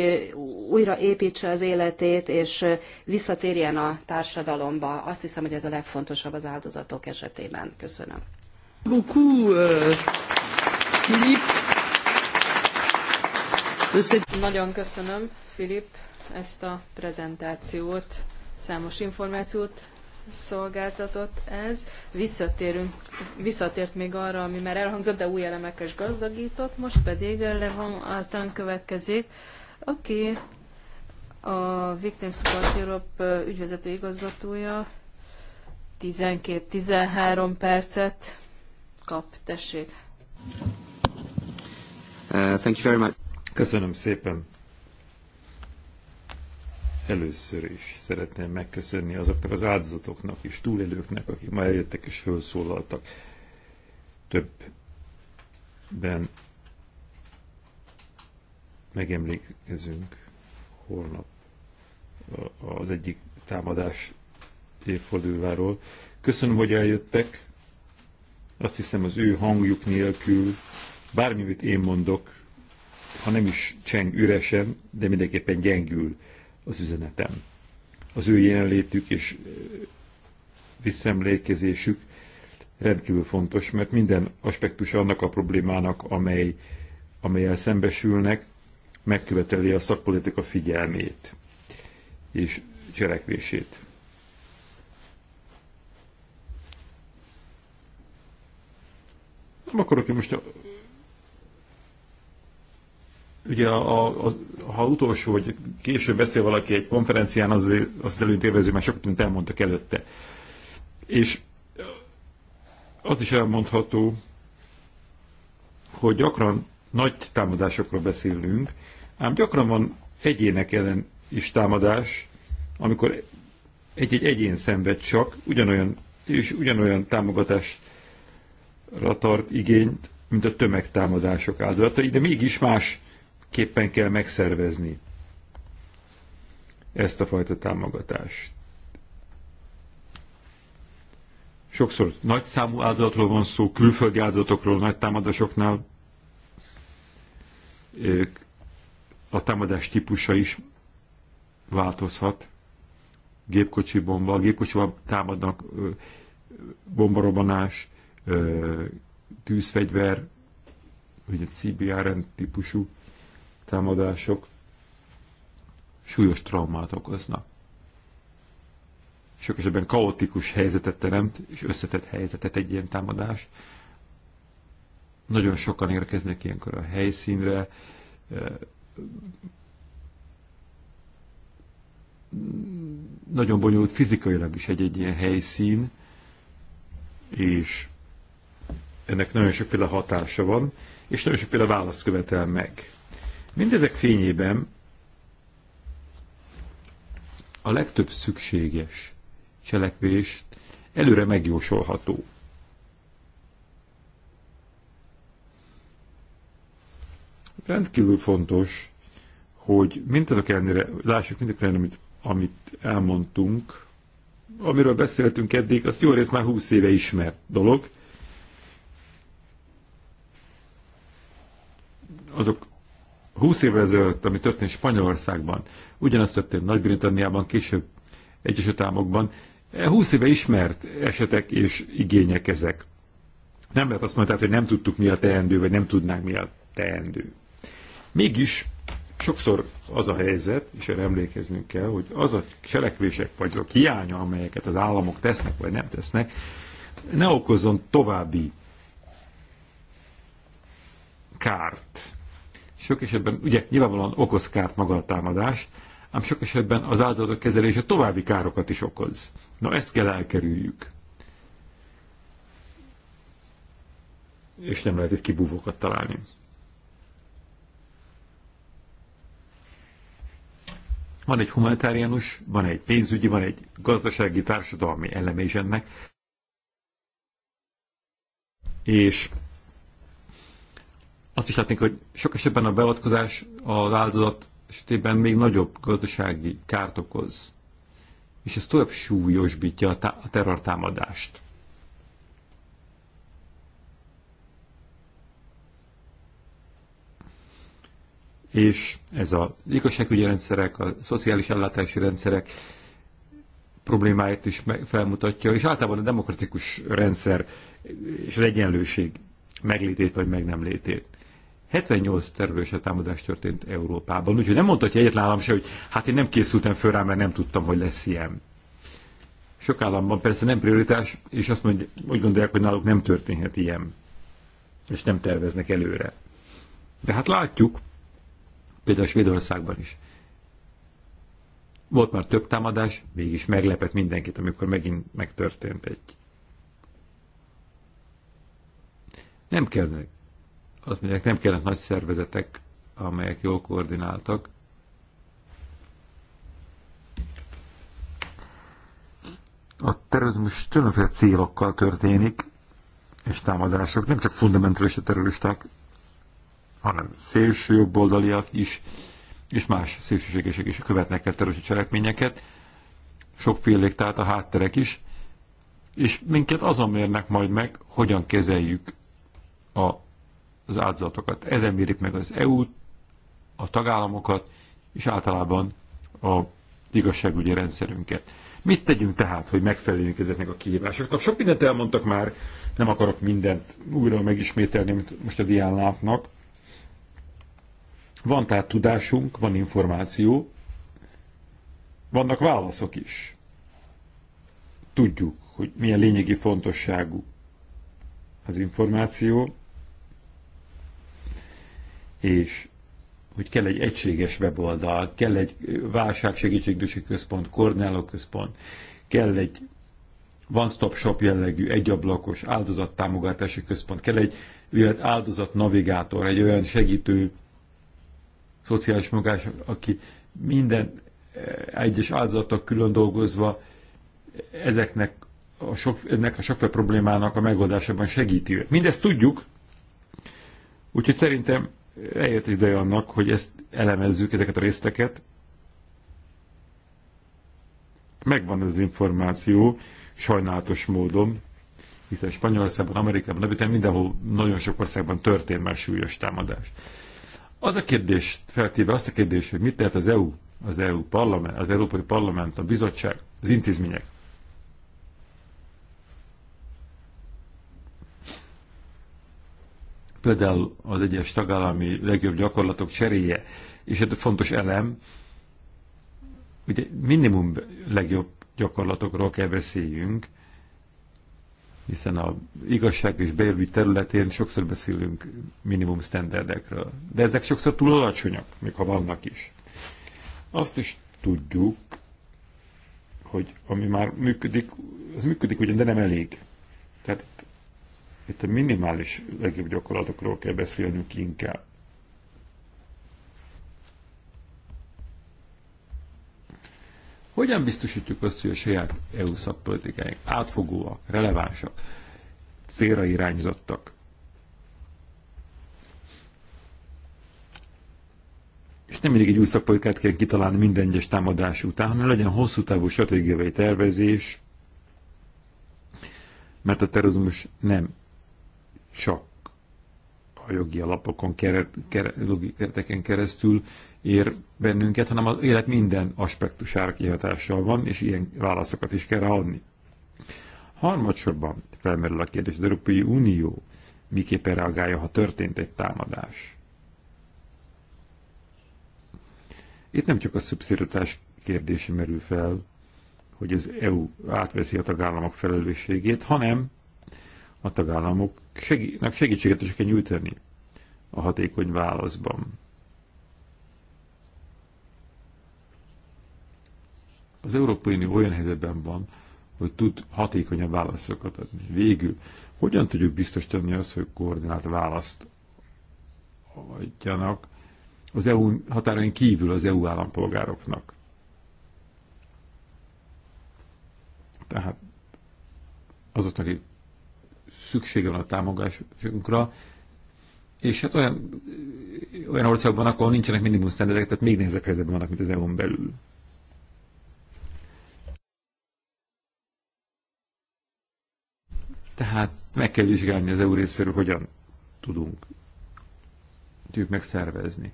újra építse az életét, és visszatérjen a társadalomba. Azt hiszem, hogy ez a legfontosabb az áldozatok esetében. Köszönöm.
Euh, Nagyon köszönöm, Filip, ezt a prezentációt, számos információt szolgáltatott ez. Visszatérünk, visszatért még arra, ami már elhangzott, de új elemekes gazdagított, most pedig Levon Altan következik, aki a Victim Support Europe ügyvezető igazgatója 12-13 percet kap, tessék.
Uh, thank you very much. Köszönöm szépen. Először is szeretném megköszönni azoknak az áldozatoknak és túlélőknek, akik már eljöttek és felszólaltak. Többben megemlékezünk holnap az egyik támadás évfordulváról. Köszönöm, hogy eljöttek. Azt hiszem, az ő hangjuk nélkül bármit én mondok, ha nem is cseng üresen, de mindenképpen gyengül az üzenetem. Az ő jelenlétük és visszemlékezésük rendkívül fontos, mert minden aspektus annak a problémának, amely, amelyel szembesülnek, megköveteli a szakpolitika figyelmét és cselekvését. Nem akarok én most Ugye a, a, ha utolsó, hogy később beszél valaki egy konferencián, az, előtt érvező, már sokat mint elmondtak előtte. És az is elmondható, hogy gyakran nagy támadásokról beszélünk, ám gyakran van egyének ellen is támadás, amikor egy-egy egyén szenved csak, ugyanolyan, és ugyanolyan támogatásra tart igényt, mint a tömegtámadások áldozata, de mégis más képpen kell megszervezni ezt a fajta támogatást. Sokszor nagy számú áldozatról van szó, külföldi áldozatokról, nagy támadásoknál a támadás típusa is változhat. Gépkocsi bomba, gépkocsival támadnak bombarobanás, tűzfegyver, egy CBRN típusú támadások súlyos traumát okoznak. Sok esetben kaotikus helyzetet teremt, és összetett helyzetet egy ilyen támadás. Nagyon sokan érkeznek ilyenkor a helyszínre, nagyon bonyolult fizikailag is egy-egy ilyen helyszín, és ennek nagyon sokféle hatása van, és nagyon sokféle választ követel meg. Mindezek fényében a legtöbb szükséges cselekvést előre megjósolható. Rendkívül fontos, hogy mindazok ellenére, lássuk mindazok ellenére, amit, amit elmondtunk, amiről beszéltünk eddig, az jó részt már 20 éve ismert dolog. Azok 20 évvel ezelőtt, ami történt Spanyolországban, ugyanaz történt Nagy-Britanniában, később Egyesült Államokban, 20 e, éve ismert esetek és igények ezek. Nem lehet azt mondani, hogy nem tudtuk mi a teendő, vagy nem tudnánk mi a teendő. Mégis sokszor az a helyzet, és erre emlékeznünk kell, hogy az a cselekvések, vagy azok hiánya, amelyeket az államok tesznek, vagy nem tesznek, ne okozzon további kárt sok esetben, ugye nyilvánvalóan okoz kárt maga a támadás, ám sok esetben az áldozatok kezelése további károkat is okoz. Na ezt kell elkerüljük. És nem lehet itt kibúvókat találni. Van egy humanitáriánus, van egy pénzügyi, van egy gazdasági, társadalmi eleme is ennek. És azt is látnék, hogy sok esetben a beavatkozás a áldozat esetében még nagyobb gazdasági kárt okoz. És ez tovább súlyosbítja a, terrortámadást. És ez a igazságügyi rendszerek, a szociális ellátási rendszerek problémáit is felmutatja, és általában a demokratikus rendszer és az egyenlőség meglétét vagy meg nem létét. 78 terrorista támadás történt Európában, úgyhogy nem mondhatja egyetlen állam se, hogy hát én nem készültem föl rá, mert nem tudtam, hogy lesz ilyen. Sok államban persze nem prioritás, és azt mondja, úgy gondolják, hogy náluk nem történhet ilyen, és nem terveznek előre. De hát látjuk, például Svédországban is. Volt már több támadás, mégis meglepett mindenkit, amikor megint megtörtént egy. Nem kellene azt mondják, nem kellett nagy szervezetek, amelyek jól koordináltak. A terrorizmus különféle célokkal történik, és támadások, nem csak fundamentális terroristák, hanem szélső jobboldaliak is, és más szélsőségesek is követnek el terrorista cselekményeket. Sokfélék, tehát a hátterek is. És minket azon mérnek majd meg, hogyan kezeljük a az áldozatokat. Ezen mérik meg az EU-t, a tagállamokat, és általában a igazságügyi rendszerünket. Mit tegyünk tehát, hogy megfeleljünk ezeknek a kihívásoknak? Sok mindent elmondtak már, nem akarok mindent újra megismételni, mint most a dián látnak. Van tehát tudásunk, van információ, vannak válaszok is. Tudjuk, hogy milyen lényegi fontosságú az információ, és hogy kell egy egységes weboldal, kell egy válságsegítségdősi központ, koordináló központ, kell egy one-stop shop jellegű, egyablakos áldozattámogatási központ, kell egy olyan áldozat navigátor, egy olyan segítő szociális munkás, aki minden eh, egyes áldozatok külön dolgozva ezeknek a sok, ennek a sokféle problémának a megoldásában segíti őt. Mindezt tudjuk, úgyhogy szerintem eljött ideje annak, hogy ezt elemezzük, ezeket a részteket. Megvan ez az információ, sajnálatos módon, hiszen Spanyolországban, Amerikában, de mindenhol nagyon sok országban történt már súlyos támadás. Az a kérdés, feltéve azt a kérdés, hogy mit tehet az EU, az EU parlament, az Európai Parlament, a bizottság, az intézmények például az egyes tagállami legjobb gyakorlatok cseréje, és ez fontos elem, ugye minimum legjobb gyakorlatokról kell beszéljünk, hiszen a igazság és belügy területén sokszor beszélünk minimum standardekről. De ezek sokszor túl alacsonyak, még ha vannak is. Azt is tudjuk, hogy ami már működik, az működik ugyan, de nem elég. Itt a minimális legjobb gyakorlatokról kell beszélnünk inkább. Hogyan biztosítjuk azt, hogy a saját EU szakpolitikáink átfogóak, relevánsak, célra irányzottak? És nem mindig egy új szakpolitikát kell kitalálni minden egyes támadás után, hanem legyen hosszú távú stratégiai tervezés, mert a terrorizmus nem csak a jogi alapokon, keret, keret, jogi kereteken keresztül ér bennünket, hanem az élet minden aspektusára kihatással van, és ilyen válaszokat is kell adni. Harmadsorban felmerül a kérdés, az Európai Unió miképpen reagálja, ha történt egy támadás. Itt nem csak a szubszidiaritás kérdése merül fel, hogy az EU átveszi a tagállamok felelősségét, hanem a tagállamoknak segítséget is kell nyújtani a hatékony válaszban.
Az Európai Unió olyan
helyzetben van, hogy tud hatékonyabb válaszokat adni. Végül, hogyan tudjuk biztosítani azt, hogy koordinált választ adjanak az EU határain kívül az EU állampolgároknak? Tehát azoknak, akik szüksége van a támogatásunkra, és hát olyan, olyan országban, ahol nincsenek minimum standardek, tehát még nehezebb helyzetben vannak, mint az EU-n belül. Tehát meg kell vizsgálni az EU részéről, hogyan tudunk tudjuk megszervezni.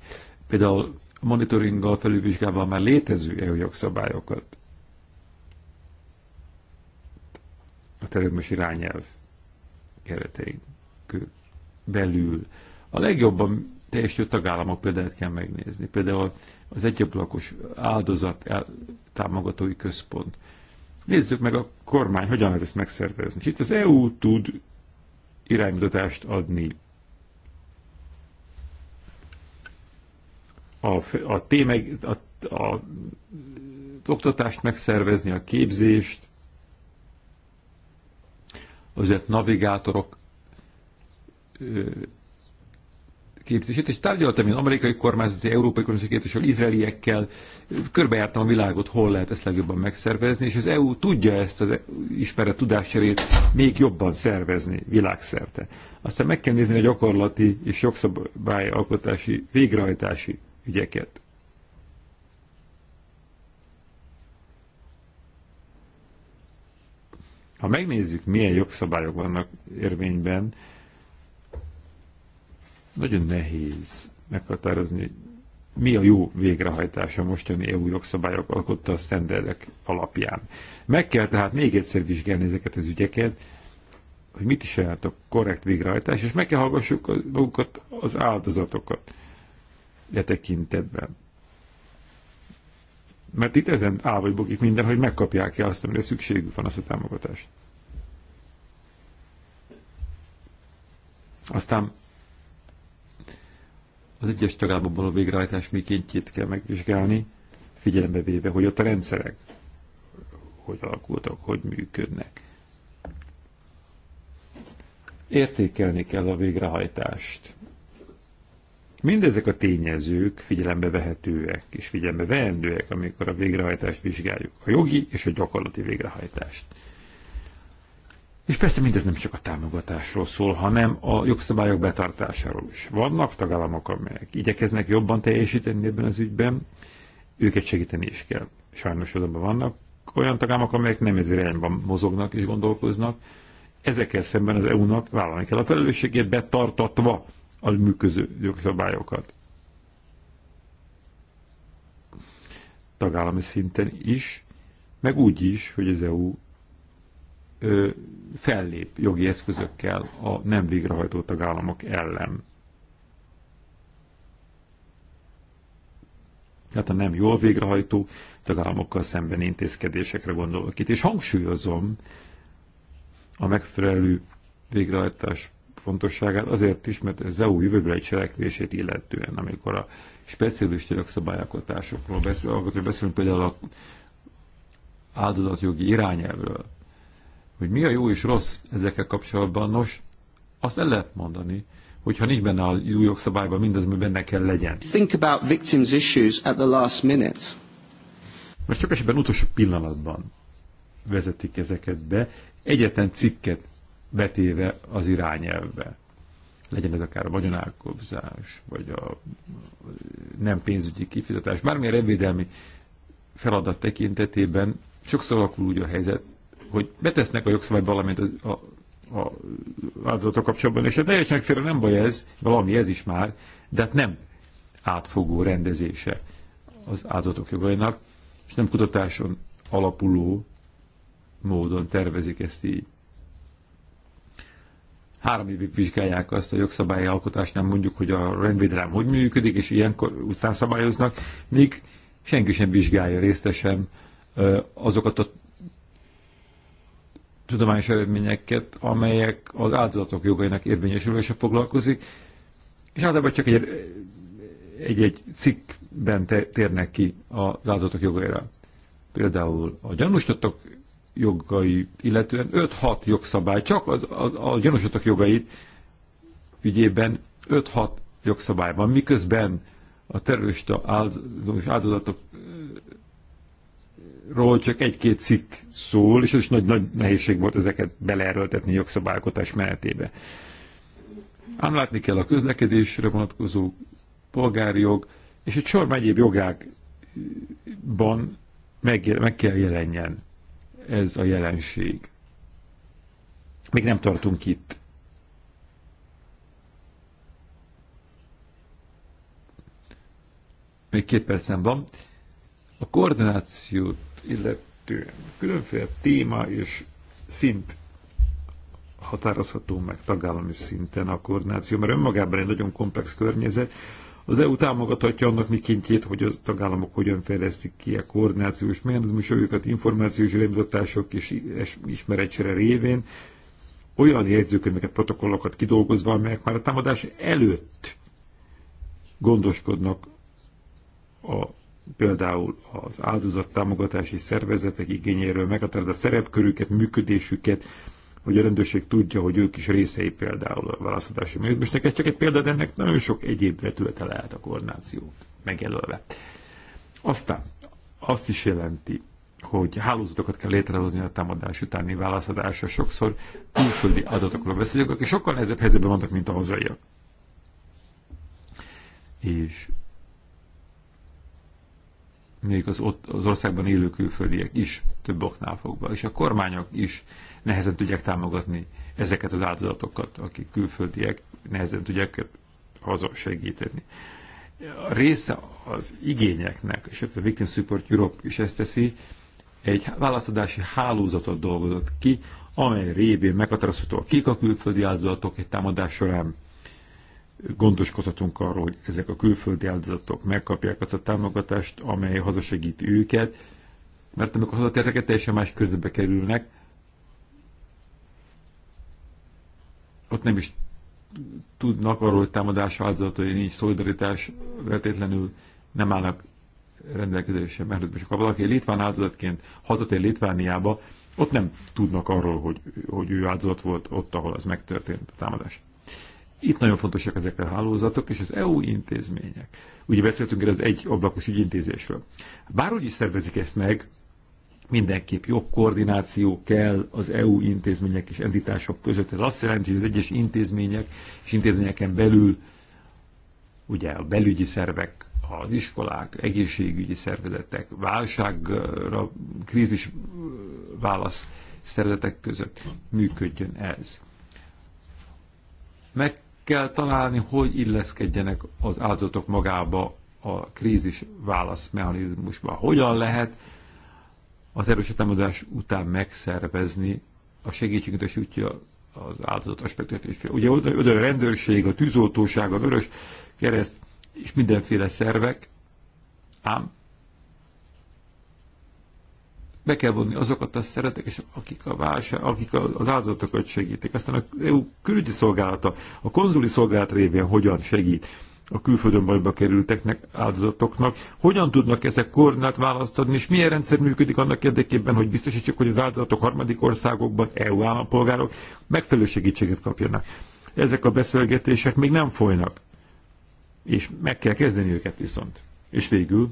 Például monitoringgal felülvizsgálva már létező EU jogszabályokat. A terülmös irányelv keretei belül. A legjobban teljesítő tagállamok példáját kell megnézni. Például az egyablakos áldozat támogatói központ. Nézzük meg a kormány, hogyan lehet ezt megszervezni. És itt az EU tud iránymutatást adni a, a, témeg, a, a, az oktatást megszervezni, a képzést, azért navigátorok képzését, és tárgyaltam én amerikai kormányzati, európai kormányzati képviselő izraeliekkel, körbejártam a világot, hol lehet ezt legjobban megszervezni, és az EU tudja ezt az ismeret tudásserét még jobban szervezni világszerte. Aztán meg kell nézni a gyakorlati és jogszabályalkotási, végrehajtási ügyeket. Ha megnézzük, milyen jogszabályok vannak érvényben, nagyon nehéz meghatározni, hogy mi a jó végrehajtása mostani EU jogszabályok alkotta a sztenderdek alapján. Meg kell tehát még egyszer vizsgálni ezeket az ügyeket, hogy mit is jelent a korrekt végrehajtás, és meg kell hallgassuk magukat az áldozatokat e tekintetben. Mert itt ezen áll vagy bukik minden, hogy megkapják-e azt, amire szükségük van, azt a támogatást. Aztán az egyes tagállamokban való végrehajtás mikéntjét kell megvizsgálni, figyelembe véve, hogy ott a rendszerek hogy alakultak, hogy működnek. Értékelni kell a végrehajtást Mindezek a tényezők figyelembe vehetőek és figyelembe veendőek, amikor a végrehajtást vizsgáljuk, a jogi és a gyakorlati végrehajtást. És persze mindez nem csak a támogatásról szól, hanem a jogszabályok betartásáról is. Vannak tagállamok, amelyek igyekeznek jobban teljesíteni ebben az ügyben, őket segíteni is kell. Sajnos azonban vannak olyan tagállamok, amelyek nem ez irányban mozognak és gondolkoznak. Ezekkel szemben az EU-nak vállalni kell a felelősségét betartatva a működő jogszabályokat. Tagállami szinten is, meg úgy is, hogy az EU ö, fellép jogi eszközökkel a nem végrehajtó tagállamok ellen. Tehát a nem jól végrehajtó tagállamokkal szemben intézkedésekre gondolok itt. És hangsúlyozom a megfelelő végrehajtás fontosságát, azért is, mert az EU jövőbeli cselekvését illetően, amikor a speciális jogszabályalkotásokról beszélünk, beszélünk például a áldozatjogi irányelvről, hogy mi a jó és rossz ezekkel kapcsolatban, nos, azt el lehet mondani, hogyha nincs benne a jó jogszabályban, mindaz, ami benne kell legyen. Think about victims issues at the last minute. Most csak esetben utolsó pillanatban vezetik ezeket be. Egyetlen cikket betéve az irányelvbe. Legyen ez akár a vagyonálkobzás, vagy a nem pénzügyi kifizetés. Bármilyen revédelmi feladat tekintetében sokszor alakul úgy a helyzet, hogy betesznek a jogszabályba valamint a, a, a áldozatok kapcsolatban, és a hát félre nem baj ez, valami ez is már, de hát nem átfogó rendezése az áldozatok jogainak, és nem kutatáson alapuló módon tervezik ezt így három évig vizsgálják azt a jogszabályi alkotásnál, mondjuk, hogy a rendvédelem hogy működik, és ilyenkor utcán szabályoznak, míg senki sem vizsgálja résztesen azokat a tudományos eredményeket, amelyek az áldozatok jogainak érvényesülése foglalkozik, és általában csak egy-egy cikkben térnek ki az áldozatok jogaira. Például a gyanúsítottak jogai, illetően 5-6 jogszabály, csak az, az, a gyanúsítottak jogait ügyében 5-6 jogszabály van, miközben a terrorista áldozatokról csak egy-két cikk szól, és ez is nagy, nagy nehézség volt ezeket beleerőltetni jogszabálykotás menetébe. Ám látni kell a közlekedésre vonatkozó polgári jog, és egy sor egyéb jogákban meg, meg kell jelenjen ez a jelenség. Még nem tartunk itt. Még két percem van. A koordinációt illetően különféle téma és szint határozható meg tagállami szinten a koordináció, mert önmagában egy nagyon komplex környezet, az EU támogathatja annak mikéntjét, hogy a tagállamok hogyan fejlesztik ki a koordinációs mechanizmusokat információs irányítások és ismeretcsere révén, olyan jegyzőkönyveket, protokollokat kidolgozva, amelyek már a támadás előtt gondoskodnak a, például az áldozat támogatási szervezetek igényéről, meghatározza a szerepkörüket, működésüket, hogy a rendőrség tudja, hogy ők is részei például a választási működésnek. Ez csak egy példa, de ennek nagyon sok egyéb vetülete lehet a koordináció megjelölve. Aztán azt is jelenti, hogy hálózatokat kell létrehozni a támadás utáni választásra, Sokszor külföldi adatokról beszélünk, akik sokkal nehezebb helyzetben vannak, mint a hazaiak. És még az, ott, az országban élő külföldiek is, több oknál fogva, és a kormányok is nehezen tudják támogatni ezeket az áldozatokat, akik külföldiek, nehezen tudják haza segíteni. A része az igényeknek, és a Victim Support Europe is ezt teszi, egy válaszadási hálózatot dolgozott ki, amely révén meghatározható, kik a külföldi áldozatok egy támadás során. Gondoskodhatunk arról, hogy ezek a külföldi áldozatok megkapják azt a támogatást, amely hazasegít őket, mert amikor hazatérnek, teljesen más közbe kerülnek, ott nem is tudnak arról, hogy támadás hogy nincs szolidaritás, vetétlenül nem állnak rendelkezésre mert most Ha valaki litván áldozatként hazatér Litvániába, ott nem tudnak arról, hogy, hogy ő áldozat volt ott, ahol az megtörtént a támadás. Itt nagyon fontosak ezek a hálózatok és az EU intézmények. Ugye beszéltünk erre az egy ablakos ügyintézésről. Bárhogy is szervezik ezt meg, mindenképp jobb koordináció kell az EU intézmények és entitások között. Ez azt jelenti, hogy az egyes intézmények és intézményeken belül ugye a belügyi szervek, az iskolák, egészségügyi szervezetek, válságra, krízis válasz szervezetek között működjön ez. Meg kell találni, hogy illeszkedjenek az áldozatok magába a krízis válasz mechanizmusba. Hogyan lehet az erős támadás után megszervezni a segítségnyújtás útja az áldozat aspektusát is. Ugye oda, oda a rendőrség, a tűzoltóság, a vörös kereszt és mindenféle szervek, ám be kell vonni azokat a szeretek, akik, a válság, akik az áldozatokat segítik. Aztán a EU külügyi szolgálata, a konzuli szolgálat révén hogyan segít a külföldön bajba kerülteknek, áldozatoknak. Hogyan tudnak ezek koordinát választani, adni, és milyen rendszer működik annak érdekében, hogy biztosítsuk, hogy az áldozatok harmadik országokban, EU állampolgárok megfelelő segítséget kapjanak. Ezek a beszélgetések még nem folynak, és meg kell kezdeni őket viszont. És végül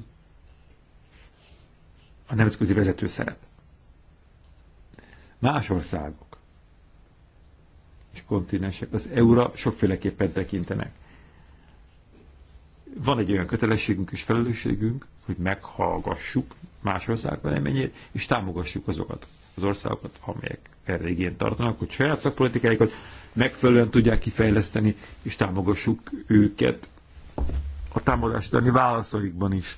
a nemzetközi vezető szerep. Más országok és kontinensek az EU-ra sokféleképpen tekintenek van egy olyan kötelességünk és felelősségünk, hogy meghallgassuk más ország véleményét, és támogassuk azokat az országokat, amelyek erre igényt tartanak, hogy saját szakpolitikáikat megfelelően tudják kifejleszteni, és támogassuk őket a támogatási válaszaikban is.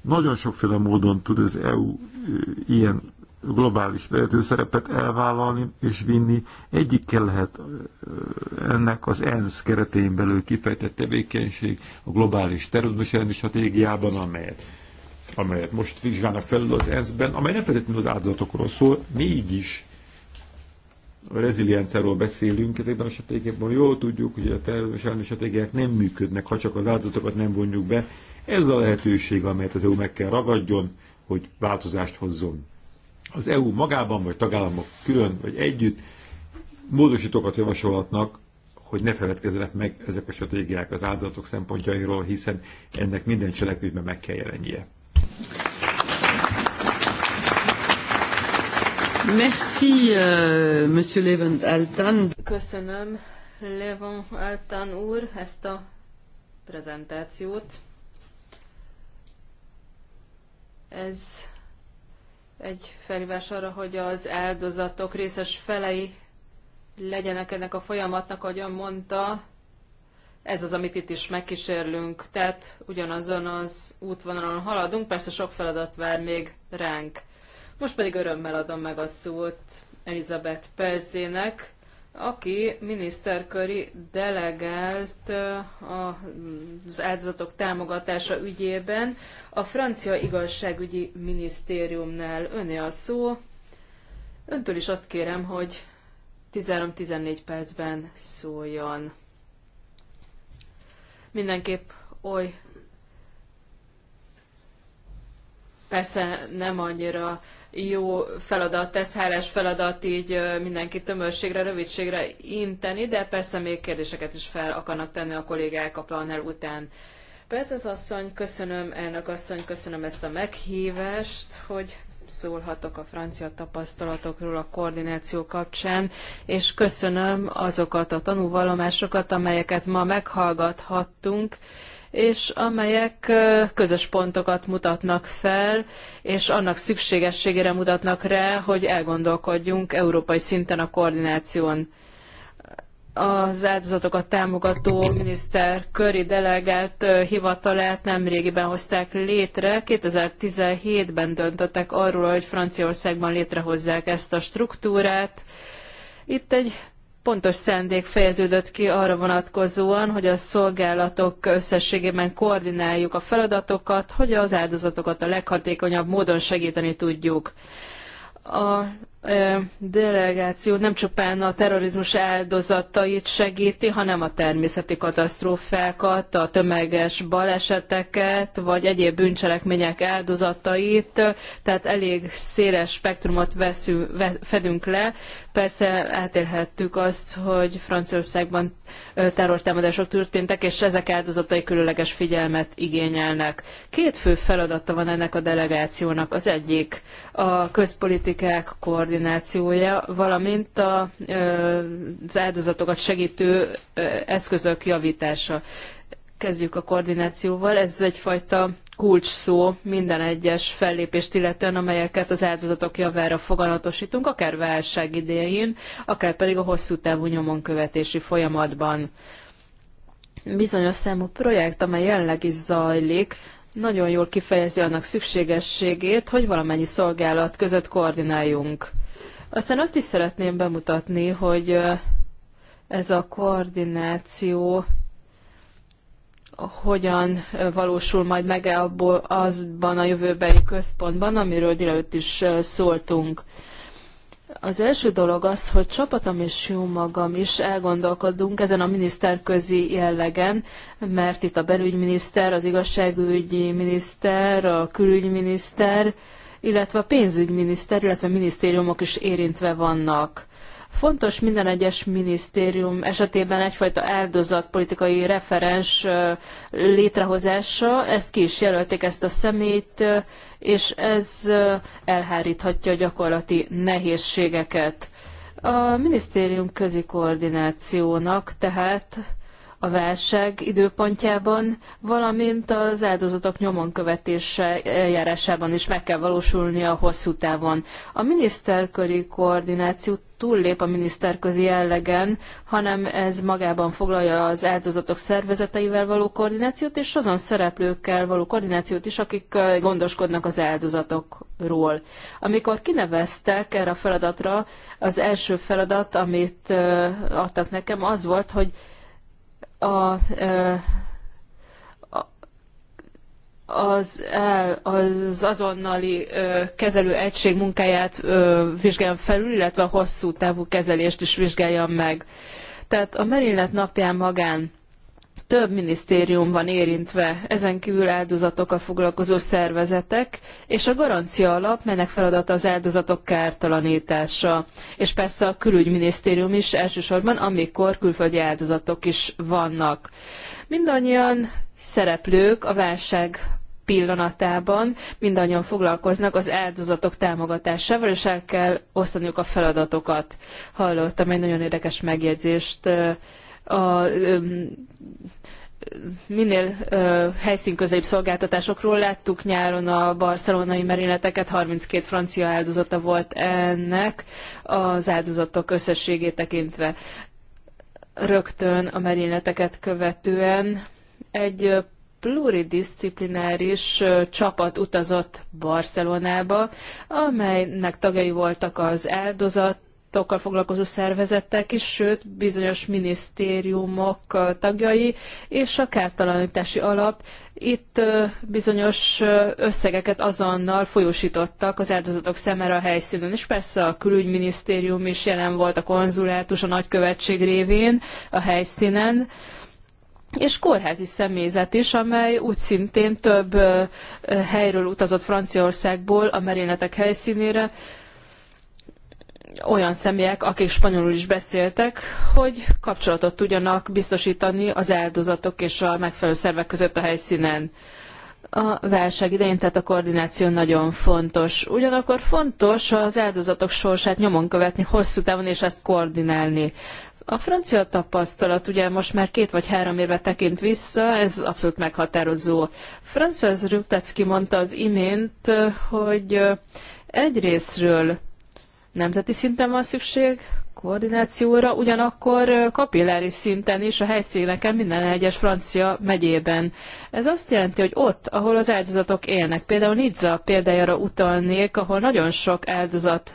Nagyon sokféle módon tud az EU ilyen globális vezető szerepet elvállalni és vinni. kell lehet ennek az ENSZ keretén belül kifejtett tevékenység a globális terrorizmus elleni stratégiában, amelyet, amelyet most vizsgálnak felül az ENSZ-ben, amely nem feltétlenül az áldozatokról szól, mégis a rezilienciáról beszélünk ezekben a stratégiákban, jól tudjuk, hogy a terrorizmus elleni stratégiák nem működnek, ha csak az áldozatokat nem vonjuk be. Ez a lehetőség, amelyet az EU meg kell ragadjon, hogy változást hozzon az EU magában, vagy tagállamok külön, vagy együtt módosítókat javasolhatnak, hogy ne feledkezzenek meg ezek a stratégiák az áldozatok szempontjairól, hiszen ennek minden cselekvésben meg kell jelennie.
Merci,
uh, Monsieur Levent Altan.
Köszönöm, Levon Altan úr, ezt a prezentációt. Ez egy felhívás arra, hogy az áldozatok részes felei legyenek ennek a folyamatnak, ahogyan mondta, ez az, amit itt is megkísérlünk, tehát ugyanazon az útvonalon haladunk, persze sok feladat vár még ránk. Most pedig örömmel adom meg a szót Elizabeth Pelzének, aki köri delegált az áldozatok támogatása ügyében a francia igazságügyi minisztériumnál. Öné a szó. Öntől is azt kérem, hogy 13-14 percben szóljon. Mindenképp oly Persze nem annyira jó feladat, tesz hálás feladat így mindenki tömörségre, rövidségre inteni, de persze még kérdéseket is fel akarnak tenni a kollégák a panel után. Persze az asszony, köszönöm, elnök asszony, köszönöm ezt a meghívást, hogy szólhatok a francia tapasztalatokról a koordináció kapcsán, és köszönöm azokat a tanúvallomásokat, amelyeket ma meghallgathattunk, és amelyek közös pontokat mutatnak fel, és annak szükségességére mutatnak rá, hogy elgondolkodjunk európai szinten a koordináción az áldozatokat támogató miniszter köri delegált hivatalát nemrégiben hozták létre. 2017-ben döntöttek arról, hogy Franciaországban létrehozzák ezt a struktúrát. Itt egy pontos szándék fejeződött ki arra vonatkozóan, hogy a szolgálatok összességében koordináljuk a feladatokat, hogy az áldozatokat a leghatékonyabb módon segíteni tudjuk. A delegáció nem csupán a terrorizmus áldozatait segíti, hanem a természeti katasztrófákat, a tömeges baleseteket, vagy egyéb bűncselekmények áldozatait, tehát elég széles spektrumot veszünk, fedünk le, Persze átélhettük azt, hogy Franciaországban terrortámadások történtek, és ezek áldozatai különleges figyelmet igényelnek. Két fő feladata van ennek a delegációnak. Az egyik a közpolitikák koordinációja, valamint a, az áldozatokat segítő eszközök javítása kezdjük a koordinációval. Ez egyfajta kulcsszó minden egyes fellépést illetően, amelyeket az áldozatok javára foganatosítunk, akár válság idején, akár pedig a hosszú távú nyomon követési folyamatban. Bizonyos számú projekt, amely jelenleg is zajlik, nagyon jól kifejezi annak szükségességét, hogy valamennyi szolgálat között koordináljunk. Aztán azt is szeretném bemutatni, hogy ez a koordináció hogyan valósul majd meg e abból azban a jövőbeli központban, amiről délelőtt is szóltunk. Az első dolog az, hogy csapatom és jó magam is elgondolkodunk ezen a miniszterközi jellegen, mert itt a belügyminiszter, az igazságügyi miniszter, a külügyminiszter, illetve a pénzügyminiszter, illetve minisztériumok is érintve vannak. Fontos minden egyes minisztérium esetében egyfajta áldozatpolitikai referens létrehozása, ezt ki is jelölték ezt a szemét, és ez elháríthatja a gyakorlati nehézségeket. A minisztérium közi koordinációnak tehát a válság időpontjában, valamint az áldozatok nyomon követése eljárásában is meg kell valósulnia a hosszú távon. A miniszterköri koordinációt túllép a miniszterközi jellegen, hanem ez magában foglalja az áldozatok szervezeteivel való koordinációt, és azon szereplőkkel való koordinációt is, akik gondoskodnak az áldozatokról. Amikor kineveztek erre a feladatra, az első feladat, amit adtak nekem, az volt, hogy a az, el, az azonnali ö, kezelő egység munkáját ö, vizsgáljam felül, illetve a hosszú távú kezelést is vizsgáljam meg. Tehát a merénylet napján magán több minisztérium van érintve, ezen kívül áldozatokkal foglalkozó szervezetek, és a garancia alap, melynek feladata az áldozatok kártalanítása. És persze a külügyminisztérium is elsősorban, amikor külföldi áldozatok is vannak. Mindannyian szereplők a válság pillanatában mindannyian foglalkoznak az áldozatok támogatásával, és el kell osztaniuk a feladatokat. Hallottam egy nagyon érdekes megjegyzést a minél ö, helyszínközelibb szolgáltatásokról láttuk nyáron a barcelonai merényleteket, 32 francia áldozata volt ennek az áldozatok összességét tekintve. Rögtön a merényleteket követően egy pluridisciplináris csapat utazott Barcelonába, amelynek tagjai voltak az áldozat, adatokkal foglalkozó szervezetek is, sőt bizonyos minisztériumok tagjai, és a kártalanítási alap. Itt bizonyos összegeket azonnal folyósítottak az áldozatok szemére a helyszínen, és persze a külügyminisztérium is jelen volt, a konzulátus, a nagykövetség révén a helyszínen és kórházi személyzet is, amely úgy szintén több helyről utazott Franciaországból a merényletek helyszínére, olyan személyek, akik spanyolul is beszéltek, hogy kapcsolatot tudjanak biztosítani az áldozatok és a megfelelő szervek között a helyszínen. A válság idején tehát a koordináció nagyon fontos. Ugyanakkor fontos az áldozatok sorsát nyomon követni hosszú távon és ezt koordinálni. A francia tapasztalat ugye most már két vagy három éve tekint vissza, ez abszolút meghatározó. Frances Rutecki mondta az imént, hogy egyrésztről Nemzeti szinten van szükség koordinációra, ugyanakkor kapilláris szinten is a helyszíneken minden egyes francia megyében. Ez azt jelenti, hogy ott, ahol az áldozatok élnek, például Nizza példájára utalnék, ahol nagyon sok áldozat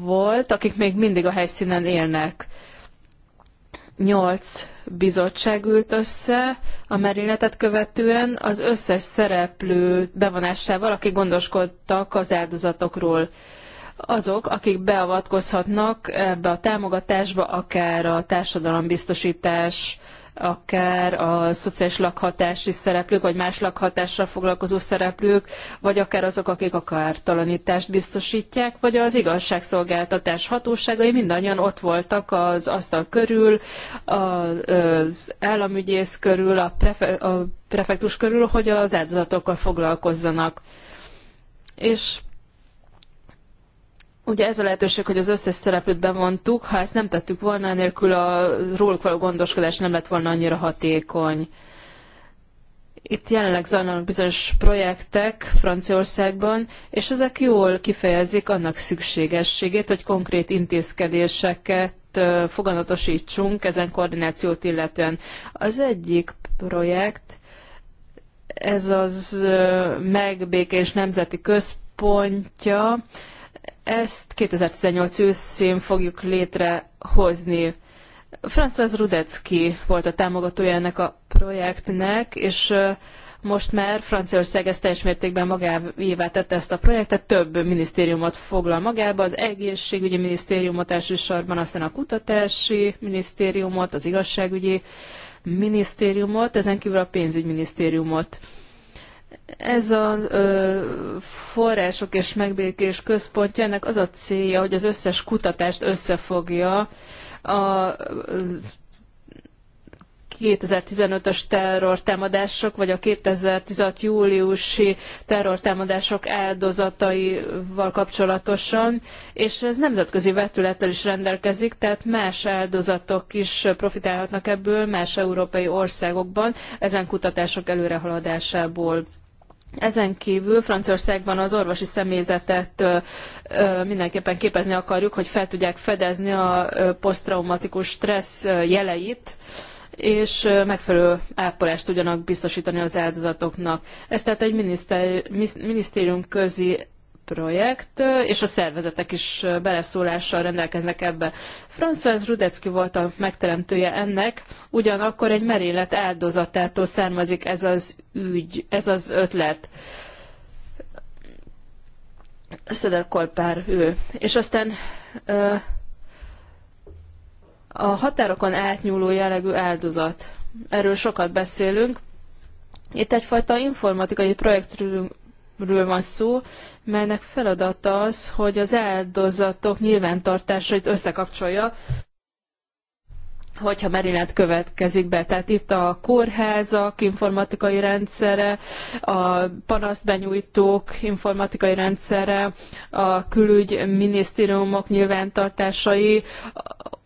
volt, akik még mindig a helyszínen élnek. Nyolc bizottság ült össze a merényletet követően az összes szereplő bevonásával, akik gondoskodtak az áldozatokról azok, akik beavatkozhatnak ebbe a támogatásba, akár a társadalombiztosítás, akár a szociális lakhatási szereplők, vagy más lakhatással foglalkozó szereplők, vagy akár azok, akik a kártalanítást biztosítják, vagy az igazságszolgáltatás hatóságai mindannyian ott voltak az asztal körül, az államügyész körül, a, prefe, a prefektus körül, hogy az áldozatokkal foglalkozzanak. És Ugye ez a lehetőség, hogy az összes szereplőt bevontuk, ha ezt nem tettük volna, enélkül a róluk való gondoskodás nem lett volna annyira hatékony. Itt jelenleg zajlanak bizonyos projektek Franciaországban, és ezek jól kifejezik annak szükségességét, hogy konkrét intézkedéseket foganatosítsunk ezen koordinációt illetően. Az egyik projekt, ez az megbékés nemzeti központja, ezt 2018 őszén fogjuk létrehozni. François Rudecki volt a támogatója ennek a projektnek, és most már Franciaország ezt teljes mértékben magáévá tette ezt a projektet, több minisztériumot foglal magába, az egészségügyi minisztériumot elsősorban, aztán a kutatási minisztériumot, az igazságügyi minisztériumot, ezen kívül a pénzügyminisztériumot. minisztériumot ez a ö, források és megbékés központja, ennek az a célja, hogy az összes kutatást összefogja a 2015-ös terrortámadások, vagy a 2016 júliusi terrortámadások áldozataival kapcsolatosan, és ez nemzetközi vetülettel is rendelkezik, tehát más áldozatok is profitálhatnak ebből más európai országokban ezen kutatások előrehaladásából. Ezen kívül Franciaországban az orvosi személyzetet mindenképpen képezni akarjuk, hogy fel tudják fedezni a posztraumatikus stressz jeleit, és megfelelő ápolást tudjanak biztosítani az áldozatoknak. Ez tehát egy minisztérium közi projekt, és a szervezetek is beleszólással rendelkeznek ebbe. François Rudecki volt a megteremtője ennek, ugyanakkor egy merélet áldozatától származik ez az ügy, ez az ötlet. Szöder Kolpár ő. És aztán a határokon átnyúló jellegű áldozat. Erről sokat beszélünk. Itt egyfajta informatikai projektről, ről van szó, melynek feladata az, hogy az áldozatok nyilvántartásait összekapcsolja, hogyha merénylet következik be. Tehát itt a kórházak informatikai rendszere, a panaszbenyújtók informatikai rendszere, a külügyminisztériumok nyilvántartásai,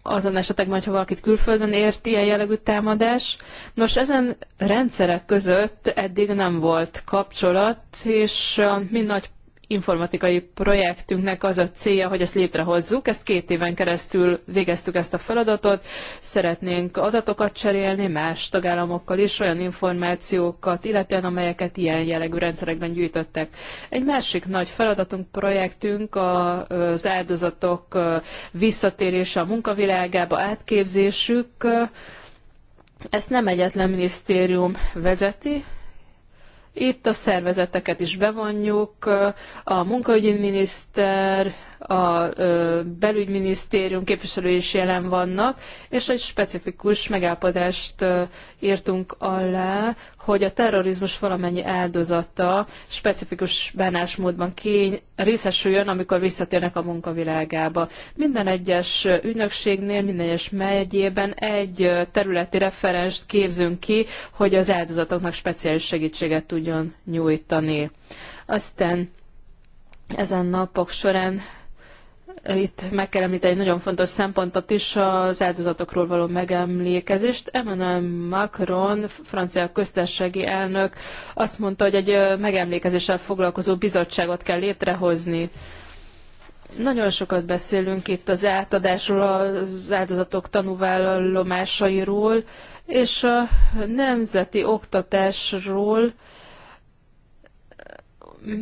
azon esetekben, ha valakit külföldön ért ilyen jellegű támadás. Nos, ezen rendszerek között eddig nem volt kapcsolat, és a mi nagy informatikai projektünknek az a célja, hogy ezt létrehozzuk. Ezt két éven keresztül végeztük ezt a feladatot. Szeretnénk adatokat cserélni más tagállamokkal is, olyan információkat, illetően amelyeket ilyen jellegű rendszerekben gyűjtöttek. Egy másik nagy feladatunk, projektünk az áldozatok visszatérése a munkavilágába, átképzésük. Ezt nem egyetlen minisztérium vezeti, itt a szervezeteket is bevonjuk, a munkaügyi miniszter, a belügyminisztérium képviselői is jelen vannak, és egy specifikus megállapodást írtunk alá, hogy a terrorizmus valamennyi áldozata specifikus bánásmódban kény részesüljön, amikor visszatérnek a munkavilágába. Minden egyes ügynökségnél, minden egyes megyében egy területi referenst képzünk ki, hogy az áldozatoknak speciális segítséget tudjon nyújtani. Aztán ezen napok során itt meg kell említeni egy nagyon fontos szempontot is, az áldozatokról való megemlékezést. Emmanuel Macron, francia köztársasági elnök azt mondta, hogy egy megemlékezéssel foglalkozó bizottságot kell létrehozni. Nagyon sokat beszélünk itt az átadásról, az áldozatok tanúvállalomásairól, és a nemzeti oktatásról,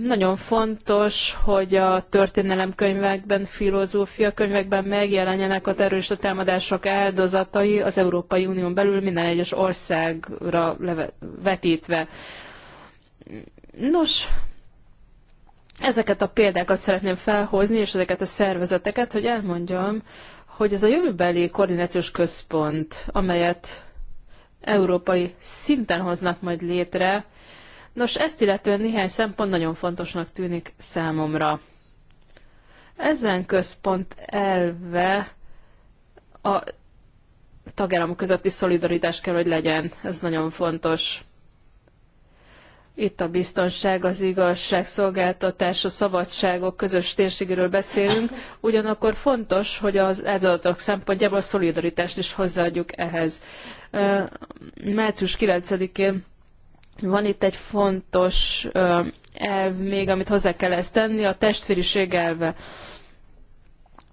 nagyon fontos, hogy a történelemkönyvekben, filozófia könyvekben megjelenjenek a terrorista támadások áldozatai az Európai Unión belül minden egyes országra vetítve. Nos, ezeket a példákat szeretném felhozni, és ezeket a szervezeteket, hogy elmondjam, hogy ez a jövőbeli koordinációs központ, amelyet európai szinten hoznak majd létre, Nos, ezt illetően néhány szempont nagyon fontosnak tűnik számomra. Ezen központ elve a tagállamok közötti szolidaritás kell, hogy legyen. Ez nagyon fontos. Itt a biztonság, az igazság, szolgáltatás, a szabadságok közös térségről beszélünk, ugyanakkor fontos, hogy az áldozatok szempontjából a szolidaritást is hozzáadjuk ehhez. Március 9-én van itt egy fontos elv még, amit hozzá kell ezt tenni, a testvériség elve.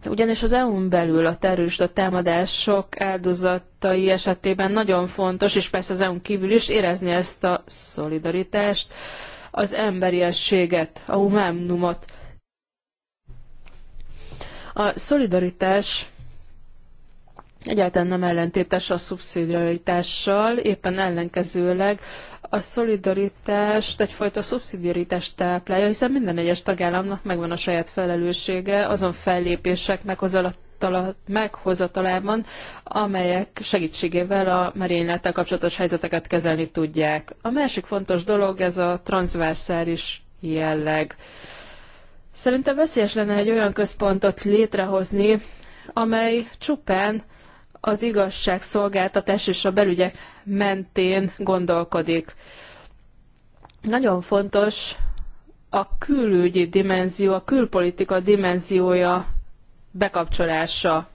Ugyanis az EU-n belül a terrorista támadások áldozatai esetében nagyon fontos, és persze az EU-n kívül is érezni ezt a szolidaritást, az emberiességet, a humánumot. A szolidaritás egyáltalán nem ellentétes a szubszidiaritással, éppen ellenkezőleg a szolidaritást egyfajta szubszidiaritást táplálja, hiszen minden egyes tagállamnak megvan a saját felelőssége azon fellépések meghozatalában, amelyek segítségével a merénylettel kapcsolatos helyzeteket kezelni tudják. A másik fontos dolog ez a transzverszális jelleg. Szerintem veszélyes lenne egy olyan központot létrehozni, amely csupán az igazságszolgáltatás és a belügyek mentén gondolkodik. Nagyon fontos a külügyi dimenzió, a külpolitika dimenziója bekapcsolása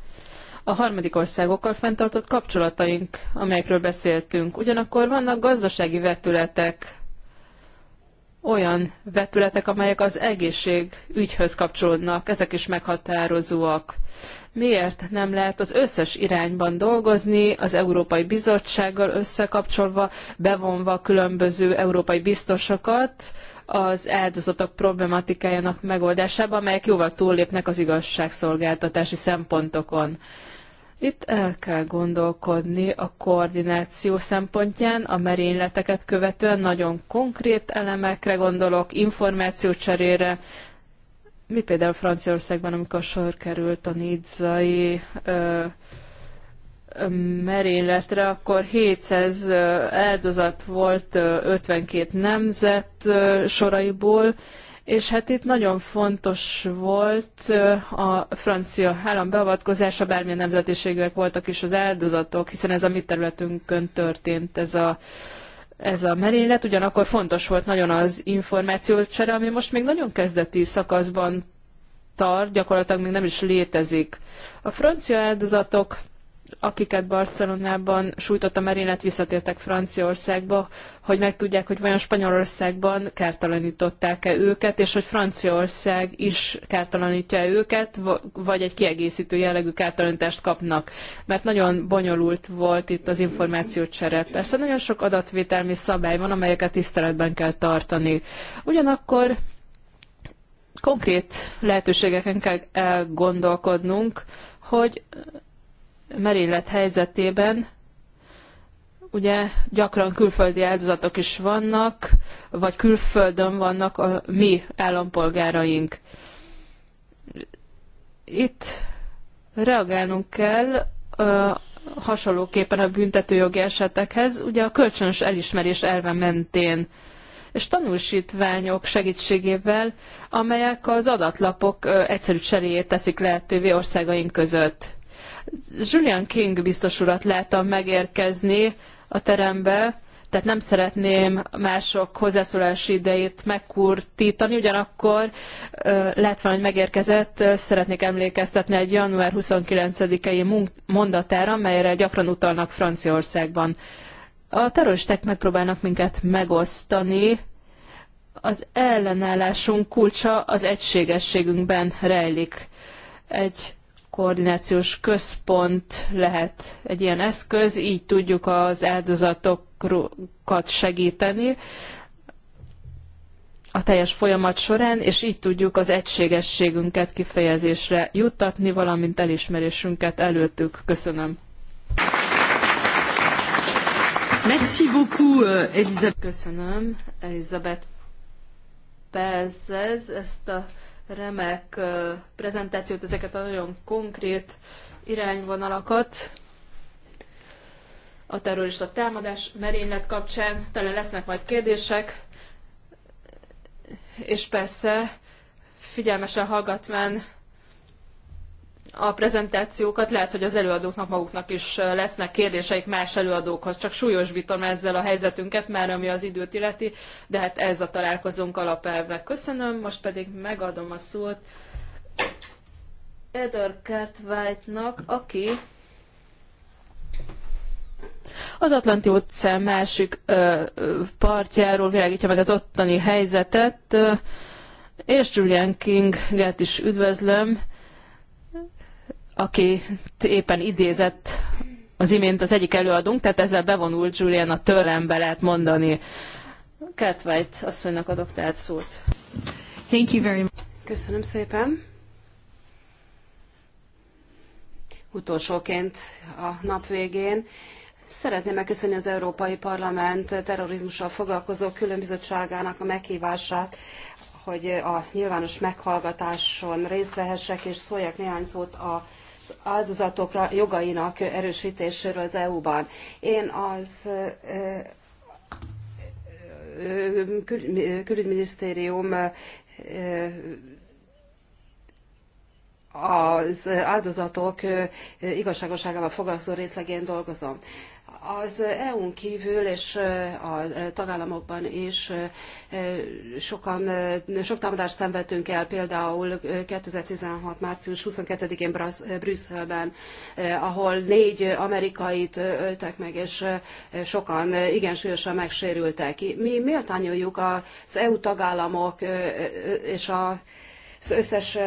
a harmadik országokkal fenntartott kapcsolataink, amelyekről beszéltünk. Ugyanakkor vannak gazdasági vetületek, olyan vetületek, amelyek az ügyhöz kapcsolódnak, ezek is meghatározóak miért nem lehet az összes irányban dolgozni, az Európai Bizottsággal összekapcsolva, bevonva különböző európai biztosokat az áldozatok problematikájának megoldásába, amelyek jóval túllépnek az igazságszolgáltatási szempontokon. Itt el kell gondolkodni a koordináció szempontján, a merényleteket követően nagyon konkrét elemekre gondolok, információcserére, mi például Franciaországban, amikor sor került a nidzai merényletre, akkor 700 áldozat volt 52 nemzet soraiból, és hát itt nagyon fontos volt a francia állam beavatkozása, bármilyen nemzetiségűek voltak is az áldozatok, hiszen ez a mi területünkön történt, ez a ez a merénylet, ugyanakkor fontos volt nagyon az információcsere, ami most még nagyon kezdeti szakaszban tart, gyakorlatilag még nem is létezik. A francia áldozatok akiket Barcelonában sújtott a merénylet, visszatértek Franciaországba, hogy megtudják, hogy vajon Spanyolországban kártalanították-e őket, és hogy Franciaország is kártalanítja -e őket, vagy egy kiegészítő jellegű kártalanítást kapnak. Mert nagyon bonyolult volt itt az információcsere. Persze nagyon sok adatvételmi szabály van, amelyeket tiszteletben kell tartani. Ugyanakkor konkrét lehetőségeken kell gondolkodnunk, hogy merélet helyzetében ugye gyakran külföldi áldozatok is vannak, vagy külföldön vannak a mi állampolgáraink. Itt reagálnunk kell hasonlóképpen a büntetőjogi esetekhez, ugye a kölcsönös elismerés elve mentén és tanúsítványok segítségével, amelyek az adatlapok egyszerű cseréjét teszik lehetővé országaink között. Julian King biztos urat láttam megérkezni a terembe, tehát nem szeretném mások hozzászólási idejét megkurtítani, ugyanakkor látván, hogy megérkezett, szeretnék emlékeztetni egy január 29-i mondatára, melyre gyakran utalnak Franciaországban. A terroristák megpróbálnak minket megosztani, az ellenállásunk kulcsa az egységességünkben rejlik. Egy koordinációs központ lehet egy ilyen eszköz, így tudjuk az áldozatokat segíteni a teljes folyamat során, és így tudjuk az egységességünket kifejezésre juttatni, valamint elismerésünket előttük. Köszönöm. Merci beaucoup, euh, Elizabeth. Köszönöm, Elizabeth ezt a remek prezentációt, ezeket a nagyon konkrét irányvonalakat a terrorista támadás merénylet kapcsán. Talán lesznek majd kérdések, és persze figyelmesen hallgatván a prezentációkat, lehet, hogy az előadóknak maguknak is lesznek kérdéseik más előadókhoz, csak vitam ezzel a helyzetünket, már ami az időt illeti, de hát ez a találkozónk alapelve. Köszönöm, most pedig megadom a szót Edward Cartwrightnak, aki az Atlanti óceán másik ö, ö, partjáról világítja meg az ottani helyzetet, ö, és Julian King-et is üdvözlöm, akit éppen idézett az imént az egyik előadónk, tehát ezzel bevonult Julian a törlembe lehet mondani. White asszonynak adok tehát szót. Thank you very much. Köszönöm szépen.
Utolsóként a nap végén. Szeretném megköszönni az Európai Parlament terrorizmussal foglalkozó különbizottságának a meghívását, hogy a nyilvános meghallgatáson részt vehessek, és szóljak néhány szót a áldozatokra jogainak erősítéséről az EU-ban. Én az külügyminisztérium az áldozatok igazságoságával foglalkozó részlegén dolgozom. Az EU-n kívül és a tagállamokban is sokan, sok támadást szenvedtünk el, például 2016. március 22-én Brüsszelben, ahol négy amerikait öltek meg, és sokan igen súlyosan megsérültek. Mi méltányoljuk az EU tagállamok és a az összes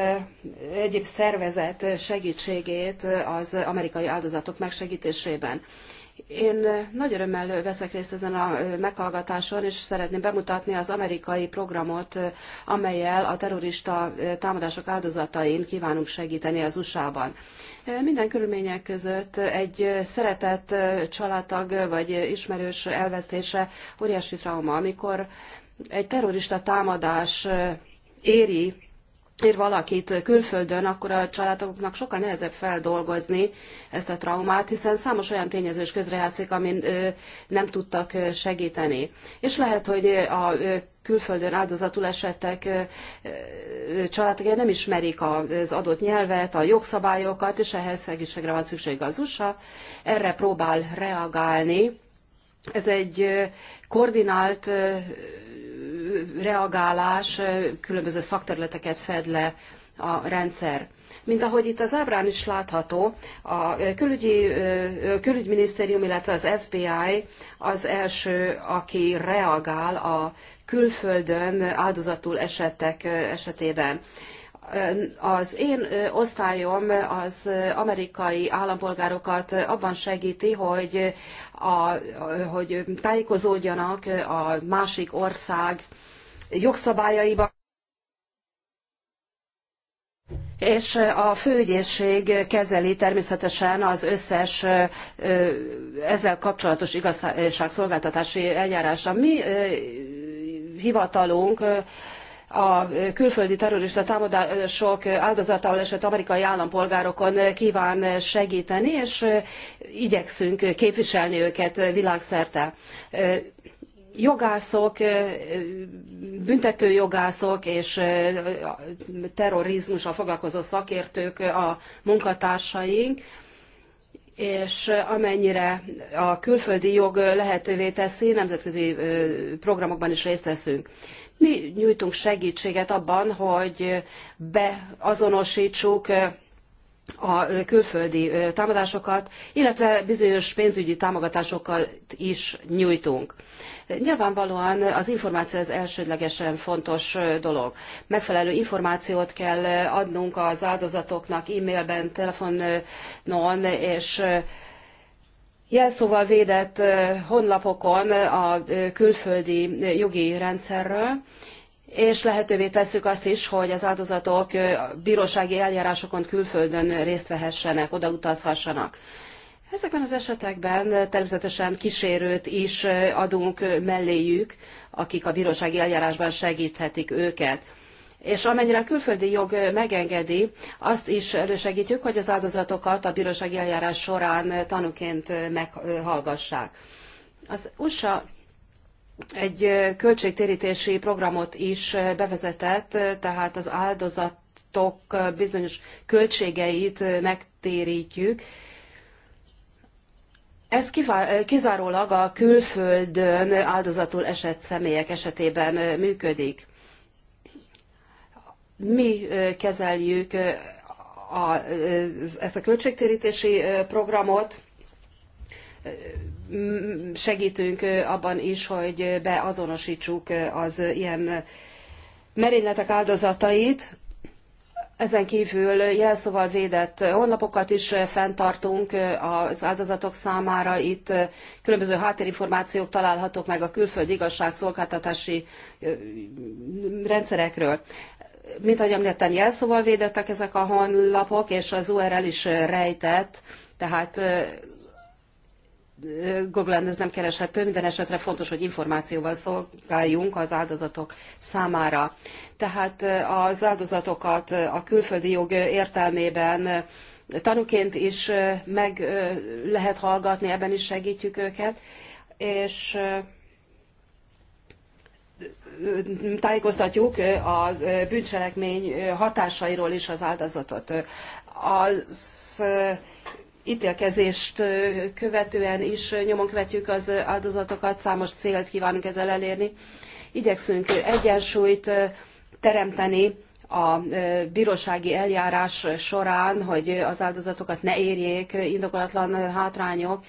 egyéb szervezet segítségét az amerikai áldozatok megsegítésében. Én nagy örömmel veszek részt ezen a meghallgatáson, és szeretném bemutatni az amerikai programot, amelyel a terrorista támadások áldozatain kívánunk segíteni az USA-ban. Minden körülmények között egy szeretett családtag vagy ismerős elvesztése óriási trauma, amikor egy terrorista támadás éri ér valakit külföldön, akkor a családoknak sokkal nehezebb feldolgozni ezt a traumát, hiszen számos olyan tényező is közrejátszik, amin nem tudtak segíteni. És lehet, hogy a külföldön áldozatul esettek családok nem ismerik az adott nyelvet, a jogszabályokat, és ehhez segítségre van szüksége az USA. Erre próbál reagálni. Ez egy koordinált reagálás különböző szakterületeket fed le a rendszer. Mint ahogy itt az ábrán is látható, a külügyi, külügyminisztérium, illetve az FBI az első, aki reagál a külföldön áldozatul esetek esetében. Az én osztályom az amerikai állampolgárokat abban segíti, hogy, a, hogy tájékozódjanak a másik ország jogszabályaiba, és a főügyészség kezeli természetesen az összes ezzel kapcsolatos igazságszolgáltatási eljárásra. Mi hivatalunk a külföldi terrorista támadások áldozatául esett amerikai állampolgárokon kíván segíteni, és igyekszünk képviselni őket világszerte jogászok, büntetőjogászok és terrorizmussal foglalkozó szakértők a munkatársaink, és amennyire a külföldi jog lehetővé teszi, nemzetközi programokban is részt veszünk. Mi nyújtunk segítséget abban, hogy beazonosítsuk a külföldi támadásokat, illetve bizonyos pénzügyi támogatásokkal is nyújtunk. Nyilvánvalóan az információ az elsődlegesen fontos dolog. Megfelelő információt kell adnunk az áldozatoknak e-mailben, telefonon és jelszóval védett honlapokon a külföldi jogi rendszerről, és lehetővé tesszük azt is, hogy az áldozatok bírósági eljárásokon külföldön részt vehessenek, odautazhassanak. Ezekben az esetekben természetesen kísérőt is adunk melléjük, akik a bírósági eljárásban segíthetik őket. És amennyire a külföldi jog megengedi, azt is elősegítjük, hogy az áldozatokat a bírósági eljárás során tanúként meghallgassák. Az USA egy költségtérítési programot is bevezetett, tehát az áldozatok bizonyos költségeit megtérítjük. Ez kizárólag a külföldön áldozatul esett személyek esetében működik. Mi kezeljük ezt a költségtérítési programot, segítünk abban is, hogy beazonosítsuk az ilyen merényletek áldozatait. Ezen kívül jelszóval védett honlapokat is fenntartunk az áldozatok számára. Itt különböző háttérinformációk találhatók meg a külföldi igazságszolgáltatási rendszerekről. Mint ahogy említettem, jelszóval védettek ezek a honlapok, és az URL is rejtett, tehát Google ez nem kereshető, minden esetre fontos, hogy információval szolgáljunk az áldozatok számára. Tehát az áldozatokat a külföldi jog értelmében tanúként is meg lehet hallgatni, ebben is segítjük őket, és tájékoztatjuk a bűncselekmény hatásairól is az áldozatot. Az ítélkezést követően is nyomon követjük az áldozatokat, számos célt kívánunk ezzel elérni. Igyekszünk egyensúlyt teremteni a bírósági eljárás során, hogy az áldozatokat ne érjék indokolatlan hátrányok,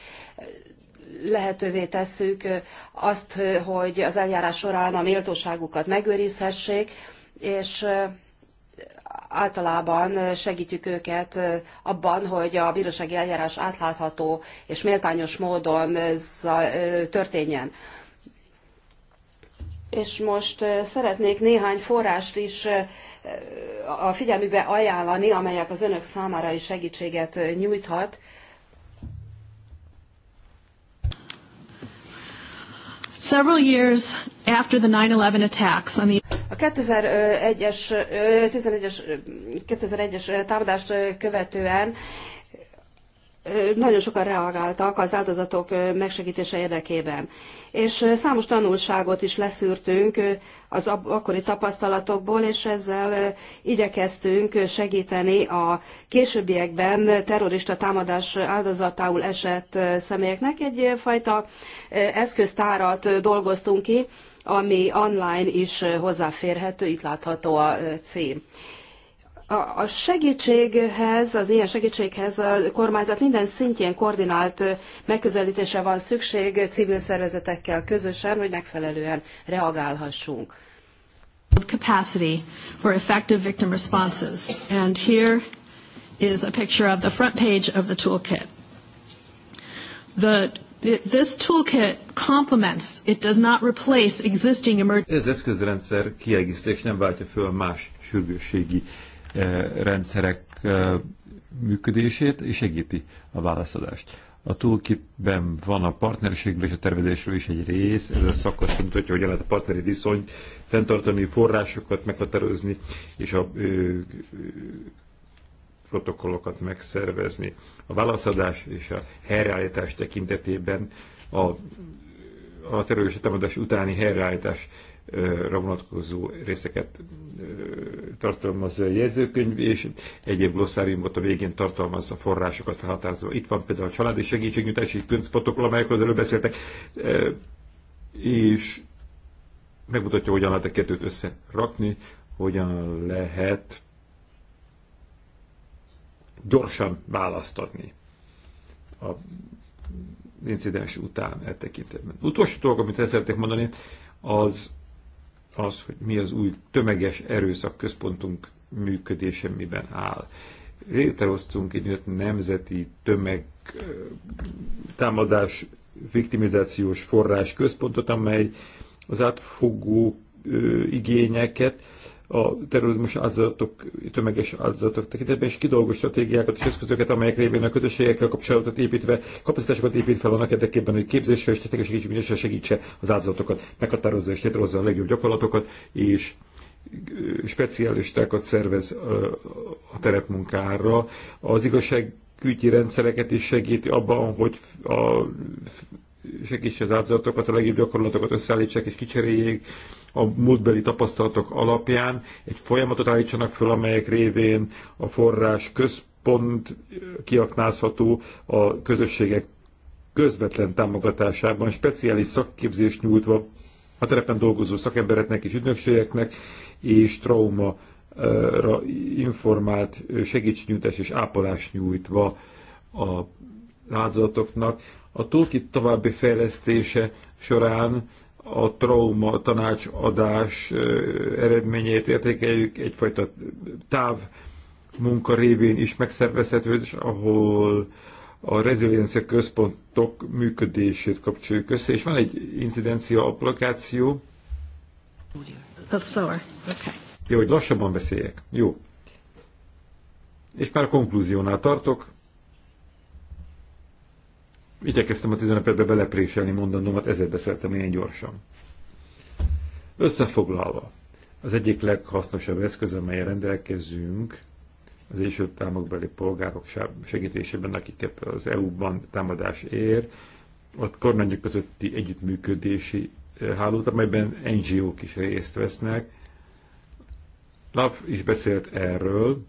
lehetővé tesszük azt, hogy az eljárás során a méltóságukat megőrizhessék, és általában segítjük őket abban, hogy a bírósági eljárás átlátható és méltányos módon történjen. És most szeretnék néhány forrást is a figyelmükbe ajánlani, amelyek az önök számára is segítséget nyújthat. Several years after the 9/11 attacks on the a 2001-es 2001-es támadást követően nagyon sokan reagáltak az áldozatok megsegítése érdekében. És számos tanulságot is leszűrtünk az akkori tapasztalatokból, és ezzel igyekeztünk segíteni a későbbiekben terrorista támadás áldozatául esett személyeknek. Egyfajta eszköztárat dolgoztunk ki, ami online is hozzáférhető, itt látható a cím a segítséghez, az ilyen segítséghez a kormányzat minden szintjén koordinált megközelítése van szükség civil szervezetekkel közösen, hogy megfelelően reagálhassunk.
Capacity for effective victim responses. And here is a picture of the front page of the
toolkit. The This toolkit complements, it does not replace existing emergency.
Ez eszközrendszer kiegészítés nem váltja föl más sürgősségi rendszerek működését, és segíti a válaszadást. A toolkitben van a partnerségről és a tervezésről is egy rész, ez a szakasz mutatja, hogy lehet a partneri viszonyt fenntartani, forrásokat meghatározni, és a ö, ö, protokollokat megszervezni. A válaszadás és a helyreállítás tekintetében a, a terrorista támadás utáni helyreállítás vonatkozó részeket tartalmaz a jegyzőkönyv, és egyéb glossáriumot a végén tartalmazza forrásokat felhatározó. Itt van például a és segítségnyújtási könyvprotokoll, amelyekről az előbb beszéltek, és megmutatja, hogyan lehet a kettőt összerakni, hogyan lehet gyorsan választatni a incidens után e tekintetben. Utolsó dolog, amit el szeretnék mondani, az az, hogy mi az új tömeges erőszak központunk működése miben áll. Létrehoztunk egy nemzeti tömeg támadás viktimizációs forrás központot, amely az átfogó igényeket a terrorizmus áldozatok, tömeges áldozatok tekintetében, és kidolgoz stratégiákat és eszközöket, amelyek révén a közösségekkel kapcsolatot építve, kapacitásokat épít fel annak érdekében, hogy képzésre és tetegesítésre segítse az áldozatokat, meghatározza és létrehozza a legjobb gyakorlatokat, és specialistákat szervez a terepmunkára. Az igazságügyi rendszereket is segíti abban, hogy a segítse az áldozatokat, a legjobb gyakorlatokat összeállítsák és kicseréljék, a múltbeli tapasztalatok alapján egy folyamatot állítsanak föl, amelyek révén a forrás központ kiaknázható a közösségek közvetlen támogatásában, speciális szakképzést nyújtva a terepen dolgozó szakembereknek és ügynökségeknek, és trauma informált segítségnyújtás és ápolás nyújtva a áldozatoknak. A toolkit további fejlesztése során a trauma tanácsadás eredményeit értékeljük, egyfajta táv munka révén is megszervezhető, és ahol a reziliencia központok működését kapcsoljuk össze, és van egy incidencia applikáció.
Okay.
Jó, hogy lassabban beszéljek. Jó. És már a konklúziónál tartok igyekeztem a 15 percbe belepréselni mondandómat, ezért beszéltem ilyen gyorsan. Összefoglalva, az egyik leghasznosabb eszköz, amelyen rendelkezünk, az Egyesült Államokbeli polgárok segítésében, akiket az EU-ban támadás ér, a kormányok közötti együttműködési eh, hálózat, amelyben NGO-k is részt vesznek. Lav is beszélt erről,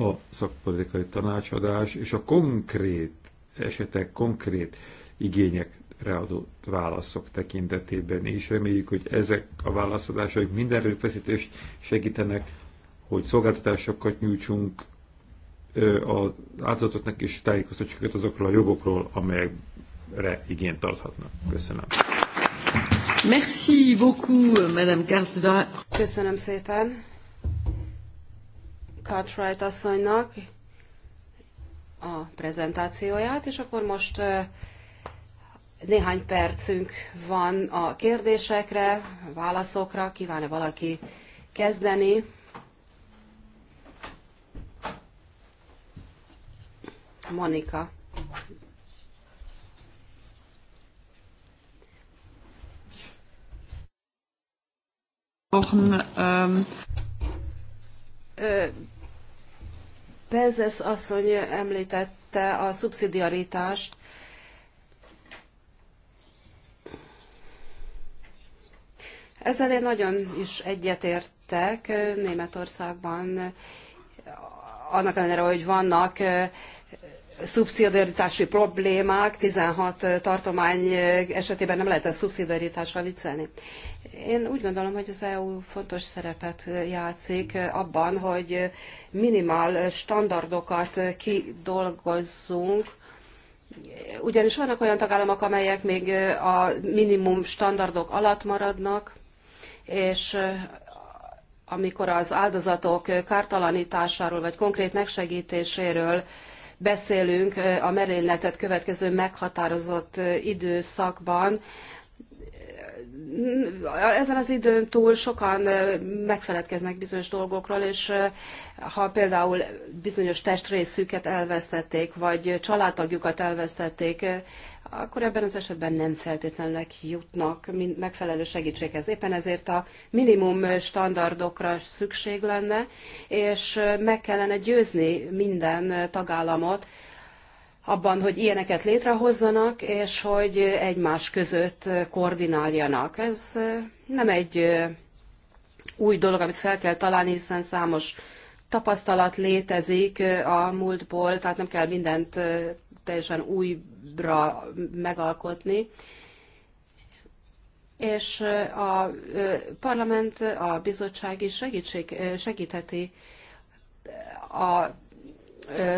a szakpolitikai tanácsadás és a konkrét esetek, konkrét igényekre adott válaszok tekintetében is. Reméljük, hogy ezek a válaszadások minden erőfeszítést segítenek, hogy szolgáltatásokat nyújtsunk az áldozatoknak és tájékoztatsuk azokról a jogokról, amelyekre igényt tarthatnak. Köszönöm. Merci beaucoup,
Madame Köszönöm szépen. Cartwright asszonynak a prezentációját, és akkor most néhány percünk van a kérdésekre, a válaszokra. Kíván-e valaki kezdeni? Monika. Perzes asszony említette a szubszidiaritást. Ezzel én nagyon is egyetértek Németországban, annak ellenére, hogy vannak szubszidiaritási problémák, 16 tartomány esetében nem lehetett szubszidiaritással viccelni. Én úgy gondolom, hogy az EU fontos szerepet játszik abban, hogy minimál standardokat kidolgozzunk, ugyanis vannak olyan tagállamok, amelyek még a minimum standardok alatt maradnak, és amikor az áldozatok kártalanításáról vagy konkrét megsegítéséről beszélünk a merényletet következő meghatározott időszakban, ezen az időn túl sokan megfeledkeznek bizonyos dolgokról, és ha például bizonyos testrészüket elvesztették, vagy családtagjukat elvesztették, akkor ebben az esetben nem feltétlenül jutnak megfelelő segítséghez. Éppen ezért a minimum standardokra szükség lenne, és meg kellene győzni minden tagállamot abban, hogy ilyeneket létrehozzanak, és hogy egymás között koordináljanak. Ez nem egy új dolog, amit fel kell találni, hiszen számos tapasztalat létezik a múltból, tehát nem kell mindent teljesen újra megalkotni. És a parlament, a bizottság is segítség, segítheti a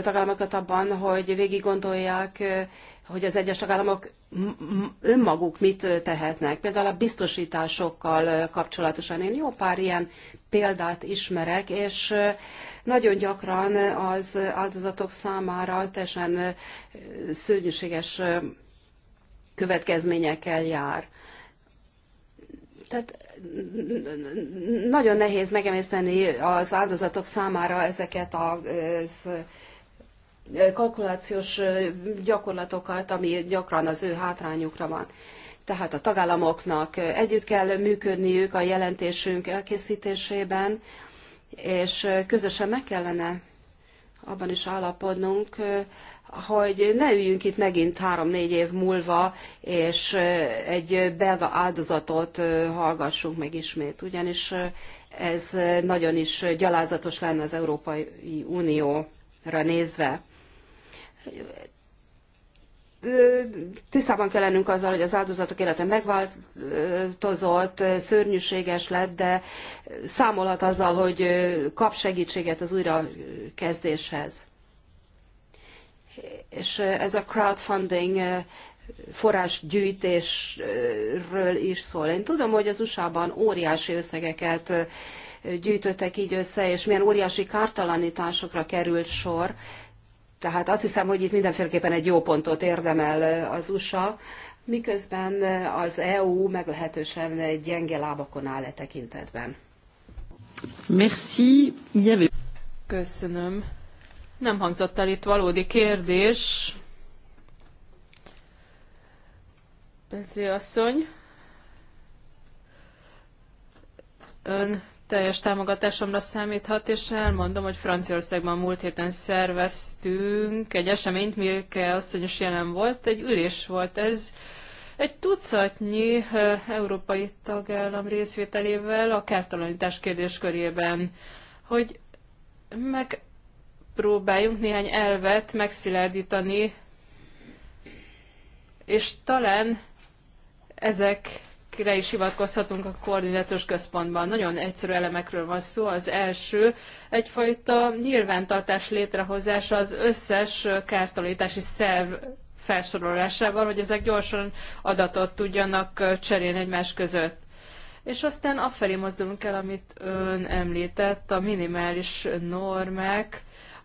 tagállamokat abban, hogy végig gondolják, hogy az egyes tagállamok önmaguk mit tehetnek. Például a biztosításokkal kapcsolatosan én jó pár ilyen példát ismerek, és nagyon gyakran az áldozatok számára teljesen szörnyűséges következményekkel jár. Tehát nagyon nehéz megemészteni az áldozatok számára ezeket az kalkulációs gyakorlatokat, ami gyakran az ő hátrányukra van. Tehát a tagállamoknak együtt kell működniük a jelentésünk elkészítésében, és közösen meg kellene abban is állapodnunk, hogy ne üljünk itt megint három-négy év múlva, és egy belga áldozatot hallgassunk meg ismét, ugyanis ez nagyon is gyalázatos lenne az Európai Unióra nézve tisztában kell lennünk azzal, hogy az áldozatok élete megváltozott, szörnyűséges lett, de számolhat azzal, hogy kap segítséget az újrakezdéshez. És ez a crowdfunding forrásgyűjtésről is szól. Én tudom, hogy az USA-ban óriási összegeket gyűjtöttek így össze, és milyen óriási kártalanításokra került sor, tehát azt hiszem, hogy itt mindenféleképpen egy jó pontot érdemel az USA, miközben az EU meglehetősen gyenge lábakon
áll e tekintetben.
Merci.
Köszönöm. Nem hangzott el itt valódi kérdés. Benzé asszony. Ön teljes támogatásomra számíthat, és elmondom, hogy Franciaországban múlt héten szerveztünk egy eseményt, Mirke asszony is jelen volt, egy ülés volt ez, egy tucatnyi európai tagállam részvételével a kártalanítás körében, hogy megpróbáljunk néhány elvet megszilárdítani, és talán ezek akire is hivatkozhatunk a koordinációs központban. Nagyon egyszerű elemekről van szó. Az első egyfajta nyilvántartás létrehozása az összes kártalítási szerv felsorolásával, hogy ezek gyorsan adatot tudjanak cserélni egymás között. És aztán afelé mozdulunk el, amit ön említett, a minimális normák,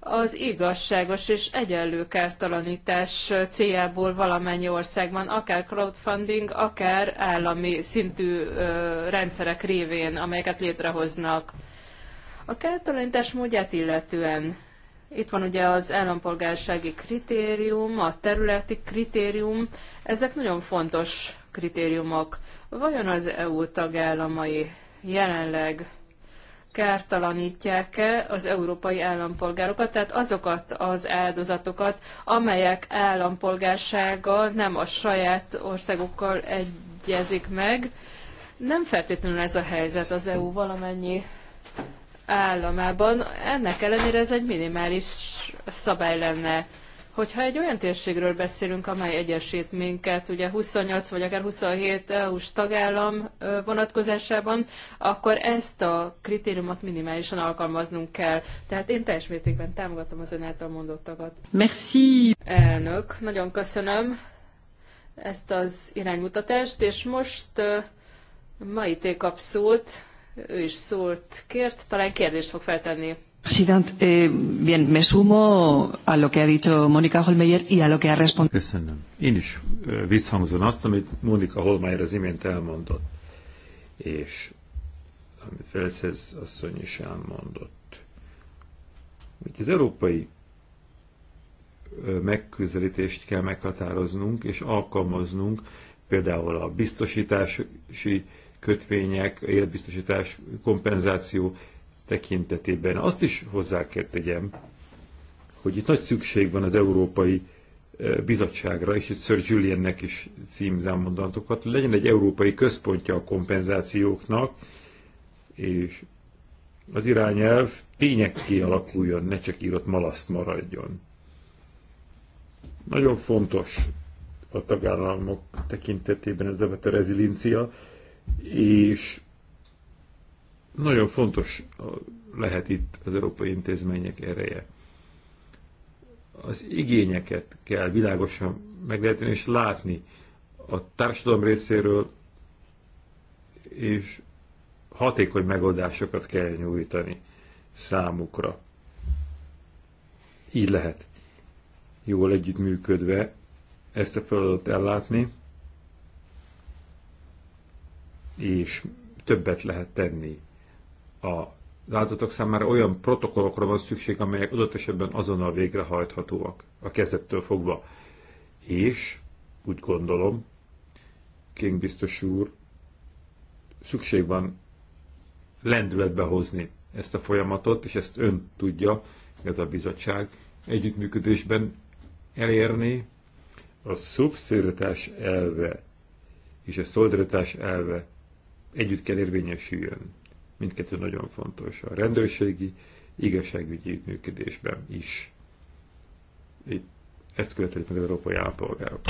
az igazságos és egyenlő kártalanítás céljából valamennyi országban, akár crowdfunding, akár állami szintű rendszerek révén, amelyeket létrehoznak. A kártalanítás módját illetően itt van ugye az állampolgársági kritérium, a területi kritérium, ezek nagyon fontos kritériumok. Vajon az EU tagállamai jelenleg kártalanítják-e az európai állampolgárokat, tehát azokat az áldozatokat, amelyek állampolgársága nem a saját országokkal egyezik meg. Nem feltétlenül ez a helyzet az EU valamennyi államában. Ennek ellenére ez egy minimális szabály lenne. Hogyha egy olyan térségről beszélünk, amely egyesít minket, ugye 28 vagy akár 27 EU-s tagállam vonatkozásában, akkor ezt a kritériumot minimálisan alkalmaznunk kell. Tehát én teljes mértékben támogatom az ön által mondottakat.
Merci! Elnök,
nagyon köszönöm ezt az iránymutatást, és most Maité kap szót, ő is szólt kért, talán kérdést fog feltenni. Presidente, eh, bien,
me sumo a lo que ha dicho Mónica Holmeyer y a lo que ha respondido. Köszönöm.
Én is eh, visszhangzom azt, amit Mónika Holmeyer az imént elmondott, és amit Velszez asszony is elmondott. Hogy az európai megközelítést kell meghatároznunk és alkalmaznunk, például a biztosítási kötvények, életbiztosítás, kompenzáció tekintetében azt is hozzá kell tegyem, hogy itt nagy szükség van az Európai eh, Bizottságra, és itt Sir Juliannek is címzám mondatokat, hogy legyen egy európai központja a kompenzációknak, és az irányelv tények kialakuljon, ne csak írott malaszt maradjon. Nagyon fontos a tagállamok tekintetében ez a rezilincia, és nagyon fontos lehet itt az európai intézmények ereje. Az igényeket kell világosan meglehetni és látni a társadalom részéről, és hatékony megoldásokat kell nyújtani számukra. Így lehet jól együttműködve ezt a feladatot ellátni, és többet lehet tenni a áldozatok számára olyan protokollokra van szükség, amelyek adott esetben azonnal végrehajthatóak a kezdettől fogva. És úgy gondolom, King biztos úr, szükség van lendületbe hozni ezt a folyamatot, és ezt ön tudja, ez a bizottság együttműködésben elérni. A szubszidiaritás elve és a szolidaritás elve együtt kell érvényesüljön. Mindkettő nagyon fontos a rendőrségi, igazságügyi működésben is. Itt ezt követelik meg az európai állampolgárok.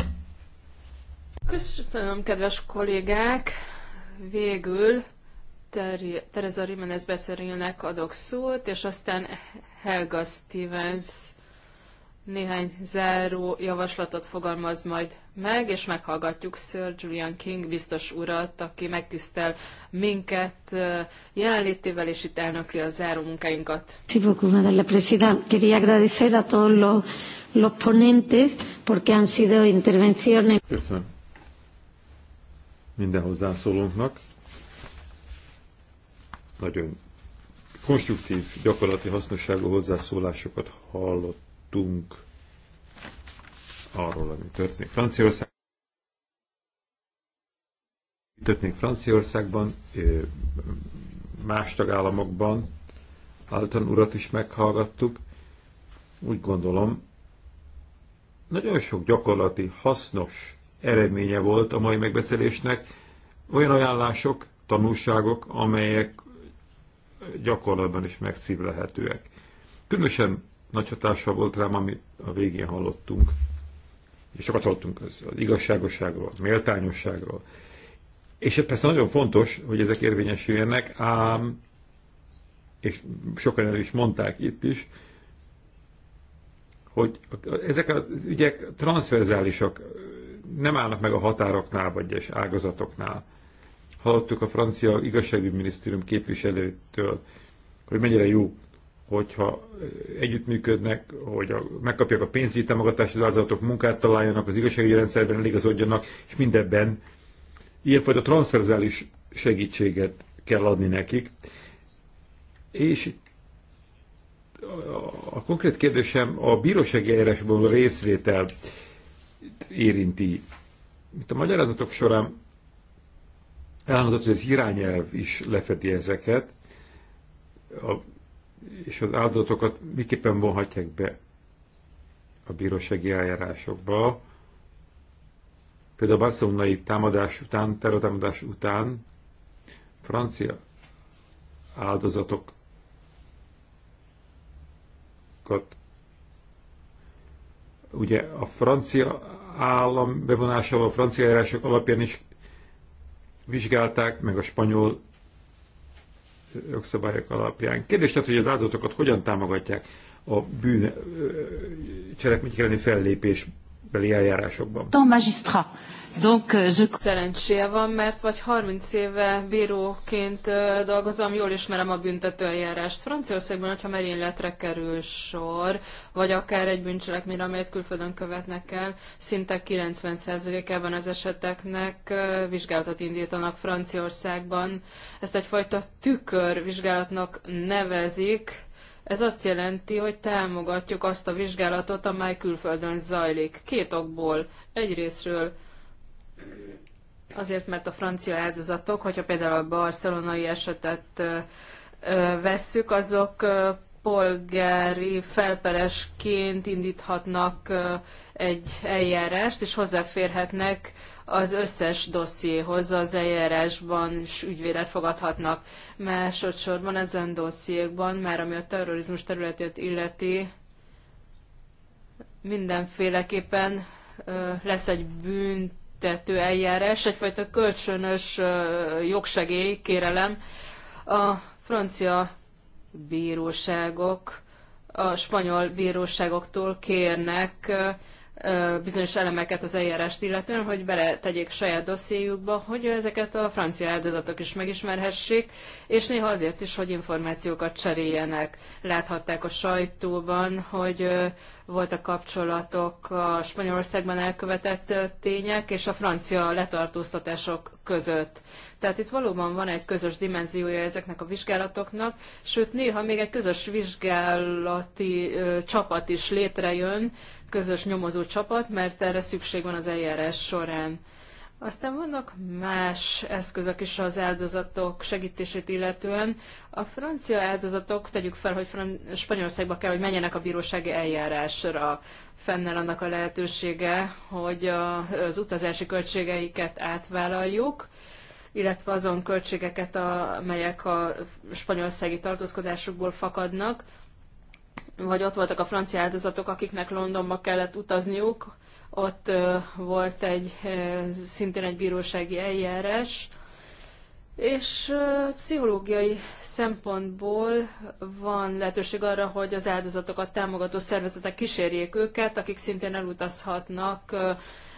Köszönöm, kedves kollégák! Végül Teresa Rimenez beszerülnek adok szót, és aztán Helga Stevens néhány záró javaslatot fogalmaz majd meg, és meghallgatjuk Sir Julian King biztos urat, aki megtisztel minket jelenlétével, és itt elnökli a záró munkáinkat.
Sí, beaucoup, madame la Quería agradecer a todos los, los ponentes, porque han sido intervenciones. Köszönöm minden hozzászólónknak. Nagyon konstruktív, gyakorlati hasznosságú hozzászólásokat hallott tudtunk arról, ami történik Franciaország. Történik Franciaországban, más tagállamokban, Alton urat is meghallgattuk. Úgy gondolom, nagyon sok gyakorlati, hasznos eredménye volt a mai megbeszélésnek, olyan ajánlások, tanulságok, amelyek gyakorlatban is megszívlehetőek. Különösen nagy hatása volt rám, ami a végén hallottunk. És sokat hallottunk az, az igazságosságról, az méltányosságról. És persze nagyon fontos, hogy ezek érvényesüljenek, ám, és sokan el is mondták itt is, hogy ezek az ügyek transzverzálisak, nem állnak meg a határoknál, vagy egyes ágazatoknál. Hallottuk a francia igazságügyminisztérium képviselőtől, hogy mennyire jó hogyha együttműködnek, hogy a, megkapják a pénzügyi támogatást, az áldozatok munkát találjanak, az igazságügyi rendszerben eligazodjanak, és mindebben ilyenfajta transzverzális segítséget kell adni nekik. És a konkrét kérdésem a bírósági eljárásban a részvétel érinti. Itt a magyarázatok során elhangzott, hogy az irányelv is lefedi ezeket. A és az áldozatokat miképpen vonhatják be a bírósági eljárásokba. Például a barcelonai támadás után, terrortámadás után francia áldozatokat ugye a francia állam bevonásával a francia eljárások alapján is vizsgálták, meg a spanyol jogszabályok alapján. Kérdés tehát, hogy az áldozatokat hogyan támogatják a bűn cselekmények elleni fellépés beli eljárásokban.
Euh, Szerencséje van, mert vagy 30 éve bíróként dolgozom, jól ismerem a büntetőeljárást. Franciaországban, hogyha merényletre kerül sor, vagy akár egy bűncselekményre, amelyet külföldön követnek el, szinte 90%-ában az eseteknek vizsgálatot indítanak Franciaországban. Ezt egyfajta tükörvizsgálatnak nevezik, ez azt jelenti, hogy támogatjuk azt a vizsgálatot, amely külföldön zajlik. Két okból. Egyrésztről azért, mert a francia áldozatok, hogyha például a barcelonai esetet vesszük, azok polgári felperesként indíthatnak egy eljárást, és hozzáférhetnek az összes dossziéhoz az eljárásban is ügyvédet fogadhatnak. Másodszorban ezen dossziékban, már ami a terrorizmus területét illeti, mindenféleképpen lesz egy büntető eljárás, egyfajta kölcsönös jogsegély, kérelem. A francia bíróságok a spanyol bíróságoktól kérnek bizonyos elemeket az eljárást illetően, hogy beletegyék saját dossziéjukba, hogy ezeket a francia áldozatok is megismerhessék, és néha azért is, hogy információkat cseréljenek. Láthatták a sajtóban, hogy voltak kapcsolatok a Spanyolországban elkövetett tények és a francia letartóztatások között. Tehát itt valóban van egy közös dimenziója ezeknek a vizsgálatoknak, sőt néha még egy közös vizsgálati ö, csapat is létrejön, közös nyomozó csapat, mert erre szükség van az eljárás során. Aztán vannak más eszközök is az áldozatok segítését illetően. A francia áldozatok, tegyük fel, hogy Spanyolországba kell, hogy menjenek a bírósági eljárásra. Fennel annak a lehetősége, hogy az utazási költségeiket átvállaljuk, illetve azon költségeket, amelyek a spanyolországi tartózkodásukból fakadnak vagy ott voltak a francia áldozatok, akiknek Londonba kellett utazniuk. Ott volt egy szintén egy bírósági eljárás, és pszichológiai szempontból van lehetőség arra, hogy az áldozatokat támogató szervezetek kísérjék őket, akik szintén elutazhatnak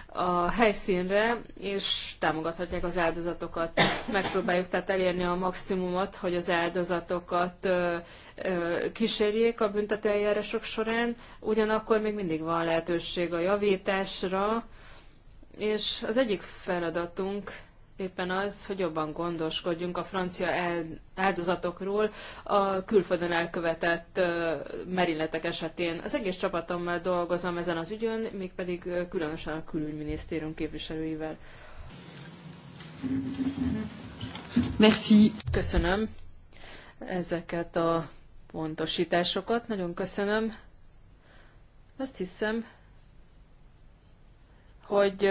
a helyszínre, és támogathatják az áldozatokat. Megpróbáljuk tehát elérni a maximumot, hogy az áldozatokat kísérjék a büntetőeljárások során, ugyanakkor még mindig van lehetőség a javításra, és az egyik feladatunk éppen az, hogy jobban gondoskodjunk a francia áldozatokról a külföldön elkövetett merilletek esetén. Az egész csapatommal dolgozom ezen az ügyön, mégpedig különösen a külügyminisztérium képviselőivel. Merci. Köszönöm ezeket a pontosításokat. Nagyon köszönöm. Azt hiszem, hogy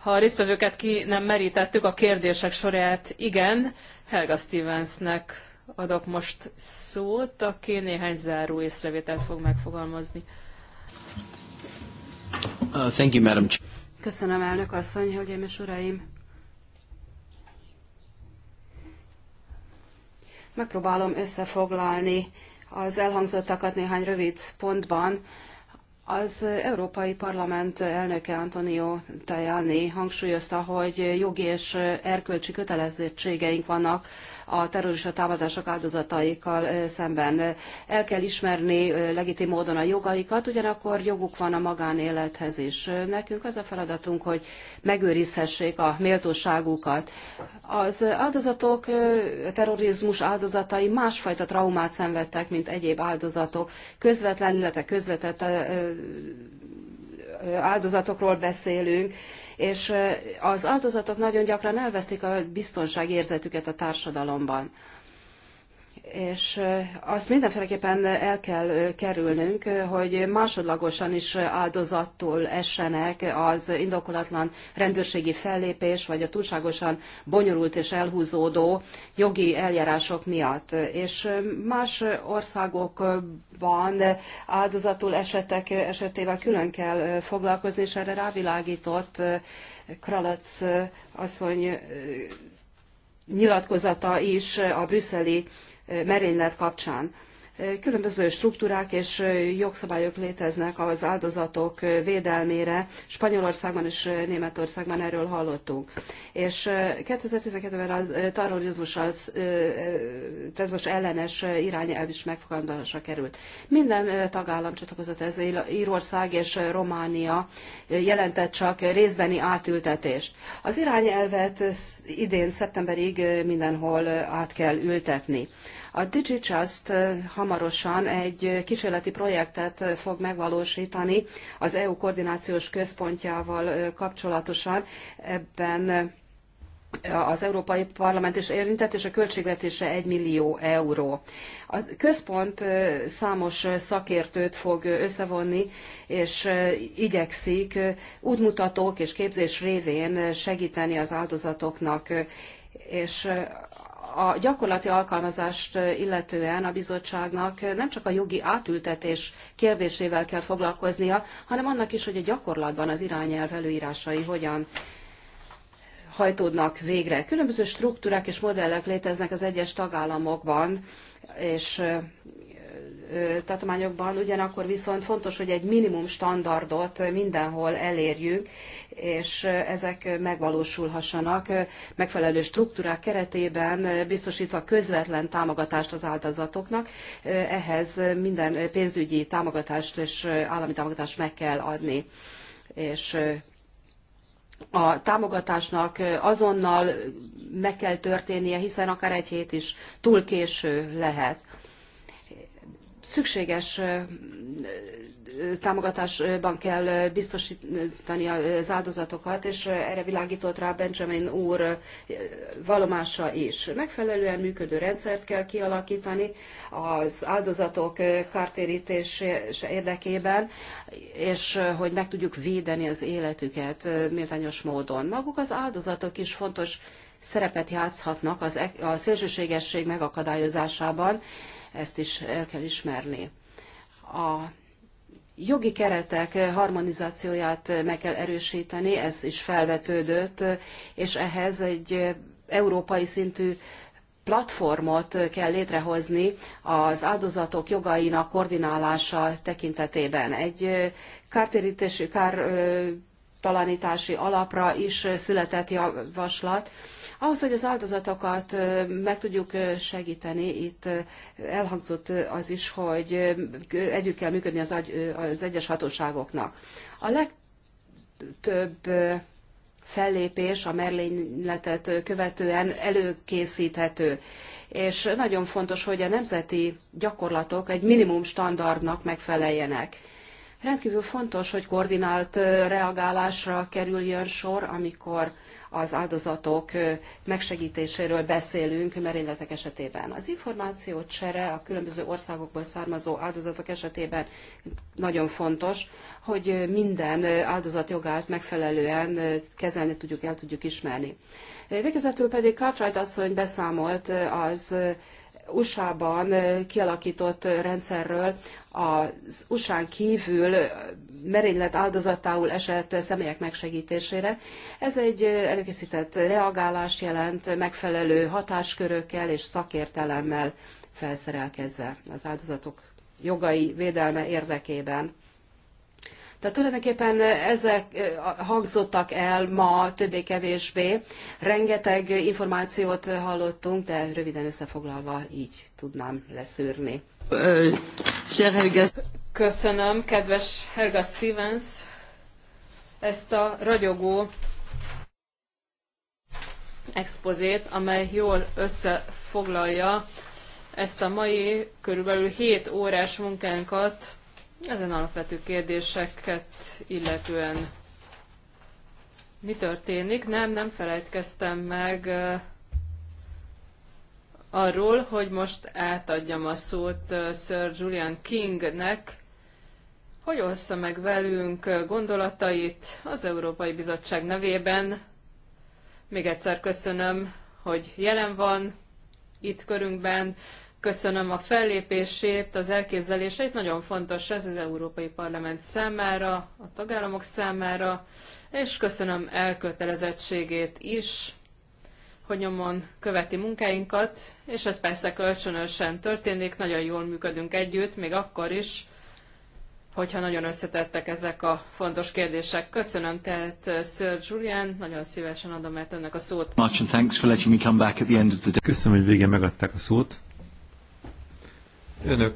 ha a résztvevőket ki nem merítettük, a kérdések sorát igen, Helga Stevensnek adok most szót, aki néhány záró észrevételt fog megfogalmazni. Uh, thank you, madam. Köszönöm, elnök
asszony, hölgyeim és uraim! Megpróbálom összefoglalni az elhangzottakat néhány rövid pontban. Az Európai Parlament elnöke Antonio Tajani hangsúlyozta, hogy jogi és erkölcsi kötelezettségeink vannak a terrorista támadások áldozataikkal szemben. El kell ismerni legitim módon a jogaikat, ugyanakkor joguk van a magánélethez is. Nekünk az a feladatunk, hogy megőrizhessék a méltóságukat. Az áldozatok, terrorizmus áldozatai másfajta traumát szenvedtek, mint egyéb áldozatok. Közvetlen, illetve közvetett áldozatokról beszélünk, és az áldozatok nagyon gyakran elvesztik a biztonságérzetüket a társadalomban és azt mindenféleképpen el kell kerülnünk, hogy másodlagosan is áldozattól essenek az indokolatlan rendőrségi fellépés, vagy a túlságosan bonyolult és elhúzódó jogi eljárások miatt. És más országokban áldozatul esetek esetével külön kell foglalkozni, és erre rávilágított Kralac asszony nyilatkozata is a brüsszeli merénylet kapcsán. Különböző struktúrák és jogszabályok léteznek az áldozatok védelmére. Spanyolországban és Németországban erről hallottunk. És 2012-ben a terrorizmussal terrorizmus ellenes irányelv is megfogalmazásra került. Minden tagállam csatlakozott ez, Írország és Románia jelentett csak részbeni átültetést. Az irányelvet idén szeptemberig mindenhol át kell ültetni. A DigiTrust hamarosan egy kísérleti projektet fog megvalósítani az EU koordinációs központjával kapcsolatosan. Ebben az Európai Parlament is érintett, és a költségvetése 1 millió euró. A központ számos szakértőt fog összevonni, és igyekszik útmutatók és képzés révén segíteni az áldozatoknak, és a gyakorlati alkalmazást illetően a bizottságnak nem csak a jogi átültetés kérdésével kell foglalkoznia, hanem annak is, hogy a gyakorlatban az irányelv előírásai hogyan hajtódnak végre. Különböző struktúrák és modellek léteznek az egyes tagállamokban, és tartományokban, ugyanakkor viszont fontos, hogy egy minimum standardot mindenhol elérjünk, és ezek megvalósulhassanak megfelelő struktúrák keretében, biztosítva közvetlen támogatást az áldozatoknak. Ehhez minden pénzügyi támogatást és állami támogatást meg kell adni és a támogatásnak azonnal meg kell történnie, hiszen akár egy hét is túl késő lehet szükséges támogatásban kell biztosítani az áldozatokat, és erre világított rá Benjamin úr valomása is. Megfelelően működő rendszert kell kialakítani az áldozatok kártérítés érdekében, és hogy meg tudjuk védeni az életüket méltányos módon. Maguk az áldozatok is fontos szerepet játszhatnak az, e- a szélsőségesség megakadályozásában, ezt is el kell ismerni. A jogi keretek harmonizációját meg kell erősíteni, ez is felvetődött, és ehhez egy európai szintű platformot kell létrehozni az áldozatok jogainak koordinálása tekintetében. Egy kártérítési, kár kártalanítási alapra is született javaslat. Ahhoz, hogy az áldozatokat meg tudjuk segíteni, itt elhangzott az is, hogy együtt kell működni az, agy, az egyes hatóságoknak. A legtöbb fellépés a merlényletet követően előkészíthető. És nagyon fontos, hogy a nemzeti gyakorlatok egy minimum standardnak megfeleljenek. Rendkívül fontos, hogy koordinált reagálásra kerüljön sor, amikor az áldozatok megsegítéséről beszélünk merényletek esetében. Az csere a különböző országokból származó áldozatok esetében nagyon fontos, hogy minden áldozat jogát megfelelően kezelni tudjuk, el tudjuk ismerni. Végezetül pedig Cartwright asszony beszámolt az USA-ban kialakított rendszerről az USA-n kívül merénylet áldozatául esett személyek megsegítésére. Ez egy előkészített reagálás jelent megfelelő hatáskörökkel és szakértelemmel felszerelkezve az áldozatok jogai védelme érdekében. Tehát tulajdonképpen ezek eh, hangzottak el ma többé-kevésbé. Rengeteg információt hallottunk, de röviden összefoglalva így tudnám leszűrni.
Köszönöm, kedves Helga Stevens, ezt a ragyogó expozét, amely jól összefoglalja ezt a mai körülbelül 7 órás munkánkat, ezen alapvető kérdéseket illetően mi történik? Nem, nem felejtkeztem meg arról, hogy most átadjam a szót Sir Julian Kingnek, hogy ossza meg velünk gondolatait az Európai Bizottság nevében. Még egyszer köszönöm, hogy jelen van itt körünkben, Köszönöm a fellépését, az elképzeléseit, nagyon fontos ez az Európai Parlament számára, a tagállamok számára, és köszönöm elkötelezettségét is, hogy nyomon követi munkáinkat, és ez persze kölcsönösen történik, nagyon jól működünk együtt, még akkor is, hogyha nagyon összetettek ezek a fontos kérdések. Köszönöm tehát uh, Sir Julian, nagyon szívesen adom át önnek a szót.
Köszönöm, hogy végén megadták a szót. Önök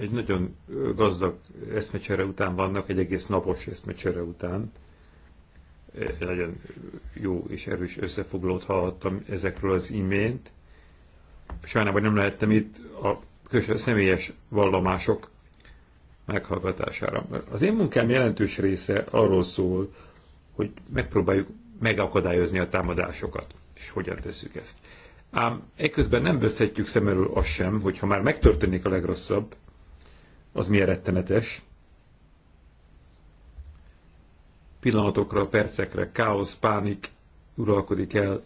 egy nagyon gazdag eszmecsere után vannak, egy egész napos eszmecsere után. Nagyon jó és erős összefoglalót hallhattam ezekről az imént. Sajnálom, nem lehettem itt a közös személyes vallomások meghallgatására. Az én munkám jelentős része arról szól, hogy megpróbáljuk megakadályozni a támadásokat, és hogyan tesszük ezt. Ám ekközben nem veszhetjük szem elől azt sem, hogy ha már megtörténik a legrosszabb, az milyen rettenetes. Pillanatokra, percekre, káosz, pánik uralkodik el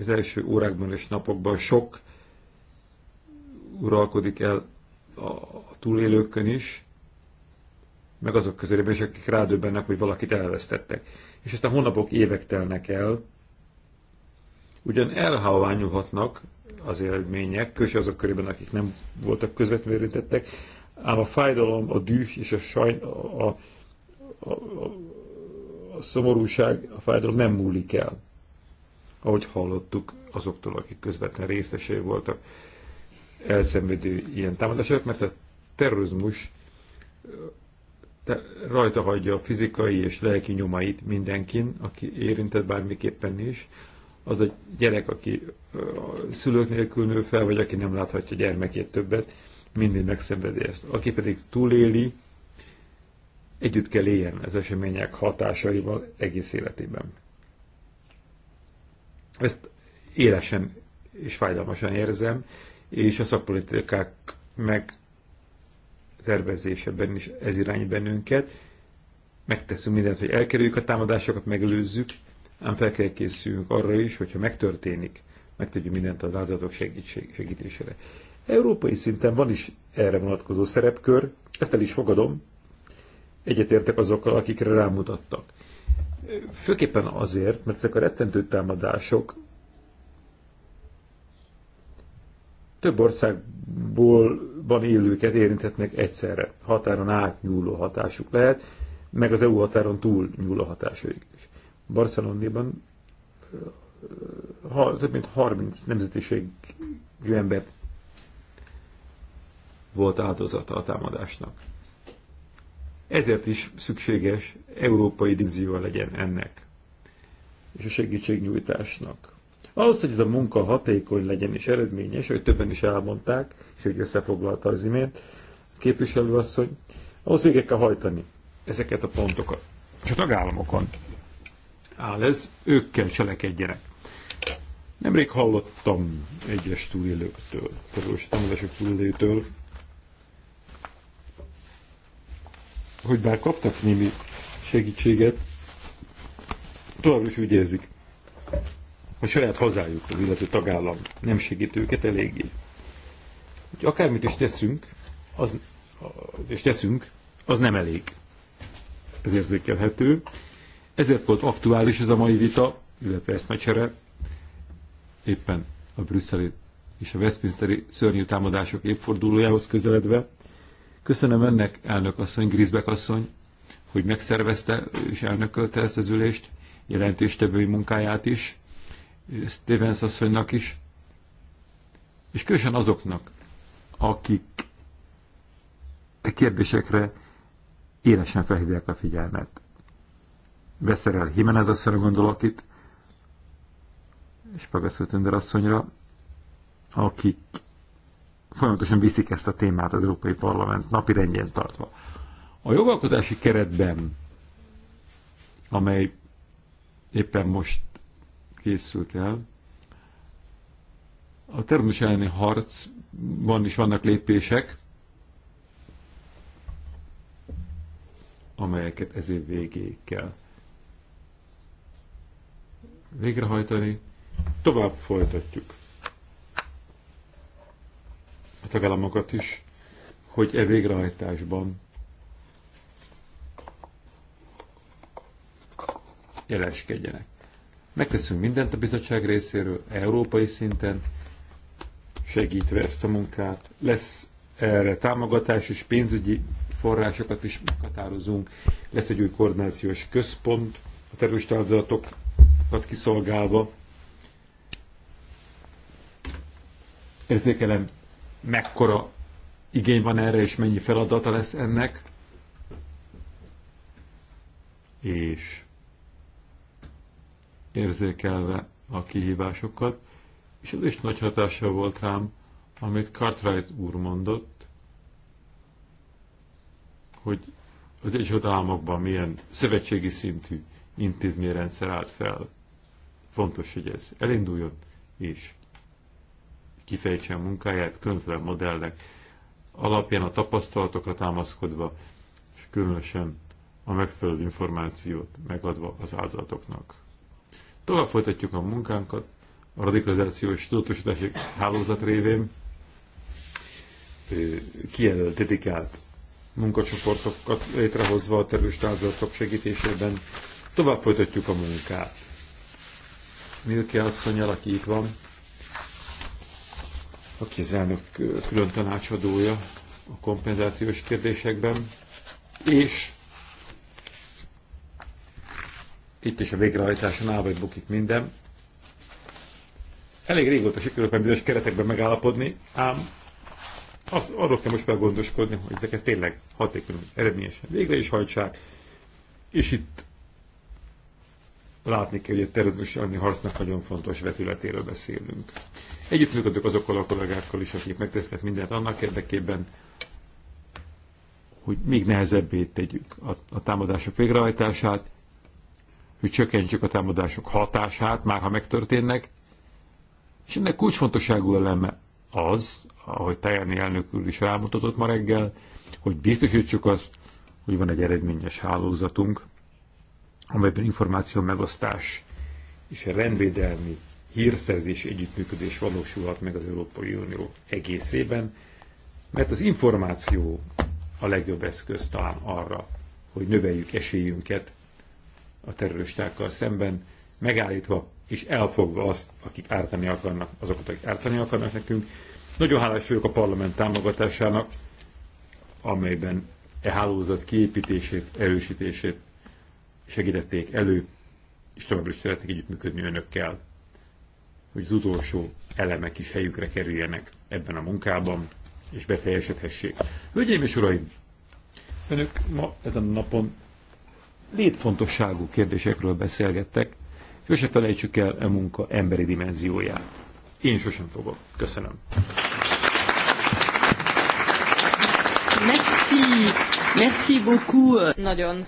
az első órákban és napokban, sok uralkodik el a túlélőkön is, meg azok közelében is, akik rádöbbennek, hogy valakit elvesztettek. És aztán hónapok, évek telnek el, Ugyan elhaványulhatnak az élmények, különösen azok körében, akik nem voltak közvetlenül érintettek, ám a fájdalom, a düh és a sajn, a, a, a, a szomorúság, a fájdalom nem múlik el, ahogy hallottuk azoktól, akik közvetlen részesei voltak elszenvedő ilyen támadások, mert a terrorizmus rajta hagyja a fizikai és lelki nyomait mindenkin, aki érintett bármiképpen is, az a gyerek, aki a szülők nélkül nő fel, vagy aki nem láthatja gyermekét többet, mindig megszenvedi ezt. Aki pedig túléli, együtt kell éljen az események hatásaival egész életében. Ezt élesen és fájdalmasan érzem, és a szakpolitikák meg tervezéseben is ez irány bennünket. Megteszünk mindent, hogy elkerüljük a támadásokat, megelőzzük, ám fel kell készülnünk arra is, hogyha megtörténik, megtegyünk mindent az áldozatok segítésére. Európai szinten van is erre vonatkozó szerepkör, ezt el is fogadom, egyetértek azokkal, akikre rámutattak. Főképpen azért, mert ezek a rettentő támadások több országból van élőket érinthetnek egyszerre. Határon átnyúló hatásuk lehet, meg az EU határon túl nyúló hatásaik. Barcelonában ha, több mint 30 nemzetiségű ember volt áldozata a támadásnak. Ezért is szükséges európai dimenziója legyen ennek, és a segítségnyújtásnak. Ahhoz, hogy ez a munka hatékony legyen és eredményes, hogy többen is elmondták, és hogy összefoglalta az imént a képviselőasszony, ahhoz végig kell hajtani ezeket a pontokat. És a tagállamokon áll ez, ők kell cselekedjenek. Nemrég hallottam egyes túlélőktől, terülős tanulások túlélőtől, hogy bár kaptak némi segítséget, továbbra is úgy érzik, hogy saját hazájuk, az illető tagállam nem segít őket eléggé. Hogy akármit is teszünk, az, és teszünk, az nem elég. Ez érzékelhető. Ezért volt aktuális ez a mai vita, illetve eszmecsere, éppen a brüsszeli és a Westminsteri szörnyű támadások évfordulójához közeledve. Köszönöm önnek, elnök asszony, Grisbeck asszony, hogy megszervezte és elnökölte ezt az ülést, jelentéstevői munkáját is, Stevens asszonynak is, és különösen azoknak, akik a e kérdésekre élesen felhívják a figyelmet ez Jimenez asszonyra gondolok itt, és Pagaszultender asszonyra, akik folyamatosan viszik ezt a témát az Európai Parlament napi rendjén tartva. A jogalkotási keretben, amely éppen most készült el, a termés elleni harcban is vannak lépések, amelyeket ez év végéig kell végrehajtani. Tovább folytatjuk a tagállamokat is, hogy e végrehajtásban jeleskedjenek. Megteszünk mindent a bizottság részéről, európai szinten, segítve ezt a munkát. Lesz erre támogatás és pénzügyi forrásokat is meghatározunk. Lesz egy új koordinációs központ a terüstázatok kiszolgálva érzékelem, mekkora igény van erre, és mennyi feladata lesz ennek. És érzékelve a kihívásokat, és az is nagy hatása volt rám, amit Cartwright úr mondott, hogy az Egyesült Államokban milyen szövetségi szintű intézményrendszer állt fel. Fontos, hogy ez elinduljon, és kifejtse a munkáját, különféle modellek alapján a tapasztalatokra támaszkodva, és különösen a megfelelő információt megadva az áldozatoknak. Tovább folytatjuk a munkánkat a radikalizáció és tudatosítási hálózat révén kijelölt, dedikált munkacsoportokat létrehozva a terülős áldozatok segítésében. Tovább folytatjuk a munkát Milke asszonyjal, aki itt van, a kézelnök külön tanácsadója a kompenzációs kérdésekben, és itt is a végrehajtáson áll, vagy bukik minden. Elég régóta sikerült bizonyos keretekben megállapodni, ám az, arról kell most meggondoskodni, hogy ezeket tényleg hatékonyan, eredményesen végre is hajtsák, és itt látni kell, hogy a terrorizmusani harcnak nagyon fontos vetületéről beszélünk. Együttműködök azokkal a kollégákkal is, akik megtesznek mindent annak érdekében, hogy még nehezebbé tegyük a, a támadások végrehajtását, hogy csökkentsük a támadások hatását, már ha megtörténnek, és ennek kulcsfontosságú eleme az, ahogy Tajani elnök úr is rámutatott ma reggel, hogy biztosítsuk azt, hogy van egy eredményes hálózatunk, amelyben információ megosztás és rendvédelmi hírszerzés együttműködés valósulhat meg az Európai Unió egészében, mert az információ a legjobb eszköz talán arra, hogy növeljük esélyünket a terroristákkal szemben, megállítva és elfogva azt, akik ártani akarnak, azokat, akik ártani akarnak nekünk. Nagyon hálás vagyok a parlament támogatásának, amelyben e hálózat kiépítését, erősítését segítették elő, és továbbra is szeretnék együttműködni önökkel, hogy az utolsó elemek is helyükre kerüljenek ebben a munkában, és beteljesedhessék. Hölgyeim és uraim, önök ma ezen a napon létfontosságú kérdésekről beszélgettek, és se felejtsük el a e munka emberi dimenzióját. Én sosem fogok. Köszönöm.
Merci. Merci beaucoup. Nagyon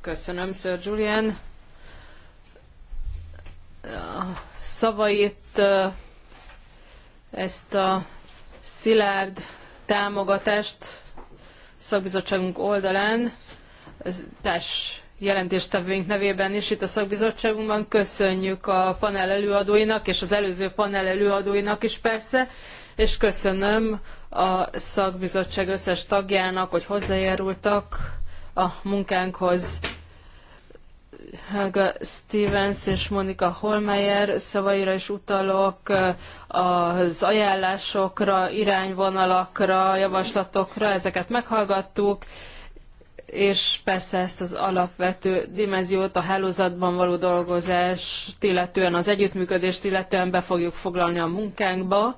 Köszönöm, Sir Julian. A szavait, ezt a szilárd támogatást szakbizottságunk oldalán, ez társ jelentéstevőink nevében is itt a szakbizottságunkban. Köszönjük a panel előadóinak, és az előző panel előadóinak is persze, és köszönöm a szakbizottság összes tagjának, hogy hozzájárultak a munkánkhoz. Helga Stevens és Monika Holmeyer szavaira is utalok, eh, az ajánlásokra, irányvonalakra, javaslatokra, ezeket meghallgattuk, és persze ezt az alapvető dimenziót, a hálózatban való dolgozást, illetően az együttműködést, illetően be fogjuk foglalni a munkánkba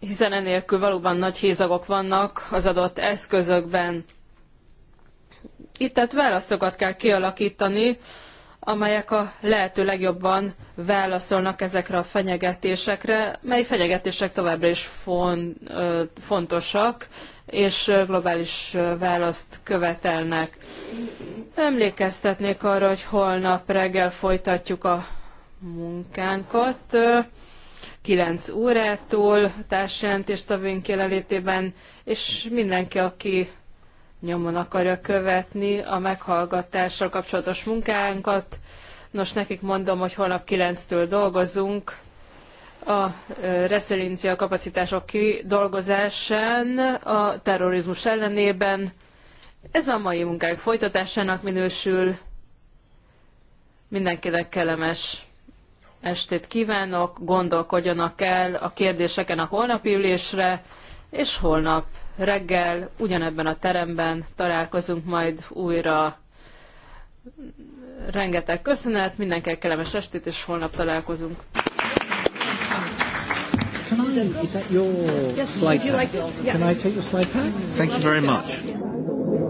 hiszen enélkül valóban nagy hézagok vannak az adott eszközökben. Itt tehát válaszokat kell kialakítani, amelyek a lehető legjobban válaszolnak ezekre a fenyegetésekre, mely fenyegetések továbbra is fontosak, és globális választ követelnek. Emlékeztetnék arra, hogy holnap reggel folytatjuk a munkánkat. 9 órától tavőink jelenlétében, és mindenki, aki nyomon akarja követni a meghallgatással kapcsolatos munkánkat. Nos, nekik mondom, hogy holnap 9-től dolgozunk a reszilincia kapacitások kidolgozásán, a terrorizmus ellenében. Ez a mai munkák folytatásának minősül. Mindenkinek kellemes estét kívánok, gondolkodjanak el a kérdéseken a holnapi ülésre, és holnap reggel ugyanebben a teremben találkozunk majd újra. Rengeteg köszönet, mindenkinek kellemes estét, és holnap találkozunk. is that your yes, slide you pack? Like, yes. Can I take your slide pack? Thank you very much.